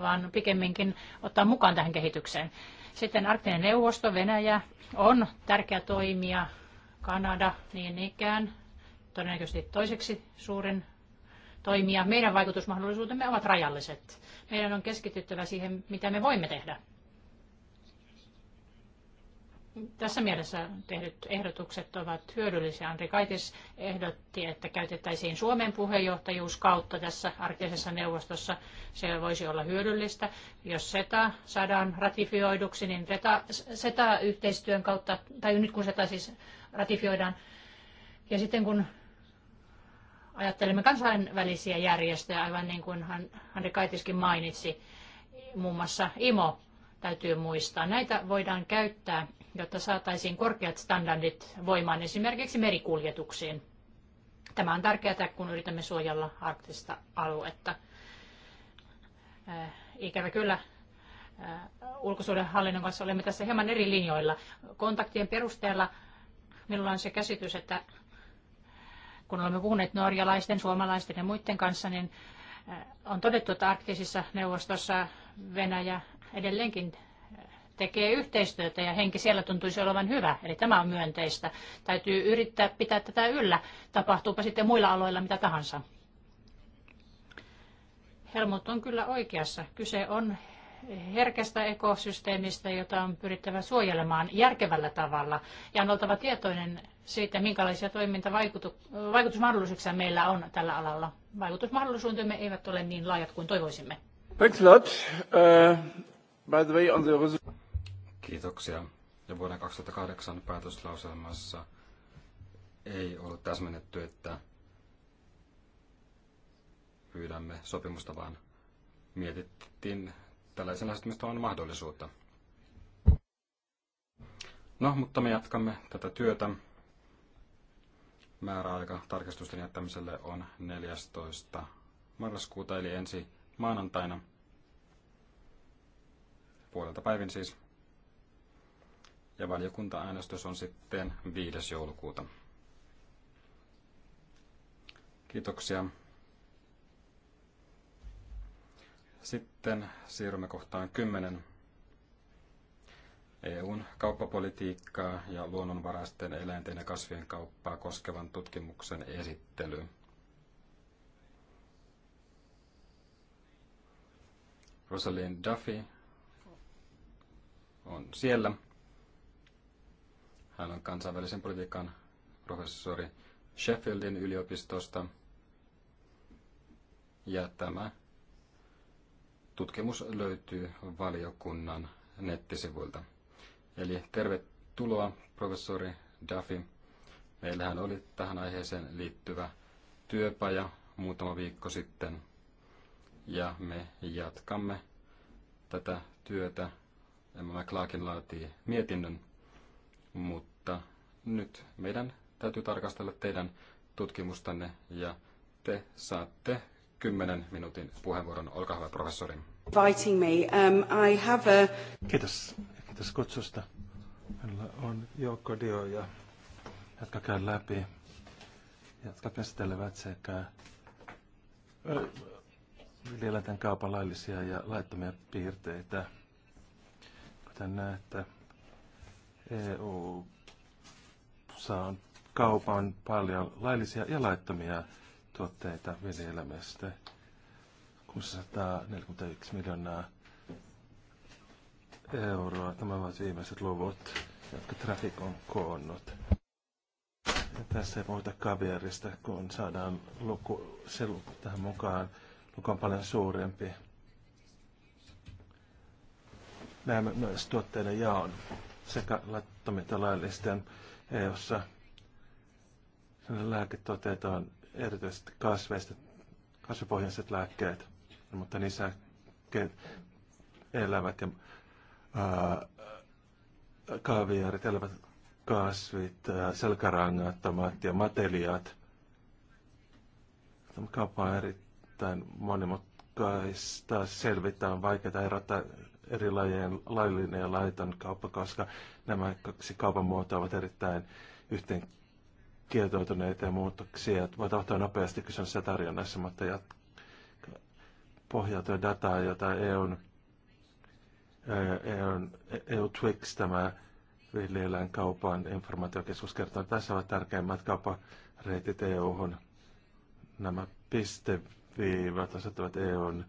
vaan pikemminkin ottaa mukaan tähän kehitykseen. Sitten Arktinen neuvosto, Venäjä on tärkeä toimija, Kanada niin ikään, todennäköisesti toiseksi suurin toimija. Meidän vaikutusmahdollisuutemme ovat rajalliset. Meidän on keskityttävä siihen, mitä me voimme tehdä. Tässä mielessä tehdyt ehdotukset ovat hyödyllisiä. Andri Kaitis ehdotti, että käytettäisiin Suomen kautta tässä arkeisessa neuvostossa. Se voisi olla hyödyllistä. Jos SETA saadaan ratifioiduksi, niin SETA-yhteistyön kautta, tai nyt kun SETA siis ratifioidaan, ja sitten kun ajattelemme kansainvälisiä järjestöjä, aivan niin kuin Andri Kaitiskin mainitsi, muun muassa IMO täytyy muistaa. Näitä voidaan käyttää jotta saataisiin korkeat standardit voimaan esimerkiksi merikuljetuksiin. Tämä on tärkeää, kun yritämme suojella arktista aluetta. Äh, ikävä kyllä äh, ulkosuudenhallinnon kanssa olemme tässä hieman eri linjoilla. Kontaktien perusteella minulla on se käsitys, että kun olemme puhuneet norjalaisten, suomalaisten ja muiden kanssa, niin äh, on todettu, että arktisissa neuvostossa Venäjä edelleenkin tekee yhteistyötä ja henki siellä tuntuisi olevan hyvä. Eli tämä on myönteistä. Täytyy yrittää pitää tätä yllä, tapahtuupa sitten muilla aloilla mitä tahansa. Helmut on kyllä oikeassa. Kyse on herkästä ekosysteemistä, jota on pyrittävä suojelemaan järkevällä tavalla ja on oltava tietoinen siitä, minkälaisia toimintavaikutusmahdollisuuksia meillä on tällä alalla. Vaikutusmahdollisuutemme eivät ole niin laajat kuin toivoisimme. Thanks a lot. Uh, by the way, on the Kiitoksia. Ja vuoden 2008 päätöslauselmassa ei ollut täsmennetty, että pyydämme sopimusta, vaan mietittiin tällaisen on mahdollisuutta. No, mutta me jatkamme tätä työtä. Määräaika tarkistusten jättämiselle on 14. marraskuuta, eli ensi maanantaina. Puolelta päivin siis ja valiokuntaäänestys on sitten 5. joulukuuta. Kiitoksia. Sitten siirrymme kohtaan 10. EUn kauppapolitiikkaa ja luonnonvaraisten eläinten ja kasvien kauppaa koskevan tutkimuksen esittely. Rosalind Duffy on siellä. Hän on kansainvälisen politiikan professori Sheffieldin yliopistosta. Ja tämä tutkimus löytyy valiokunnan nettisivuilta. Eli tervetuloa professori Duffy. Meillähän oli tähän aiheeseen liittyvä työpaja muutama viikko sitten. Ja me jatkamme tätä työtä. Emma McClarkin laatii mietinnön mutta nyt meidän täytyy tarkastella teidän tutkimustanne ja te saatte 10 minuutin puheenvuoron. Olkaa hyvä, professori. Inviting me. Um, I have a... Kiitos. Kiitos kutsusta. Meillä on joukko dioja, jotka käy läpi, jotka käsittelevät sekä viljeläinten kaupan laillisia ja laittomia piirteitä. Kuten näette, EU saa kaupan paljon laillisia ja laittomia tuotteita vesielämästä. 641 miljoonaa euroa. Tämä ovat viimeiset luvut, jotka trafik on koonnut. Ja tässä ei puhuta kaverista, kun saadaan luku, se luku tähän mukaan. Luku on paljon suurempi. Näemme myös tuotteiden jaon sekä laittomita laillisten EU-ssa. Lääketoteet on erityisesti kasveista, kasvipohjaiset lääkkeet, mutta niissä elävät ja ää, kaaviaarit, elävät kasvit, selkärangattomat ja mateliat. Tämä kauppa on erittäin monimutkaista, selvitään vaikeita erottaa eri lajien laillinen ja laiton kauppa, koska nämä kaksi kaupan muotoa ovat erittäin yhteen kietoutuneita ja muutoksia. Voi tapahtua nopeasti kysymyksiä tarjonnassa, mutta jat- pohjautuu dataa, jota EUn, EUn, EU Twix, tämä villieläin kaupan informaatiokeskus kertoo, että tässä ovat tärkeimmät kaupareitit EU-hun. Nämä pisteviivat asettavat EUn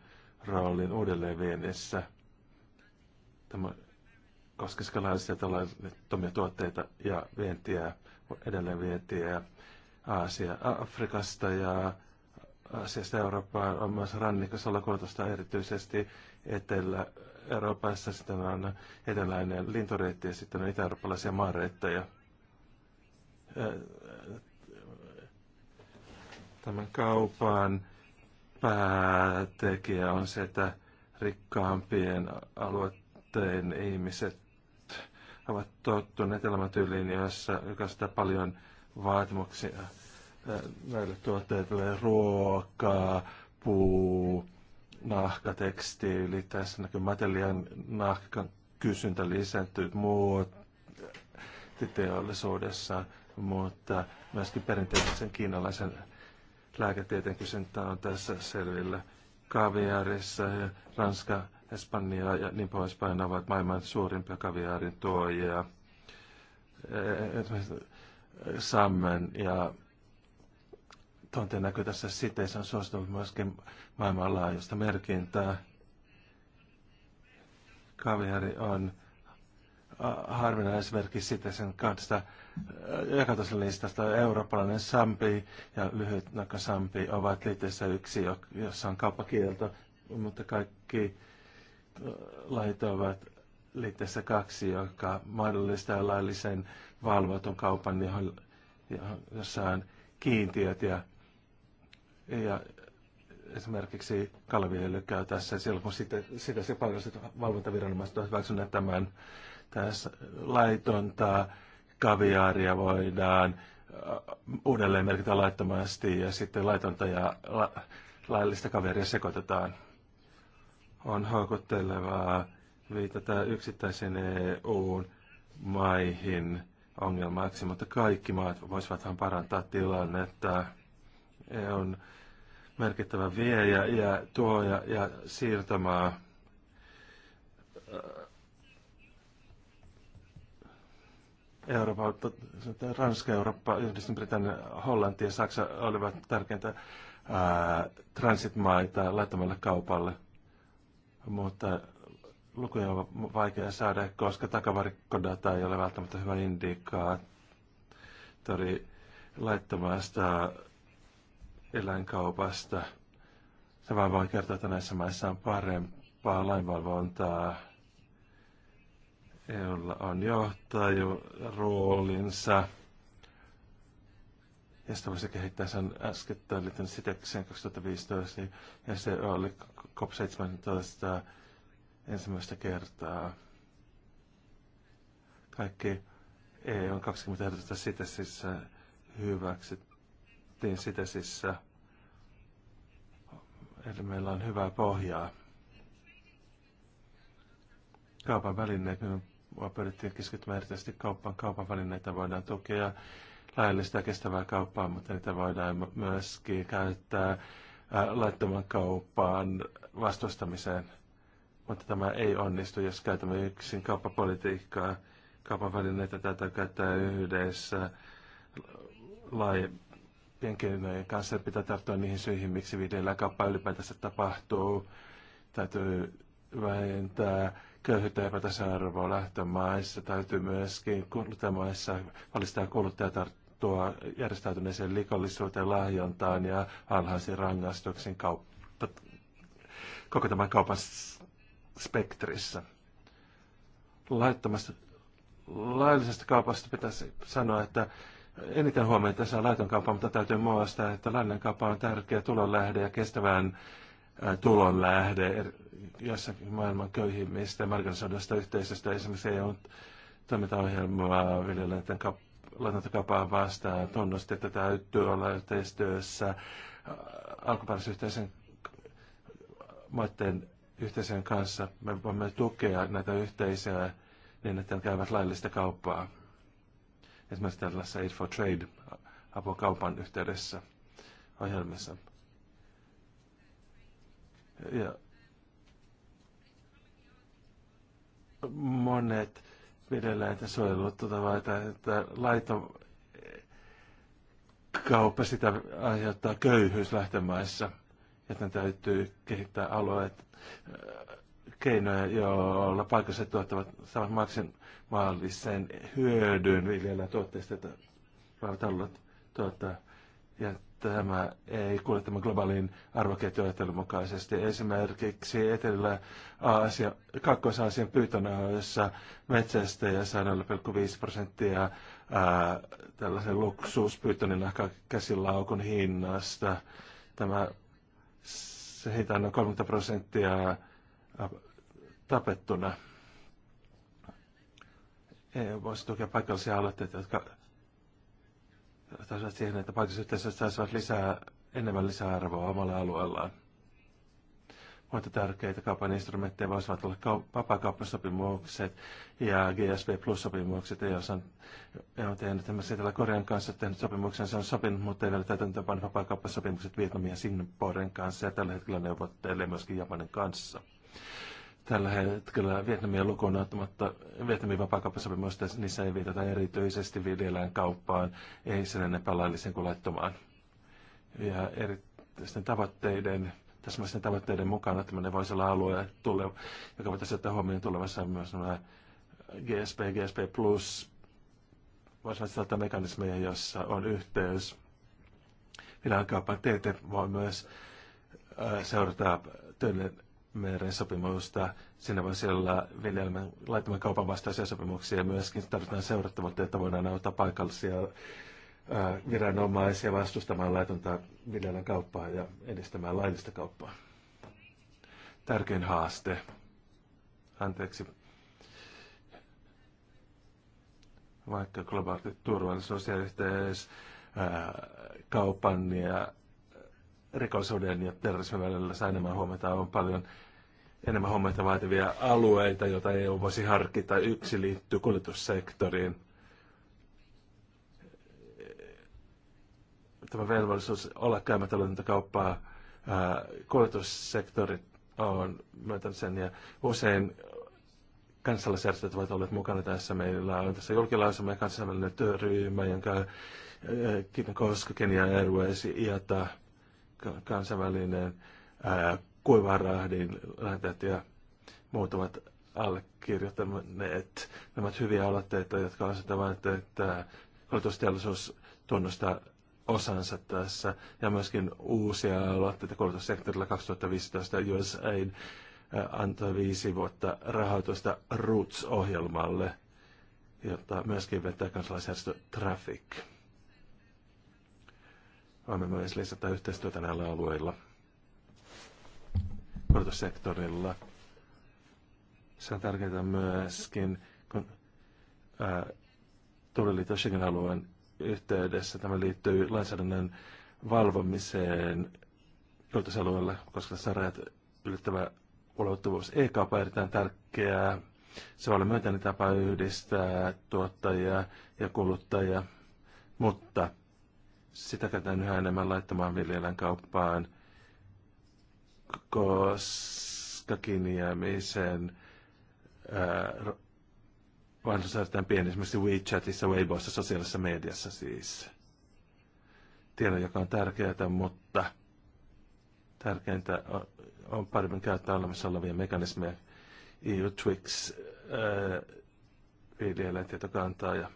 roolin uudelleenviennissä – Tämä skalaisia tällaisia tuotteita ja vientiä, edelleen vientiä Aasia, Afrikasta ja Aasiasta Eurooppaan on myös rannikossa lakulutusta erityisesti Etelä-Euroopassa. Sitten on eteläinen lintureitti ja sitten on itä-eurooppalaisia maareittejä. Tämän kaupan päätekijä on se, että rikkaampien alueiden usein ihmiset ovat tottuneet elämäntyyliin, jossa sitä paljon vaatimuksia näille tuotteille, ruokaa, puu, nahkatekstiili, Tässä näkyy matelian nahkan kysyntä lisääntyy muotiteollisuudessa, mutta myöskin perinteisen kiinalaisen lääketieteen kysyntä on tässä selvillä. Kaviarissa ja Ranska Espanjaa ja niin poispäin ovat maailman suurimpia kaviaarin tuojia. Sammen ja Tonte näkyy tässä siteissä on suostunut myöskin maailmanlaajuista merkintää. Kaviari on harvinaismerkki siteisen kanssa jakatussa listasta. Eurooppalainen sampi ja lyhyt sampi ovat liitteessä yksi, jossa on kauppakielto, mutta kaikki lait ovat liitteessä kaksi, joka mahdollistaa laillisen valvotun kaupan, jossa on kiintiöt ja, ja esimerkiksi kalaviljely käy tässä silloin, kun sitä, sitä se paikalliset valvontaviranomaiset ovat hyväksyneet tämän tässä laitonta kaviaaria voidaan uudelleen merkitä laittomasti ja sitten laitonta ja la, laillista kaveria sekoitetaan on houkuttelevaa viitata yksittäisen EUn maihin ongelmaksi, mutta kaikki maat voisivathan parantaa tilannetta. E on merkittävä viejä ja tuoja ja siirtomaa. Eurooppa, Ranska, Eurooppa, Yhdistyn Britannia, Hollanti ja Saksa olivat tärkeintä ää, transitmaita laittomalle kaupalle – mutta lukuja on vaikea saada, koska takavarikkodata ei ole välttämättä hyvä indikaattori laittomasta eläinkaupasta. Se vaan voi kertoa, että näissä maissa on parempaa lainvalvontaa, jolla on johtaju roolinsa ja sitten voisi kehittää sen äskettäin liittynyt sitekseen 2015, ja se oli COP17 ensimmäistä kertaa. Kaikki EU 20 ehdotusta sitesissä hyväksyttiin sitesissä. Eli meillä on hyvää pohjaa. Kaupan välineet, me pyrittiin keskittymään erityisesti kaupan, kaupan välineitä voidaan tukea laillista kestävää kauppaa, mutta niitä voidaan myöskin käyttää äh, laittoman kauppaan vastustamiseen. Mutta tämä ei onnistu, jos käytämme yksin kauppapolitiikkaa. Kaupan välineitä täytyy käyttää yhdessä laajempien keinojen kanssa. Pitää tarttua niihin syihin, miksi viljellä kauppa ylipäätänsä tapahtuu. Täytyy vähentää köyhyyttä ja epätasa-arvoa lähtömaissa. Täytyy myöskin kuluttajamaissa valistaa kuluttajatarttua tarttua järjestäytyneeseen likollisuuteen, lahjontaan ja alhaisiin rangaistuksiin kauppa, koko tämän kaupan spektrissä. Laittomasta, laillisesta kaupasta pitäisi sanoa, että eniten huomioon tässä on laiton kauppa, mutta täytyy muistaa, että laillinen kauppa on tärkeä tulonlähde ja kestävän tulonlähde er, jossakin maailman köyhimmistä marginalisoidusta yhteisöstä, esimerkiksi EUn toimintaohjelmaa viljelijöiden kaup- laitontakauppaa vastaan. Tunnusti, että täytyy olla yhteistyössä äh, alkuperäisyhteisön maiden yhteisön kanssa. Me voimme tukea näitä yhteisöjä niin, että ne käyvät laillista kauppaa. Esimerkiksi tällaisessa Aid for Trade apukaupan yhteydessä ohjelmissa. Ja monet viljelijöitä suojelua tuota vai että, että laiton kauppa sitä aiheuttaa köyhyys lähtömaissa. että täytyy kehittää alueet, äh, keinoja, joilla paikalliset tuottavat saavat maksimaalisen hyödyn viljelijätuotteista, tuotteista voivat alueet tuottaa. Ja tämä ei kuule tämän globaalin arvoketjuajattelun mukaisesti. Esimerkiksi Etelä-Aasia, kakkois aasian pyytönä, jossa metsästäjä saa 0,5 prosenttia tällaisen luksuspyytönin nahka käsilaukun hinnasta. Tämä se heitä on 30 prosenttia tapettuna. EU voisi tukea paikallisia aloitteita, jotka tasa siihen, että tässä saisi lisää, enemmän lisäarvoa omalla alueellaan. Muita tärkeitä kaupan instrumentteja voisivat olla kau- vapaakauppasopimukset ja GSP Plus-sopimukset. Jos on, on tehnyt esimerkiksi Korean kanssa tehnyt sopimuksen, se on sopinut, mutta ei vielä täytäntöönpano vapaakauppasopimukset Vietnamin ja Singaporen kanssa ja tällä hetkellä neuvottelee myöskin Japanin kanssa. Tällä hetkellä Vietnamia lukuun ottamatta Vietnamin vapaakauppasopimusta, niissä ei viitata erityisesti viljelään kauppaan, ei sen enempää lailliseen kuin laittomaan. Ja erityisten tavoitteiden täsmäisten tavoitteiden mukana tämmöinen voisi olla alue, tule, joka voitaisiin ottaa huomioon tulevassa myös nämä GSP, GSP Plus, voisivat sisältää mekanismeja, jossa on yhteys. kauppaan TT voi myös äh, seurata töiden meren sopimusta. Siinä voisi olla viljelmän laittoman kaupan vastaisia sopimuksia. Myöskin tarvitaan seurattavuutta, että voidaan auttaa paikallisia viranomaisia vastustamaan laitonta viljelmän kauppaa ja edistämään laillista kauppaa. Tärkein haaste. Anteeksi. Vaikka globaali turvallisuus ja yhteys, ää, kaupan ja rikollisuuden ja terrorismin välillä saa enemmän huomiota, on paljon enemmän huomiota vaativia alueita, joita EU voisi harkita. Yksi liittyy kuljetussektoriin. Tämä velvollisuus olla käymättä kauppaa kuljetussektori on myöntänyt sen ja usein kansalaisjärjestöt ovat olleet mukana tässä. Meillä on tässä julkilausuma ja kansainvälinen työryhmä, jonka Kiina Koska, Kenia Airways, IATA, kansainvälinen kuivarahdin lähetet ja muut ovat allekirjoittaneet. Nämä hyviä aloitteita, jotka asettavat, että koulutusteollisuus tunnustaa osansa tässä ja myöskin uusia aloitteita koulutussektorilla 2015 USA antoi viisi vuotta rahoitusta Roots-ohjelmalle, jota myöskin vetää kansalaisjärjestö Traffic. Voimme myös lisätä yhteistyötä näillä alueilla kulutussektorilla. Se on tärkeää myöskin, kun tulliliitto Schengen-alueen yhteydessä tämä liittyy lainsäädännön valvomiseen kulutusalueella, koska tässä on rajat ylittävä ulottuvuus. E-kauppa erittäin tärkeää. Se voi olla myönteinen tapa yhdistää tuottajia ja kuluttajia, mutta sitä käytetään yhä enemmän laittamaan viljelän kauppaan koska kiinni jäämisen vanha saadaan pieni, esimerkiksi WeChatissa, Weiboissa, sosiaalisessa mediassa siis. Tiedon, joka on tärkeää, mutta tärkeintä on, on paremmin käyttää olemassa olevia mekanismeja. EU Twix tietokantaa ja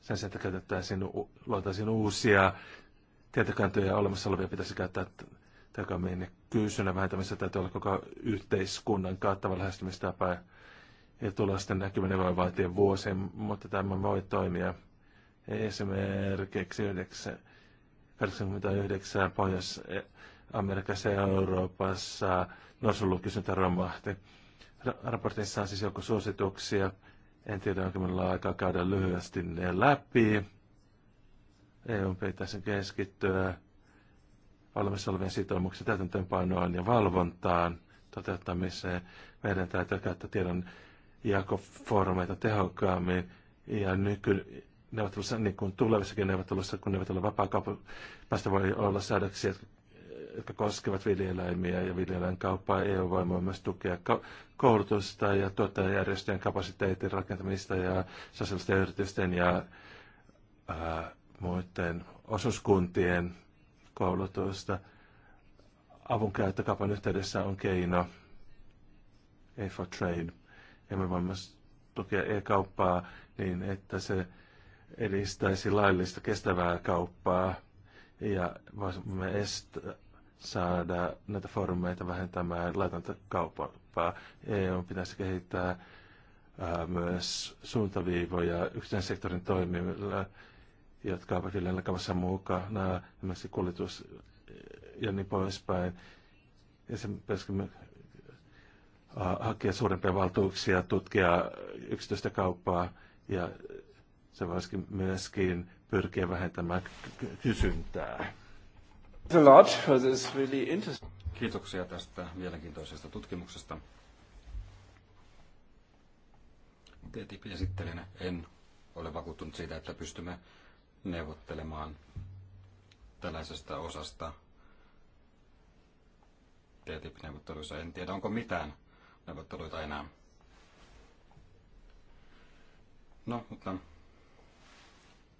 sen sijaan, että käytettäisiin, luotaisiin uusia tietokantoja olemassa olevia pitäisi käyttää takaminen kyysynä vähentämistä täytyy olla koko yhteiskunnan kattava lähestymistapa. Ja tulosten näkyminen voi vaatia vuosien, mutta tämä voi toimia esimerkiksi 89 Pohjois-Amerikassa ja Euroopassa norsulukysyntä romahti. Raportissa on siis joku suosituksia. En tiedä, onko minulla aikaa käydä lyhyesti ne läpi. EU pitäisi keskittyä olemassa olevien sitoumuksen täytäntöönpanoon ja valvontaan toteuttamiseen. Meidän täytyy käyttää tiedon jakofoorumeita tehokkaammin ja nykyneuvottelussa, neuvottelussa, niin kuin tulevissakin neuvottelussa, kun neuvottelun vapaakaupasta voi olla säädöksiä, jotka koskevat viljeläimiä ja viljeläin kauppaa. EU voi myös tukea koulutusta ja tuottajajärjestöjen kapasiteetin rakentamista ja sosiaalisten yritysten ja ää, muiden osuuskuntien koulutusta. Avun käyttökaupan yhteydessä on keino, ei for trade. Ja me voimme tukea e-kauppaa niin, että se edistäisi laillista kestävää kauppaa ja voisimme estää saada näitä foorumeita vähentämään laitonta kauppaa. EU pitäisi kehittää ää, myös suuntaviivoja yksityisen sektorin toimijoille jotka ovat yleensä mukana, esimerkiksi kuljetus ja niin poispäin. Ja se myöskin äh, hakea suurempia valtuuksia tutkia yksityistä kauppaa ja se voisikin myöskin pyrkiä vähentämään kysyntää. A lot, it's really interesting. Kiitoksia tästä mielenkiintoisesta tutkimuksesta. TTIP-esittelijänä en ole vakuuttunut siitä, että pystymme neuvottelemaan tällaisesta osasta TTIP-neuvotteluissa. En tiedä, onko mitään neuvotteluita enää. No, mutta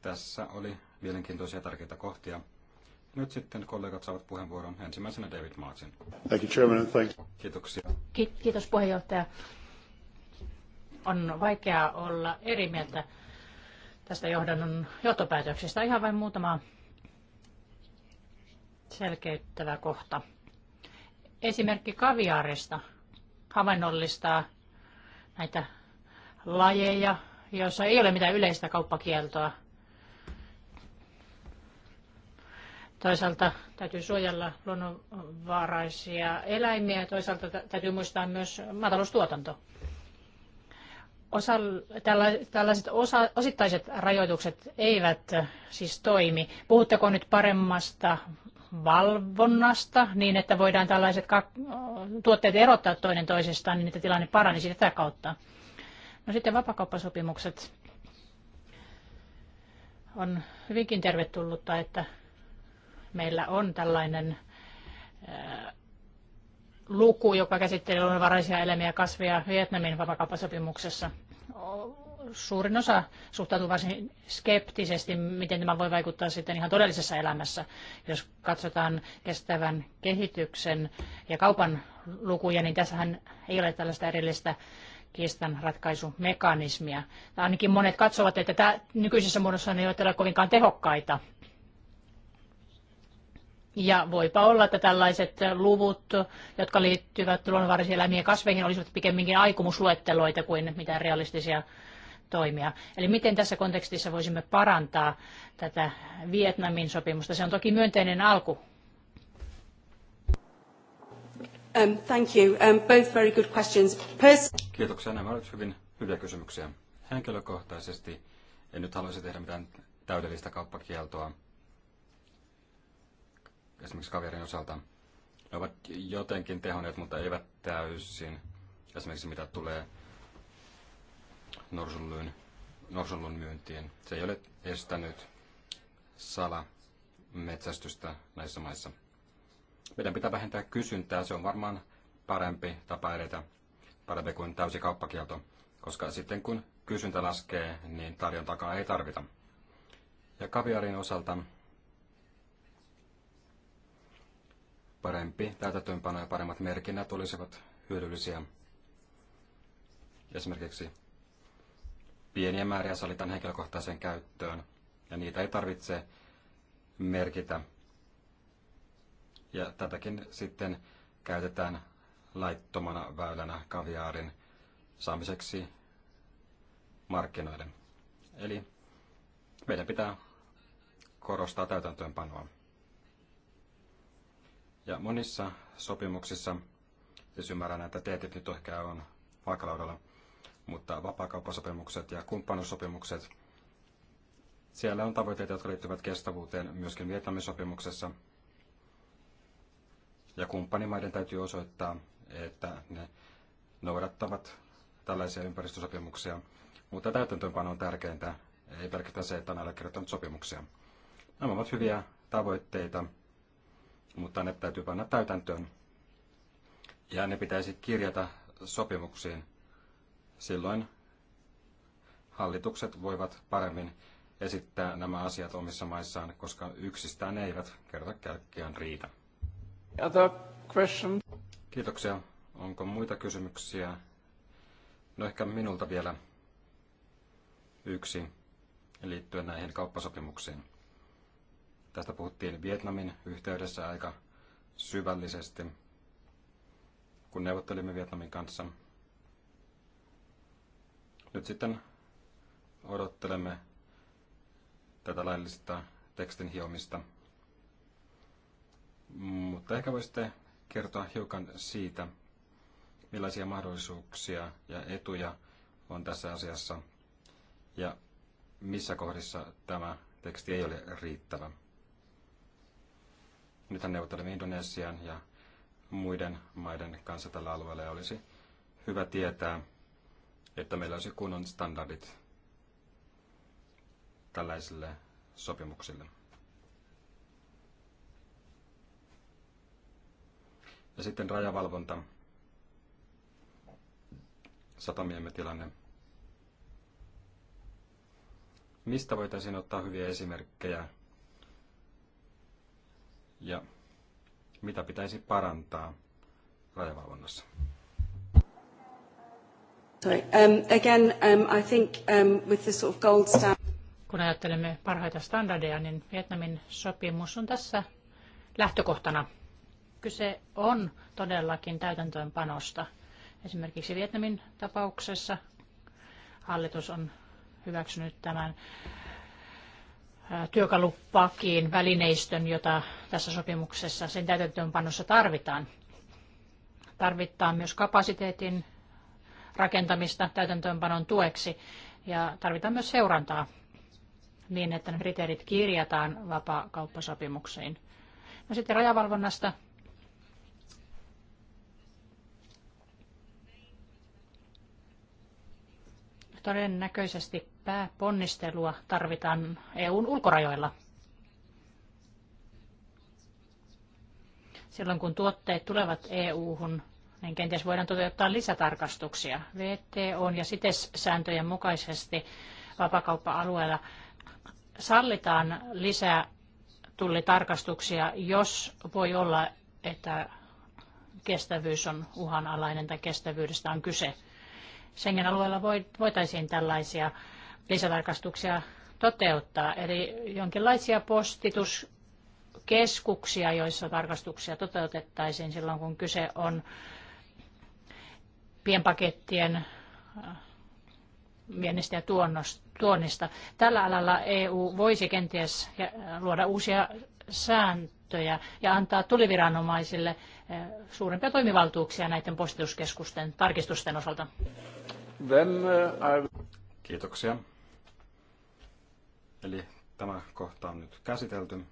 tässä oli mielenkiintoisia tärkeitä kohtia. Nyt sitten kollegat saavat puheenvuoron. Ensimmäisenä David Martin. Thank you, Chairman. Thank you. Kiitoksia. Ki- kiitos puheenjohtaja. On vaikea olla eri mieltä tästä johdannon johtopäätöksestä. Ihan vain muutama selkeyttävä kohta. Esimerkki kaviaarista havainnollistaa näitä lajeja, joissa ei ole mitään yleistä kauppakieltoa. Toisaalta täytyy suojella luonnonvaraisia eläimiä ja toisaalta täytyy muistaa myös maataloustuotanto tällaiset osa, osittaiset rajoitukset eivät äh, siis toimi. Puhutteko nyt paremmasta valvonnasta niin, että voidaan tällaiset tuotteet erottaa toinen toisestaan niin, että tilanne paranisi tätä kautta? No sitten vapakauppasopimukset. On hyvinkin tervetullutta, että meillä on tällainen äh, luku, joka käsittelee luonnonvaraisia elämiä ja kasveja Vietnamin vapakauppasopimuksessa suurin osa suhtautuu varsin skeptisesti, miten tämä voi vaikuttaa sitten ihan todellisessa elämässä. Jos katsotaan kestävän kehityksen ja kaupan lukuja, niin tässähän ei ole tällaista erillistä kiistanratkaisumekanismia. Ainakin monet katsovat, että tämä nykyisessä muodossa ei ole kovinkaan tehokkaita. Ja voipa olla, että tällaiset luvut, jotka liittyvät ja kasveihin, olisivat pikemminkin aikomusluetteloita kuin mitään realistisia toimia. Eli miten tässä kontekstissa voisimme parantaa tätä Vietnamin sopimusta? Se on toki myönteinen alku. Um, thank you. Um, both very good questions. Pers- Kiitoksia. Nämä olivat hyvin hyviä kysymyksiä. Henkilökohtaisesti en nyt haluaisi tehdä mitään täydellistä kauppakieltoa esimerkiksi kaverin osalta, ne ovat jotenkin tehoneet, mutta eivät täysin. Esimerkiksi mitä tulee norsunluun, norsunluun myyntiin. Se ei ole estänyt salametsästystä näissä maissa. Meidän pitää vähentää kysyntää, se on varmaan parempi tapa edetä, parempi kuin täysi kauppakielto, koska sitten kun kysyntä laskee, niin tarjontakaan ei tarvita. Ja kaviarin osalta parempi täytäntöönpano ja paremmat merkinnät olisivat hyödyllisiä. Esimerkiksi pieniä määriä salitan henkilökohtaiseen käyttöön ja niitä ei tarvitse merkitä. Ja tätäkin sitten käytetään laittomana väylänä kaviaarin saamiseksi markkinoiden. Eli meidän pitää korostaa täytäntöönpanoa. Ja monissa sopimuksissa, siis ymmärrän, että TTIP nyt ehkä on vaakalaudalla, mutta vapaakauppasopimukset ja kumppanuussopimukset, siellä on tavoitteita, jotka liittyvät kestävyyteen myöskin Vietnamin sopimuksessa. Ja kumppanimaiden täytyy osoittaa, että ne noudattavat tällaisia ympäristösopimuksia, mutta täytäntöönpano on tärkeintä, ei pelkästään se, että on allekirjoittanut sopimuksia. Nämä ovat hyviä tavoitteita, mutta ne täytyy panna täytäntöön. Ja ne pitäisi kirjata sopimuksiin. Silloin hallitukset voivat paremmin esittää nämä asiat omissa maissaan, koska yksistään ne eivät kerta kaikkiaan riitä. Other question? Kiitoksia. Onko muita kysymyksiä? No ehkä minulta vielä yksi liittyen näihin kauppasopimuksiin. Tästä puhuttiin Vietnamin yhteydessä aika syvällisesti, kun neuvottelimme Vietnamin kanssa. Nyt sitten odottelemme tätä laillista tekstin hiomista. Mutta ehkä voisitte kertoa hiukan siitä, millaisia mahdollisuuksia ja etuja on tässä asiassa ja missä kohdissa tämä teksti ei ole riittävä nythän neuvottelemme Indonesian ja muiden maiden kanssa tällä alueella ja olisi hyvä tietää, että meillä olisi kunnon standardit tällaisille sopimuksille. Ja sitten rajavalvonta, satamiemme tilanne. Mistä voitaisiin ottaa hyviä esimerkkejä ja mitä pitäisi parantaa rajavalvonnassa? Sorry. Um, again, um, I think um, with the sort of gold standard... Kun ajattelemme parhaita standardeja, niin Vietnamin sopimus on tässä lähtökohtana. Kyse on todellakin täytäntöönpanosta. Esimerkiksi Vietnamin tapauksessa hallitus on hyväksynyt tämän työkalupakin välineistön, jota tässä sopimuksessa sen täytäntöönpanossa tarvitaan. Tarvitaan myös kapasiteetin rakentamista täytäntöönpanon tueksi ja tarvitaan myös seurantaa niin, että ne kriteerit kirjataan vapaakauppasopimuksiin. No sitten rajavalvonnasta. Todennäköisesti pääponnistelua tarvitaan EUn ulkorajoilla. Silloin kun tuotteet tulevat EU-hun, niin kenties voidaan toteuttaa lisätarkastuksia. on ja sites sääntöjen mukaisesti vapakauppa-alueella sallitaan lisää tullitarkastuksia, jos voi olla, että kestävyys on uhanalainen tai kestävyydestä on kyse. Schengen-alueella voitaisiin tällaisia lisätarkastuksia toteuttaa. Eli jonkinlaisia postituskeskuksia, joissa tarkastuksia toteutettaisiin silloin, kun kyse on pienpakettien äh, viennistä ja tuonnista. Tällä alalla EU voisi kenties äh, luoda uusia sääntöjä ja antaa tuliviranomaisille äh, suurempia toimivaltuuksia näiden postituskeskusten tarkistusten osalta. Then, uh, I... Kiitoksia. Eli tämä kohta on nyt käsitelty.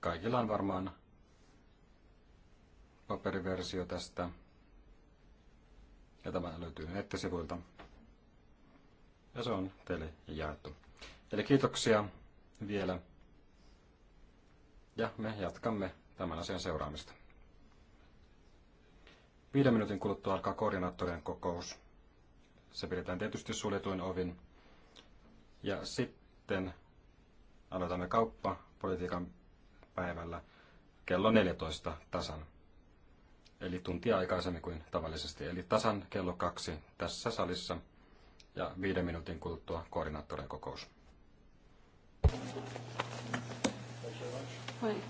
Kaikilla on varmaan paperiversio tästä. Ja tämä löytyy nettisivuilta. Ja se on teille jaettu. Eli kiitoksia vielä. Ja me jatkamme tämän asian seuraamista. Viiden minuutin kuluttua alkaa koordinaattorien kokous. Se pidetään tietysti suljetuin ovin. Ja sitten aloitamme kauppapolitiikan päivällä kello 14 tasan. Eli tuntia aikaisemmin kuin tavallisesti. Eli tasan kello kaksi tässä salissa ja viiden minuutin kuluttua koordinaattorin kokous. Vai.